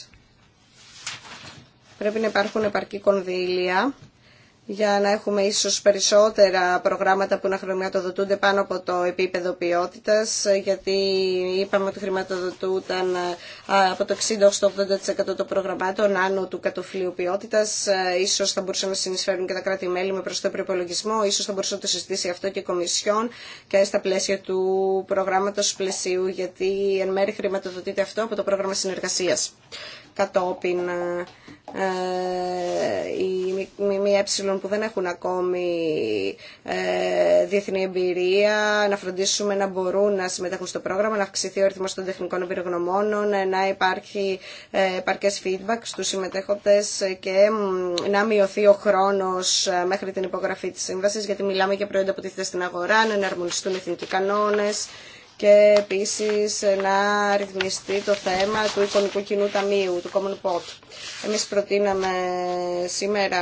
Πρέπει να υπάρχουν επαρκή κονδύλια για να έχουμε ίσως περισσότερα προγράμματα που να χρηματοδοτούνται πάνω από το επίπεδο ποιότητας, γιατί είπαμε ότι χρηματοδοτούνταν ε, από το 60% στο 80% των προγραμμάτων άνω του κατοφλίου ποιότητας. Ε, ίσως θα μπορούσαν να συνεισφέρουν και τα κράτη-μέλη με προς το προπολογισμό, ίσως θα μπορούσε να το συζητήσει αυτό και η Κομισιόν και στα πλαίσια του προγράμματος πλαισίου, γιατί εν μέρει χρηματοδοτείται αυτό από το πρόγραμμα συνεργασίας. Κατόπιν ε, η που δεν έχουν ακόμη ε, διεθνή εμπειρία, να φροντίσουμε να μπορούν να συμμετέχουν στο πρόγραμμα, να αυξηθεί ο αριθμός των τεχνικών εμπειρογνωμόνων, ε, να υπάρχει ε, παρκές feedback στους συμμετέχοντες και να μειωθεί ο χρόνος μέχρι την υπογραφή της σύμβασης, γιατί μιλάμε για προϊόντα που τίθεται στην αγορά, να εναρμονιστούν εθνικοί κανόνες, και επίσης να ρυθμιστεί το θέμα του εικονικού κοινού ταμείου, του Common Pot. Εμείς προτείναμε σήμερα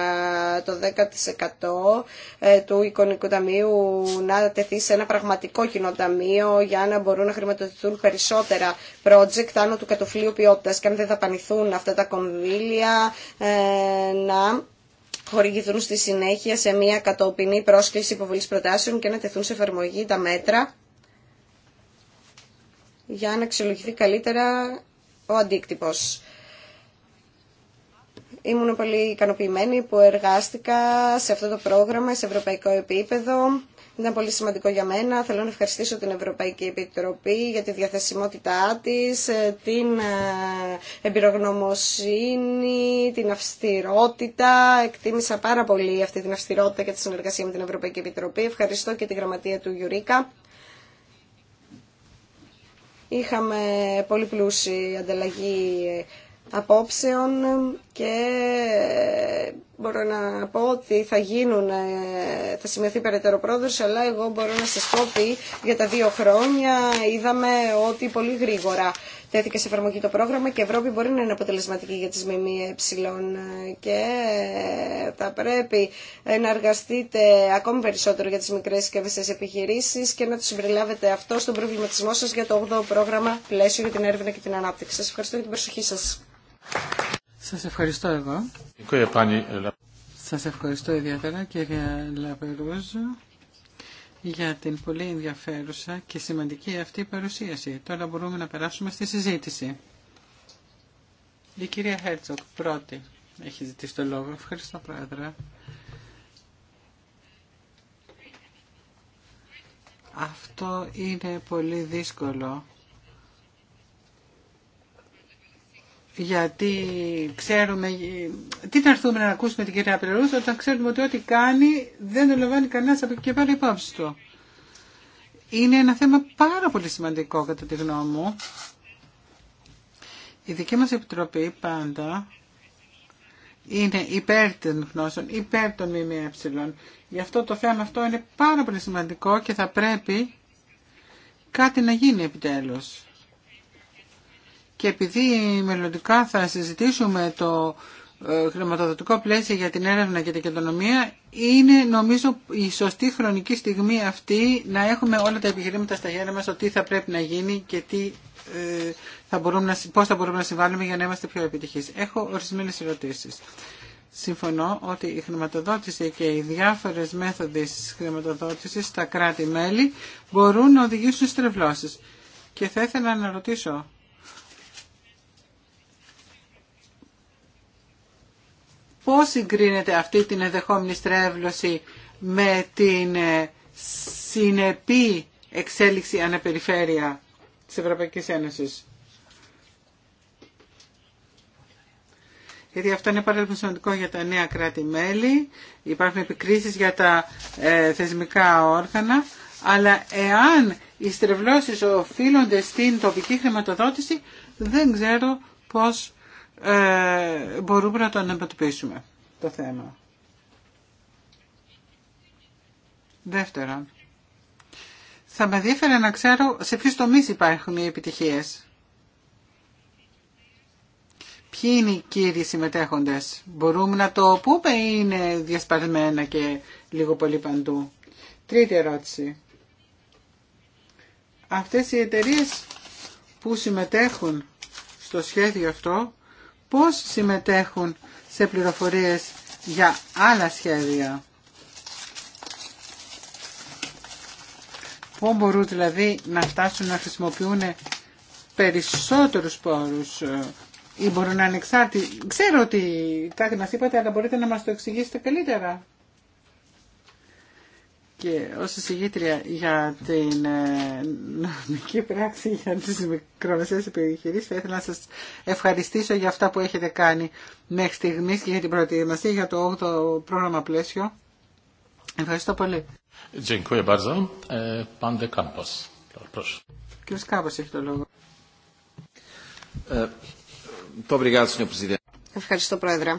το 10% ε, του εικονικού ταμείου να τεθεί σε ένα πραγματικό κοινό ταμείο για να μπορούν να χρηματοδοτηθούν περισσότερα project άνω του κατοφλίου ποιότητας και αν δεν δαπανηθούν αυτά τα κονδύλια ε, να χορηγηθούν στη συνέχεια σε μια κατοπινή πρόσκληση υποβολής προτάσεων και να τεθούν σε εφαρμογή τα μέτρα για να αξιολογηθεί καλύτερα ο αντίκτυπος. Ήμουν πολύ ικανοποιημένη που εργάστηκα σε αυτό το πρόγραμμα σε ευρωπαϊκό επίπεδο. Ήταν πολύ σημαντικό για μένα. Θέλω να ευχαριστήσω την Ευρωπαϊκή Επιτροπή για τη διαθεσιμότητά της, ε, την ε, εμπειρογνωμοσύνη, την αυστηρότητα. Εκτίμησα πάρα πολύ αυτή την αυστηρότητα και τη συνεργασία με την Ευρωπαϊκή Επιτροπή. Ευχαριστώ και τη γραμματεία του Γιουρίκα Είχαμε πολύ πλούσιη ανταλλαγή απόψεων και μπορώ να πω ότι θα γίνουν, ε, θα σημειωθεί περαιτέρω αλλά εγώ μπορώ να σας πω ότι για τα δύο χρόνια είδαμε ότι πολύ γρήγορα τέθηκε σε εφαρμογή το πρόγραμμα και η Ευρώπη μπορεί να είναι αποτελεσματική για τις ΜΜΕ και θα πρέπει να εργαστείτε ακόμη περισσότερο για τις μικρές και ευαισθητές επιχειρήσεις και να τους συμπεριλάβετε αυτό στον προβληματισμό σας για το 8ο πρόγραμμα πλαίσιο για την έρευνα και την ανάπτυξη. Σας ευχαριστώ για την προσοχή σας. Σας ευχαριστώ εγώ. Σας ευχαριστώ ιδιαίτερα κύριε Λαπερούζο για την πολύ ενδιαφέρουσα και σημαντική αυτή παρουσίαση. Τώρα μπορούμε να περάσουμε στη συζήτηση. Η κυρία Χέρτσοκ πρώτη έχει ζητήσει το λόγο. Ευχαριστώ πρόεδρε. Αυτό είναι πολύ δύσκολο γιατί ξέρουμε, τι θα έρθουμε να ακούσουμε την κυρία Περούς όταν ξέρουμε ότι ό,τι κάνει δεν το λαμβάνει κανένας από εκεί πάρει υπόψη του. Είναι ένα θέμα πάρα πολύ σημαντικό κατά τη γνώμη μου. Η δική μας επιτροπή πάντα είναι υπέρ των γνώσεων, υπέρ των ΜΜΕ. Γι' αυτό το θέμα αυτό είναι πάρα πολύ σημαντικό και θα πρέπει κάτι να γίνει επιτέλους και επειδή μελλοντικά θα συζητήσουμε το ε, χρηματοδοτικό πλαίσιο για την έρευνα και την κεντρονομία είναι νομίζω η σωστή χρονική στιγμή αυτή να έχουμε όλα τα επιχειρήματα στα χέρια μας ότι θα πρέπει να γίνει και τι, ε, θα μπορούμε να, πώς θα μπορούμε να συμβάλλουμε για να είμαστε πιο επιτυχείς. Έχω ορισμένες ερωτήσεις. Συμφωνώ ότι η χρηματοδότηση και οι διάφορες μέθοδοι της χρηματοδότησης στα κράτη-μέλη μπορούν να οδηγήσουν στρεβλώσεις. Και θα ήθελα να ρωτήσω Πώς συγκρίνεται αυτή την ενδεχόμενη στρέβλωση με την ε, συνεπή εξέλιξη αναπεριφέρεια της Ευρωπαϊκής Ένωσης. γιατί αυτό είναι πάρα πολύ σημαντικό για τα νέα κράτη-μέλη, υπάρχουν επικρίσεις για τα ε, θεσμικά όργανα, αλλά εάν οι στρεβλώσεις οφείλονται στην τοπική χρηματοδότηση, δεν ξέρω πώς ε, μπορούμε να το αντιμετωπίσουμε το θέμα. Δεύτερον, θα με διέφερε να ξέρω σε ποιους τομείς υπάρχουν οι επιτυχίες. Ποιοι είναι οι κύριοι συμμετέχοντες. Μπορούμε να το πούμε ή είναι διασπαρμένα και λίγο πολύ παντού. Τρίτη ερώτηση. Αυτές οι εταιρείες που συμμετέχουν στο σχέδιο αυτό πώς συμμετέχουν σε πληροφορίες για άλλα σχέδια. Πώς μπορούν δηλαδή να φτάσουν να χρησιμοποιούν περισσότερους πόρους ε, ή μπορούν να είναι Ξέρω ότι κάτι μας είπατε, αλλά μπορείτε να μας το εξηγήσετε καλύτερα και ω εισηγήτρια για την ε, νομική πράξη για τι μικρομεσαίε επιχειρήσει, θα ήθελα να σα ευχαριστήσω για αυτά που έχετε κάνει μέχρι στιγμή και για την προετοιμασία για το 8ο πρόγραμμα πλαίσιο. Ευχαριστώ πολύ. Dziękuję bardzo. Ε, Pan de Campos. Κύριος Κάμπος έχει το λόγο. Ε, Ευχαριστώ, Πρόεδρε.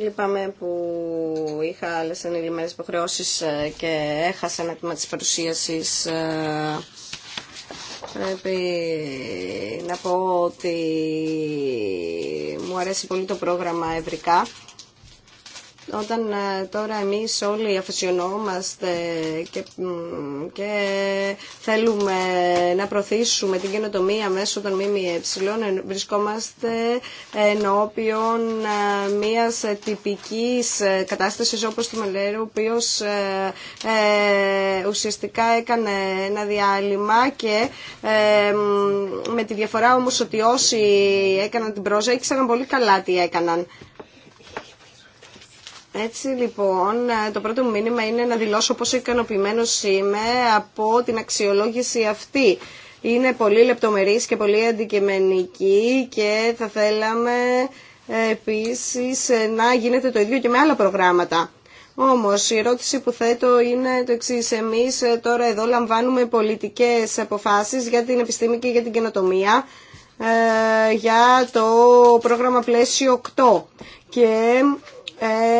Λυπάμαι που είχα άλλε ενηλυμένες υποχρεώσει ε, και έχασα ένα τμήμα τη παρουσίαση, ε, Πρέπει να πω ότι μου αρέσει πολύ το πρόγραμμα ευρικά όταν ε, τώρα εμείς όλοι αφαισιωνόμαστε και, θέλουμε να προωθήσουμε την καινοτομία μέσω των ΜΜΕ, βρισκόμαστε ενώπιον ε, μιας τυπικής ε, κατάστασης όπως του Μελέρου, ο οποίος ε, ουσιαστικά έκανε ένα διάλειμμα και με τη διαφορά όμως ότι όσοι έκαναν την πρόζα ήξεραν πολύ καλά τι έκαναν. Έτσι λοιπόν, ε, το πρώτο μήνυμα είναι να δηλώσω πόσο ικανοποιημένο είμαι από την αξιολόγηση αυτή. Είναι πολύ λεπτομερής και πολύ αντικειμενική και θα θέλαμε ε, επίσης ε, να γίνεται το ίδιο και με άλλα προγράμματα. Όμως η ερώτηση που θέτω είναι το εξή. Εμείς τώρα εδώ λαμβάνουμε πολιτικές αποφάσεις για την επιστήμη και για την καινοτομία για το πρόγραμμα πλαίσιο 8. Και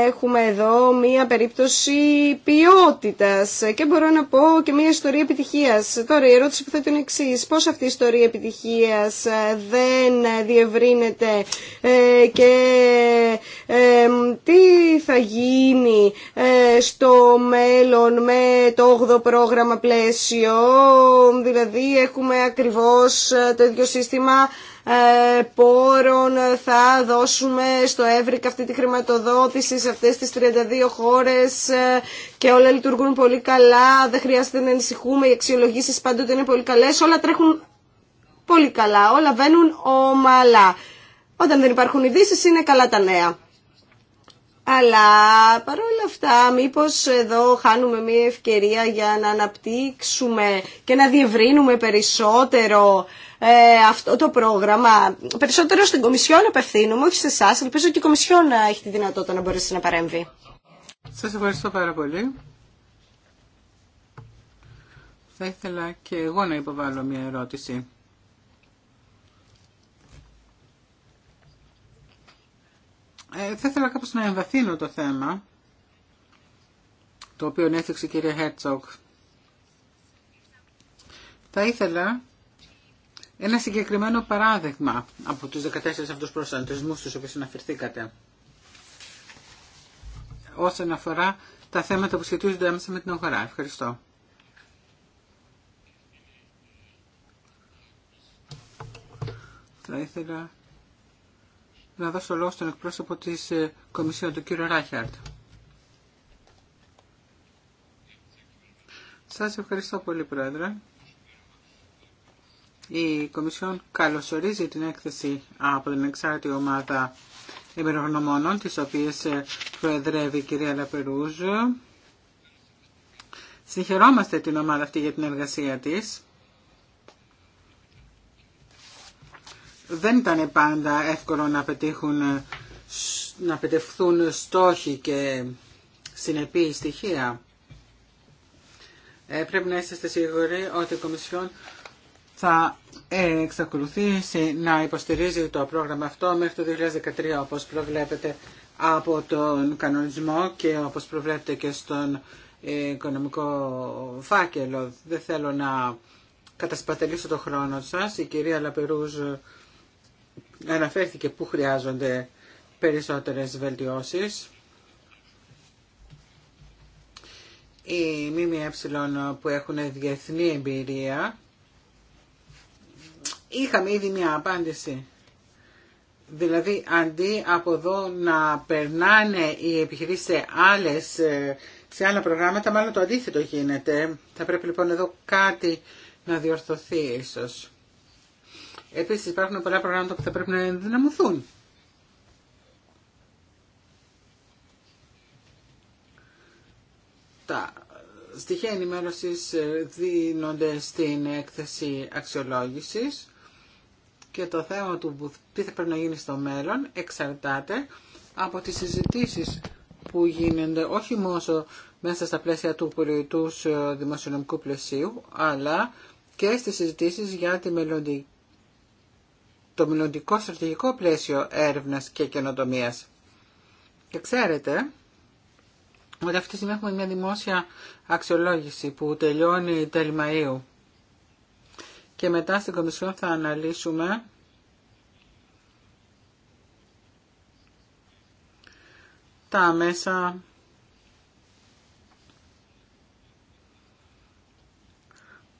Έχουμε εδώ μία περίπτωση ποιότητας και μπορώ να πω και μία ιστορία επιτυχίας. Τώρα η ερώτηση που θέτω είναι εξή. Πώς αυτή η ιστορία επιτυχίας ε, δεν διευρύνεται ε, και ε, τι θα γίνει στο μέλλον με το 8ο πρόγραμμα πλαίσιο. Δηλαδή έχουμε ακριβώς το ίδιο σύστημα ε, πόρων θα δώσουμε στο Εύρυκα αυτή τη χρηματοδότηση σε αυτές τις 32 χώρες ε, και όλα λειτουργούν πολύ καλά, δεν χρειάζεται να ενσυχούμε οι αξιολογήσεις πάντοτε είναι πολύ καλές, όλα τρέχουν πολύ καλά, όλα βαίνουν ομαλά. Όταν δεν υπάρχουν ειδήσει είναι καλά τα νέα. Αλλά παρόλα αυτά, μήπως εδώ χάνουμε μια ευκαιρία για να αναπτύξουμε και να διευρύνουμε περισσότερο ε, αυτό το πρόγραμμα. Περισσότερο στην Κομισιόν απευθύνουμε, όχι σε εσά. Ελπίζω και η Κομισιόν να έχει τη δυνατότητα να μπορέσει να παρέμβει. Σας ευχαριστώ πάρα πολύ. Θα ήθελα και εγώ να υποβάλω μια ερώτηση. Ε, θα ήθελα κάπως να εμβαθύνω το θέμα, το οποίο έφτιαξε η κυρία Χέρτσοκ. Θα ήθελα ένα συγκεκριμένο παράδειγμα από τους 14 αυτούς προσανατολισμούς στους οποίους αναφερθήκατε όσον αφορά τα θέματα που σχετίζονται άμεσα με την αγορά. Ευχαριστώ. Θα ήθελα να δώσω λόγο στον εκπρόσωπο της ε, Κομισιόν, τον κύριο Ράχιαρτ. Σας ευχαριστώ πολύ, Πρόεδρε. Η Κομισιόν καλωσορίζει την έκθεση από την εξάρτητη ομάδα εμπειρογνωμόνων, τις οποίες ε, προεδρεύει η κυρία Λαπερούζ. Συγχαιρόμαστε την ομάδα αυτή για την εργασία της. δεν ήταν πάντα εύκολο να, πετύχουν, να πετευθούν στόχοι και συνεπή στοιχεία. Ε, πρέπει να είστε σίγουροι ότι η Κομισιόν θα ε, εξακολουθήσει να υποστηρίζει το πρόγραμμα αυτό μέχρι το 2013 όπως προβλέπετε από τον κανονισμό και όπως προβλέπετε και στον ε, οικονομικό φάκελο. Δεν θέλω να κατασπατελίσω το χρόνο σας. Η κυρία Λαπερούζ αναφέρθηκε που χρειάζονται περισσότερες βελτιώσεις. Οι ΜΜΕ που έχουν διεθνή εμπειρία είχαμε ήδη μια απάντηση. Δηλαδή αντί από εδώ να περνάνε οι επιχειρήσεις σε, άλλες, σε άλλα προγράμματα, μάλλον το αντίθετο γίνεται. Θα πρέπει λοιπόν εδώ κάτι να διορθωθεί ίσως. Επίσης υπάρχουν πολλά προγράμματα που θα πρέπει να ενδυναμωθούν. Τα στοιχεία ενημέρωσης ε, δίνονται στην έκθεση αξιολόγησης και το θέμα του τι θα πρέπει να γίνει στο μέλλον εξαρτάται από τις συζητήσεις που γίνονται όχι μόνο μέσα στα πλαίσια του πολιτού ε, δημοσιονομικού πλαισίου αλλά και στις συζητήσεις για τη μελλοντική το μελλοντικό στρατηγικό πλαίσιο έρευνας και καινοτομίας. Και ξέρετε ότι αυτή τη στιγμή έχουμε μια δημόσια αξιολόγηση που τελειώνει τέλη Μαΐου. Και μετά στην Κομισιόν θα αναλύσουμε τα μέσα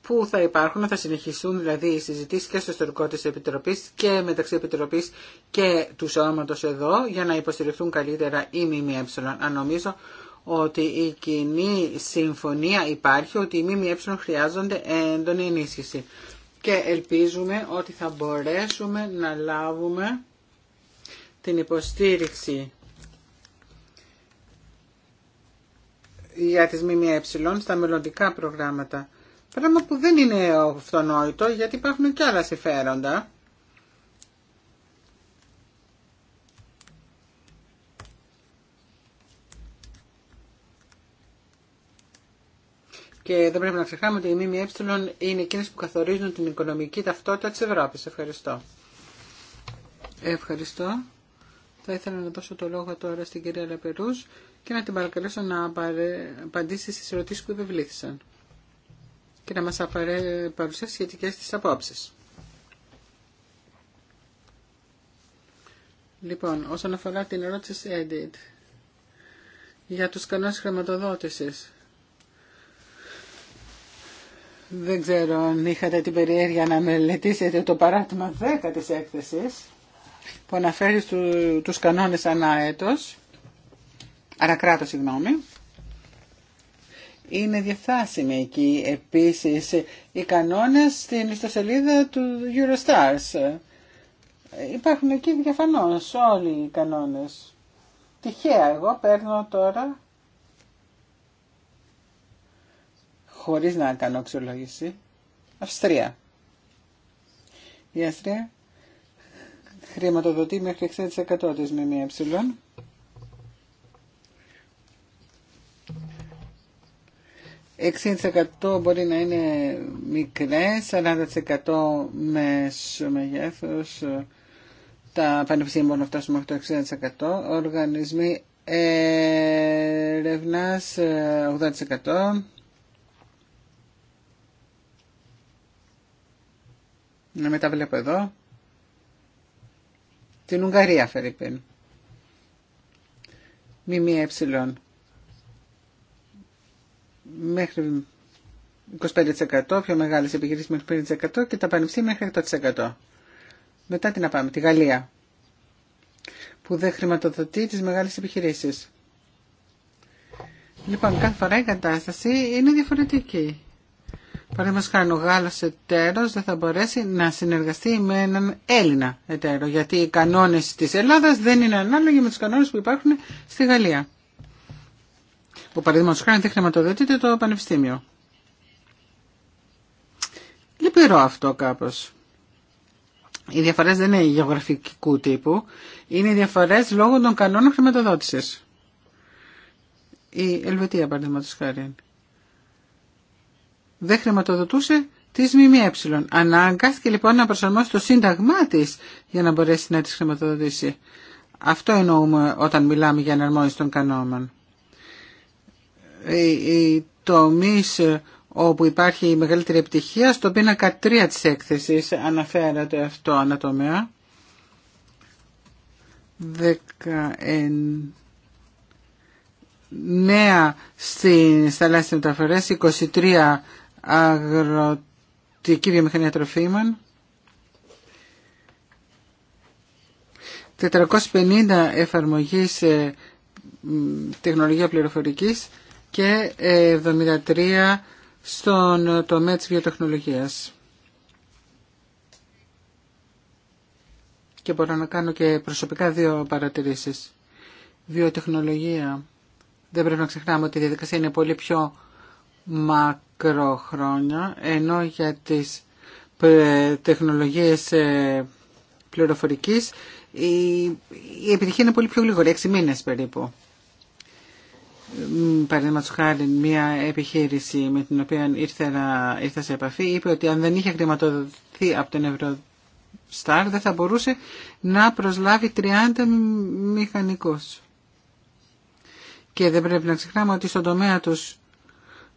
που θα υπάρχουν, θα συνεχιστούν δηλαδή οι συζητήσεις και στο ιστορικό της Επιτροπής και μεταξύ Επιτροπής και του σώματος εδώ για να υποστηριχθούν καλύτερα οι ΜΜΕ. Αν νομίζω ότι η κοινή συμφωνία υπάρχει, ότι οι ΜΜΕ χρειάζονται έντονη ενίσχυση. Και ελπίζουμε ότι θα μπορέσουμε να λάβουμε την υποστήριξη για τις ΜΜΕ στα μελλοντικά προγράμματα Πράγμα που δεν είναι αυτονόητο γιατί υπάρχουν και άλλα συμφέροντα. Και δεν πρέπει να ξεχάμε ότι οι ΜΜΕ είναι εκείνε που καθορίζουν την οικονομική ταυτότητα της Ευρώπης. Ευχαριστώ. Ευχαριστώ. Θα ήθελα να δώσω το λόγο τώρα στην κυρία Λαπερούς και να την παρακαλέσω να απαντήσει στις ερωτήσει που υπευλήθησαν και να μας παρουσιάσει σχετικές τις απόψεις. Λοιπόν, όσον αφορά την ερώτηση Edit, για τους κανόνες χρηματοδότησης, δεν ξέρω αν είχατε την περιέργεια να μελετήσετε το παράτημα 10 της έκθεσης που αναφέρει του, τους κανόνες ανά έτος, ανακράτο συγγνώμη, είναι διαθάσιμη εκεί. Επίσης, οι κανόνες στην ιστοσελίδα του Eurostars. Υπάρχουν εκεί διαφανώς όλοι οι κανόνες. Τυχαία εγώ παίρνω τώρα, χωρίς να κάνω αξιολόγηση, Αυστρία. Η Αυστρία χρηματοδοτεί μέχρι 60% της ΜΜΕ 60% μπορεί να είναι μικρές, 40% μέσο μεγέθους, τα πανεπιστήμια μπορούν να φτάσουν μέχρι το 60%, οργανισμοί ερευνά 80%. Να μεταβλέπω βλέπω εδώ. Την Ουγγαρία, Φερρυπίν. ΜΜΕ μέχρι 25%, πιο μεγάλες επιχειρήσεις μέχρι 5% και τα πανεπιστήμια μέχρι 100%. Μετά τι να πάμε, τη Γαλλία, που δεν χρηματοδοτεί τις μεγάλες επιχειρήσεις. Λοιπόν, κάθε φορά η κατάσταση είναι διαφορετική. Παραδείγματο χάρη, ο Γάλλο εταίρο δεν θα μπορέσει να συνεργαστεί με έναν Έλληνα εταίρο, γιατί οι κανόνε τη Ελλάδα δεν είναι ανάλογοι με του κανόνε που υπάρχουν στη Γαλλία που παραδείγματος χάρη δεν χρηματοδοτείται το πανεπιστήμιο. Λυπηρό αυτό κάπως. Οι διαφορές δεν είναι γεωγραφικού τύπου, είναι οι διαφορές λόγω των κανόνων χρηματοδότησης. Η Ελβετία, παραδείγματος χάρη, δεν χρηματοδοτούσε τη ΜΜΕ. Ανάγκαστηκε λοιπόν να προσαρμόσει το σύνταγμά τη για να μπορέσει να τη χρηματοδοτήσει. Αυτό εννοούμε όταν μιλάμε για εναρμόνιση των κανόνων οι τομείς όπου υπάρχει η μεγαλύτερη επιτυχία, στο πίνακα 3 της έκθεσης αναφέρατε αυτό ανατομέα. 19 νέα στις θαλάσσιες μεταφορές, 23 αγροτική βιομηχανία τροφίμων, 450 εφαρμογής ε, τεχνολογία πληροφορικής, και 73 ε, στον τομέα της βιοτεχνολογίας. Και μπορώ να κάνω και προσωπικά δύο παρατηρήσεις. Βιοτεχνολογία. Δεν πρέπει να ξεχνάμε ότι η διαδικασία είναι πολύ πιο μακροχρόνια, ενώ για τις ε, τεχνολογίες ε, πληροφορικής η επιτυχία είναι πολύ πιο γλυγορή, 6 μήνες περίπου παραδείγματο χάρη μια επιχείρηση με την οποία ήρθα, σε επαφή είπε ότι αν δεν είχε χρηματοδοτηθεί από τον Ευρωστάρ δεν θα μπορούσε να προσλάβει 30 μηχανικούς. Και δεν πρέπει να ξεχνάμε ότι στον τομέα τους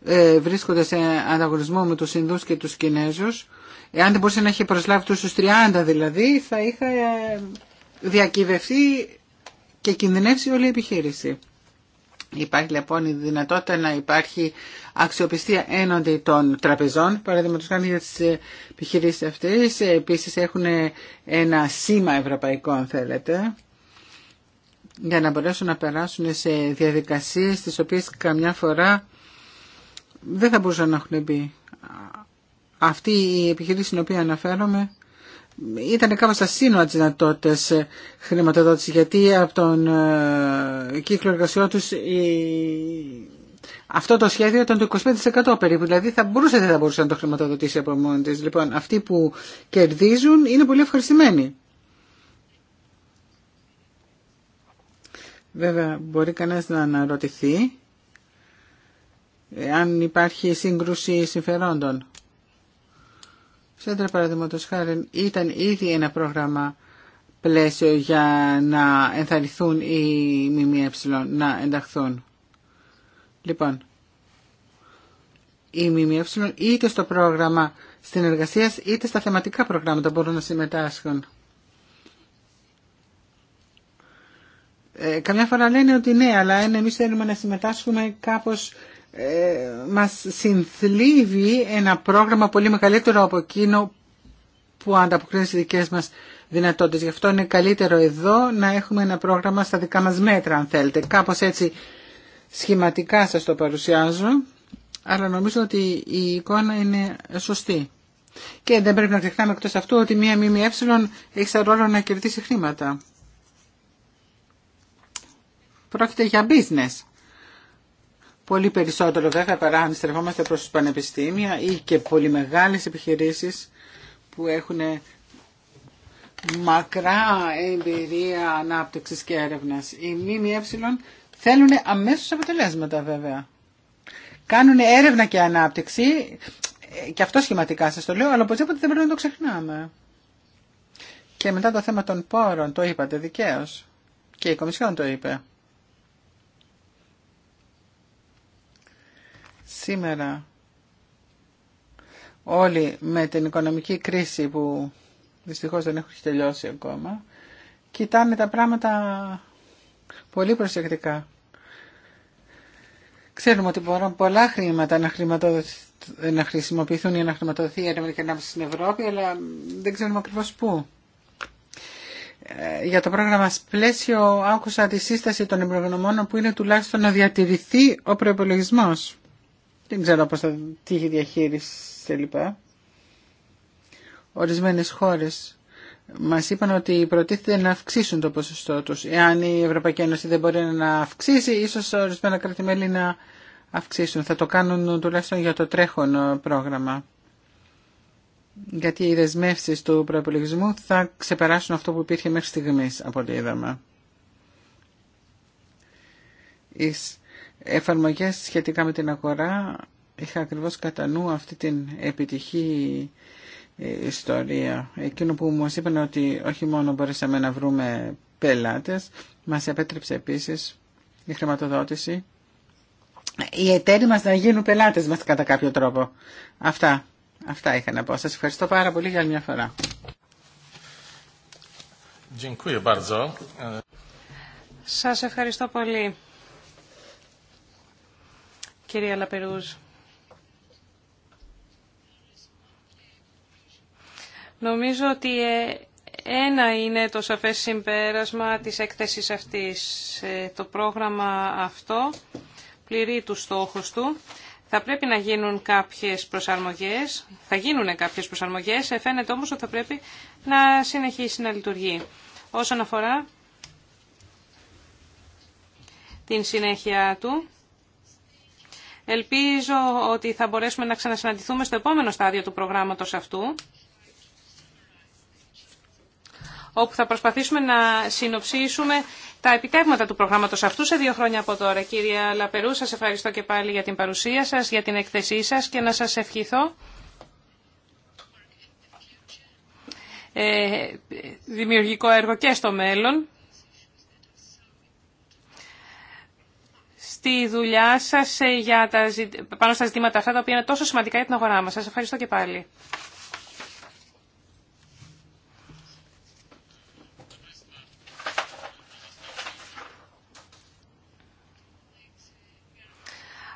ε, βρίσκονται σε ανταγωνισμό με τους Ινδούς και τους Κινέζους. Εάν δεν μπορούσε να έχει προσλάβει τους, 30 δηλαδή θα είχε διακυβευτεί και κινδυνεύσει όλη η επιχείρηση. Υπάρχει λοιπόν η δυνατότητα να υπάρχει αξιοπιστία έναντι των τραπεζών, παραδείγματος χάρη για τις επιχειρήσεις αυτές. Επίσης έχουν ένα σήμα ευρωπαϊκό αν θέλετε, για να μπορέσουν να περάσουν σε διαδικασίες τις οποίες καμιά φορά δεν θα μπορούσαν να έχουν μπει. Αυτή η επιχειρήση στην οποία αναφέρομαι ήταν κάπως στα σύνορα της ε, χρηματοδότηση γιατί από τον ε, κύκλο εργασιών τους αυτό το σχέδιο ήταν το 25% περίπου, δηλαδή θα μπορούσε δεν θα μπορούσε να το χρηματοδοτήσει από μόνη της. Λοιπόν, αυτοί που κερδίζουν είναι πολύ ευχαριστημένοι. Βέβαια, μπορεί κανένας να αναρωτηθεί αν υπάρχει σύγκρουση συμφερόντων. Σέντρα παραδείγματο χάρη ήταν ήδη ένα πρόγραμμα πλαίσιο για να ενθαρρυνθούν οι ΜΜΕ, να ενταχθούν. Λοιπόν, οι ΜΜΕ είτε στο πρόγραμμα συνεργασία είτε στα θεματικά προγράμματα μπορούν να συμμετάσχουν. Ε, καμιά φορά λένε ότι ναι, αλλά εμεί θέλουμε να συμμετάσχουμε κάπως ε, μας συνθλίβει ένα πρόγραμμα πολύ μεγαλύτερο από εκείνο που ανταποκρίνει στις δικές μας δυνατότητες. Γι' αυτό είναι καλύτερο εδώ να έχουμε ένα πρόγραμμα στα δικά μας μέτρα, αν θέλετε. Κάπως έτσι σχηματικά σας το παρουσιάζω, αλλά νομίζω ότι η εικόνα είναι σωστή. Και δεν πρέπει να ξεχνάμε εκτός αυτού ότι μία ΜΜΕ έχει σαν ρόλο να κερδίσει χρήματα. Πρόκειται για business. Πολύ περισσότερο βέβαια παρά αν στρεφόμαστε προς τις πανεπιστήμια ή και πολύ μεγάλες επιχειρήσεις που έχουν μακρά εμπειρία ανάπτυξης και έρευνας. Οι ΜΜΕ θέλουν αμέσως αποτελέσματα βέβαια. Κάνουν έρευνα και ανάπτυξη, και αυτό σχηματικά σας το λέω, αλλά οπωσδήποτε δεν πρέπει να το ξεχνάμε. Και μετά το θέμα των πόρων, το είπατε δικαίως. Και η Κομισιόν το είπε. Σήμερα όλοι με την οικονομική κρίση που δυστυχώς δεν έχει τελειώσει ακόμα, κοιτάνε τα πράγματα πολύ προσεκτικά. Ξέρουμε ότι μπορούν πολλά χρήματα να, να χρησιμοποιηθούν ή να χρηματοδοθεί η έρευνα και ανάπτυξη στην Ευρώπη, αλλά δεν ξέρουμε ακριβώς πού. Ε, για το πρόγραμμα πλαίσιο άκουσα τη σύσταση των εμπρογνωμών που είναι τουλάχιστον να διατηρηθεί ο προπολογισμό. Δεν ξέρω πώς θα τύχει διαχείριση λοιπά. Ορισμένες χώρες μας είπαν ότι προτίθεται να αυξήσουν το ποσοστό τους. Εάν η Ευρωπαϊκή Ένωση δεν μπορεί να αυξήσει, ίσως ορισμένα κράτη-μέλη να αυξήσουν. Θα το κάνουν τουλάχιστον για το τρέχον πρόγραμμα. Γιατί οι δεσμεύσει του προπολογισμού θα ξεπεράσουν αυτό που υπήρχε μέχρι στιγμής, από ό,τι είδαμε εφαρμογές σχετικά με την αγορά είχα ακριβώς κατά νου αυτή την επιτυχή ε, ιστορία. Εκείνο που μας είπαν ότι όχι μόνο μπορέσαμε να βρούμε πελάτες, μας επέτρεψε επίσης η χρηματοδότηση. Οι εταίροι μας να γίνουν πελάτες μας κατά κάποιο τρόπο. Αυτά. Αυτά είχα να πω. Σας ευχαριστώ πάρα πολύ για μια φορά. Σας ευχαριστώ πολύ. Κυρία Λαπερούζ. Νομίζω ότι ε, ένα είναι το σαφές συμπέρασμα της έκθεσης αυτής. Ε, το πρόγραμμα αυτό πληρεί τους στόχους του. Θα πρέπει να γίνουν κάποιες προσαρμογές, θα γίνουν κάποιες προσαρμογές, ε, φαίνεται όμως ότι θα πρέπει να συνεχίσει να λειτουργεί. Όσον αφορά την συνέχεια του, Ελπίζω ότι θα μπορέσουμε να ξανασυναντηθούμε στο επόμενο στάδιο του προγράμματος αυτού, όπου θα προσπαθήσουμε να συνοψίσουμε τα επιτεύγματα του προγράμματος αυτού σε δύο χρόνια από τώρα. Κύρια Λαπερού, σας ευχαριστώ και πάλι για την παρουσία σας, για την εκθεσή σας και να σας ευχηθώ. Ε, δημιουργικό έργο και στο μέλλον. τη δουλειά σα ε, πάνω στα ζητήματα αυτά τα οποία είναι τόσο σημαντικά για την αγορά μας. Σας ευχαριστώ και πάλι.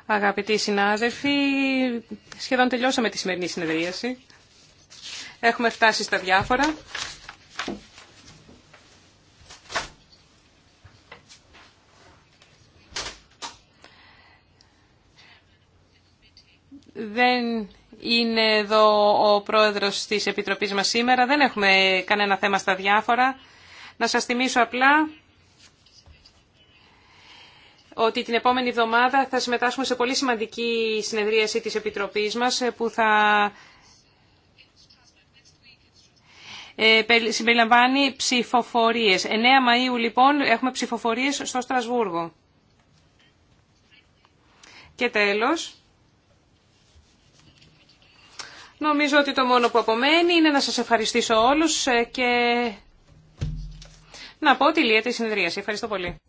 Αγαπητοί συνάδελφοι, σχεδόν τελειώσαμε τη σημερινή συνεδρίαση. Έχουμε φτάσει στα διάφορα. Δεν είναι εδώ ο πρόεδρος της Επιτροπής μας σήμερα. Δεν έχουμε κανένα θέμα στα διάφορα. Να σας θυμίσω απλά ότι την επόμενη εβδομάδα θα συμμετάσχουμε σε πολύ σημαντική συνεδρίαση της Επιτροπής μας που θα ε, συμπεριλαμβάνει ψηφοφορίες. 9 Μαΐου λοιπόν έχουμε ψηφοφορίες στο Στρασβούργο. Και τέλος, Νομίζω ότι το μόνο που απομένει είναι να σας ευχαριστήσω όλους ε, και να πω ότι λύεται η συνεδρίαση. Ευχαριστώ πολύ.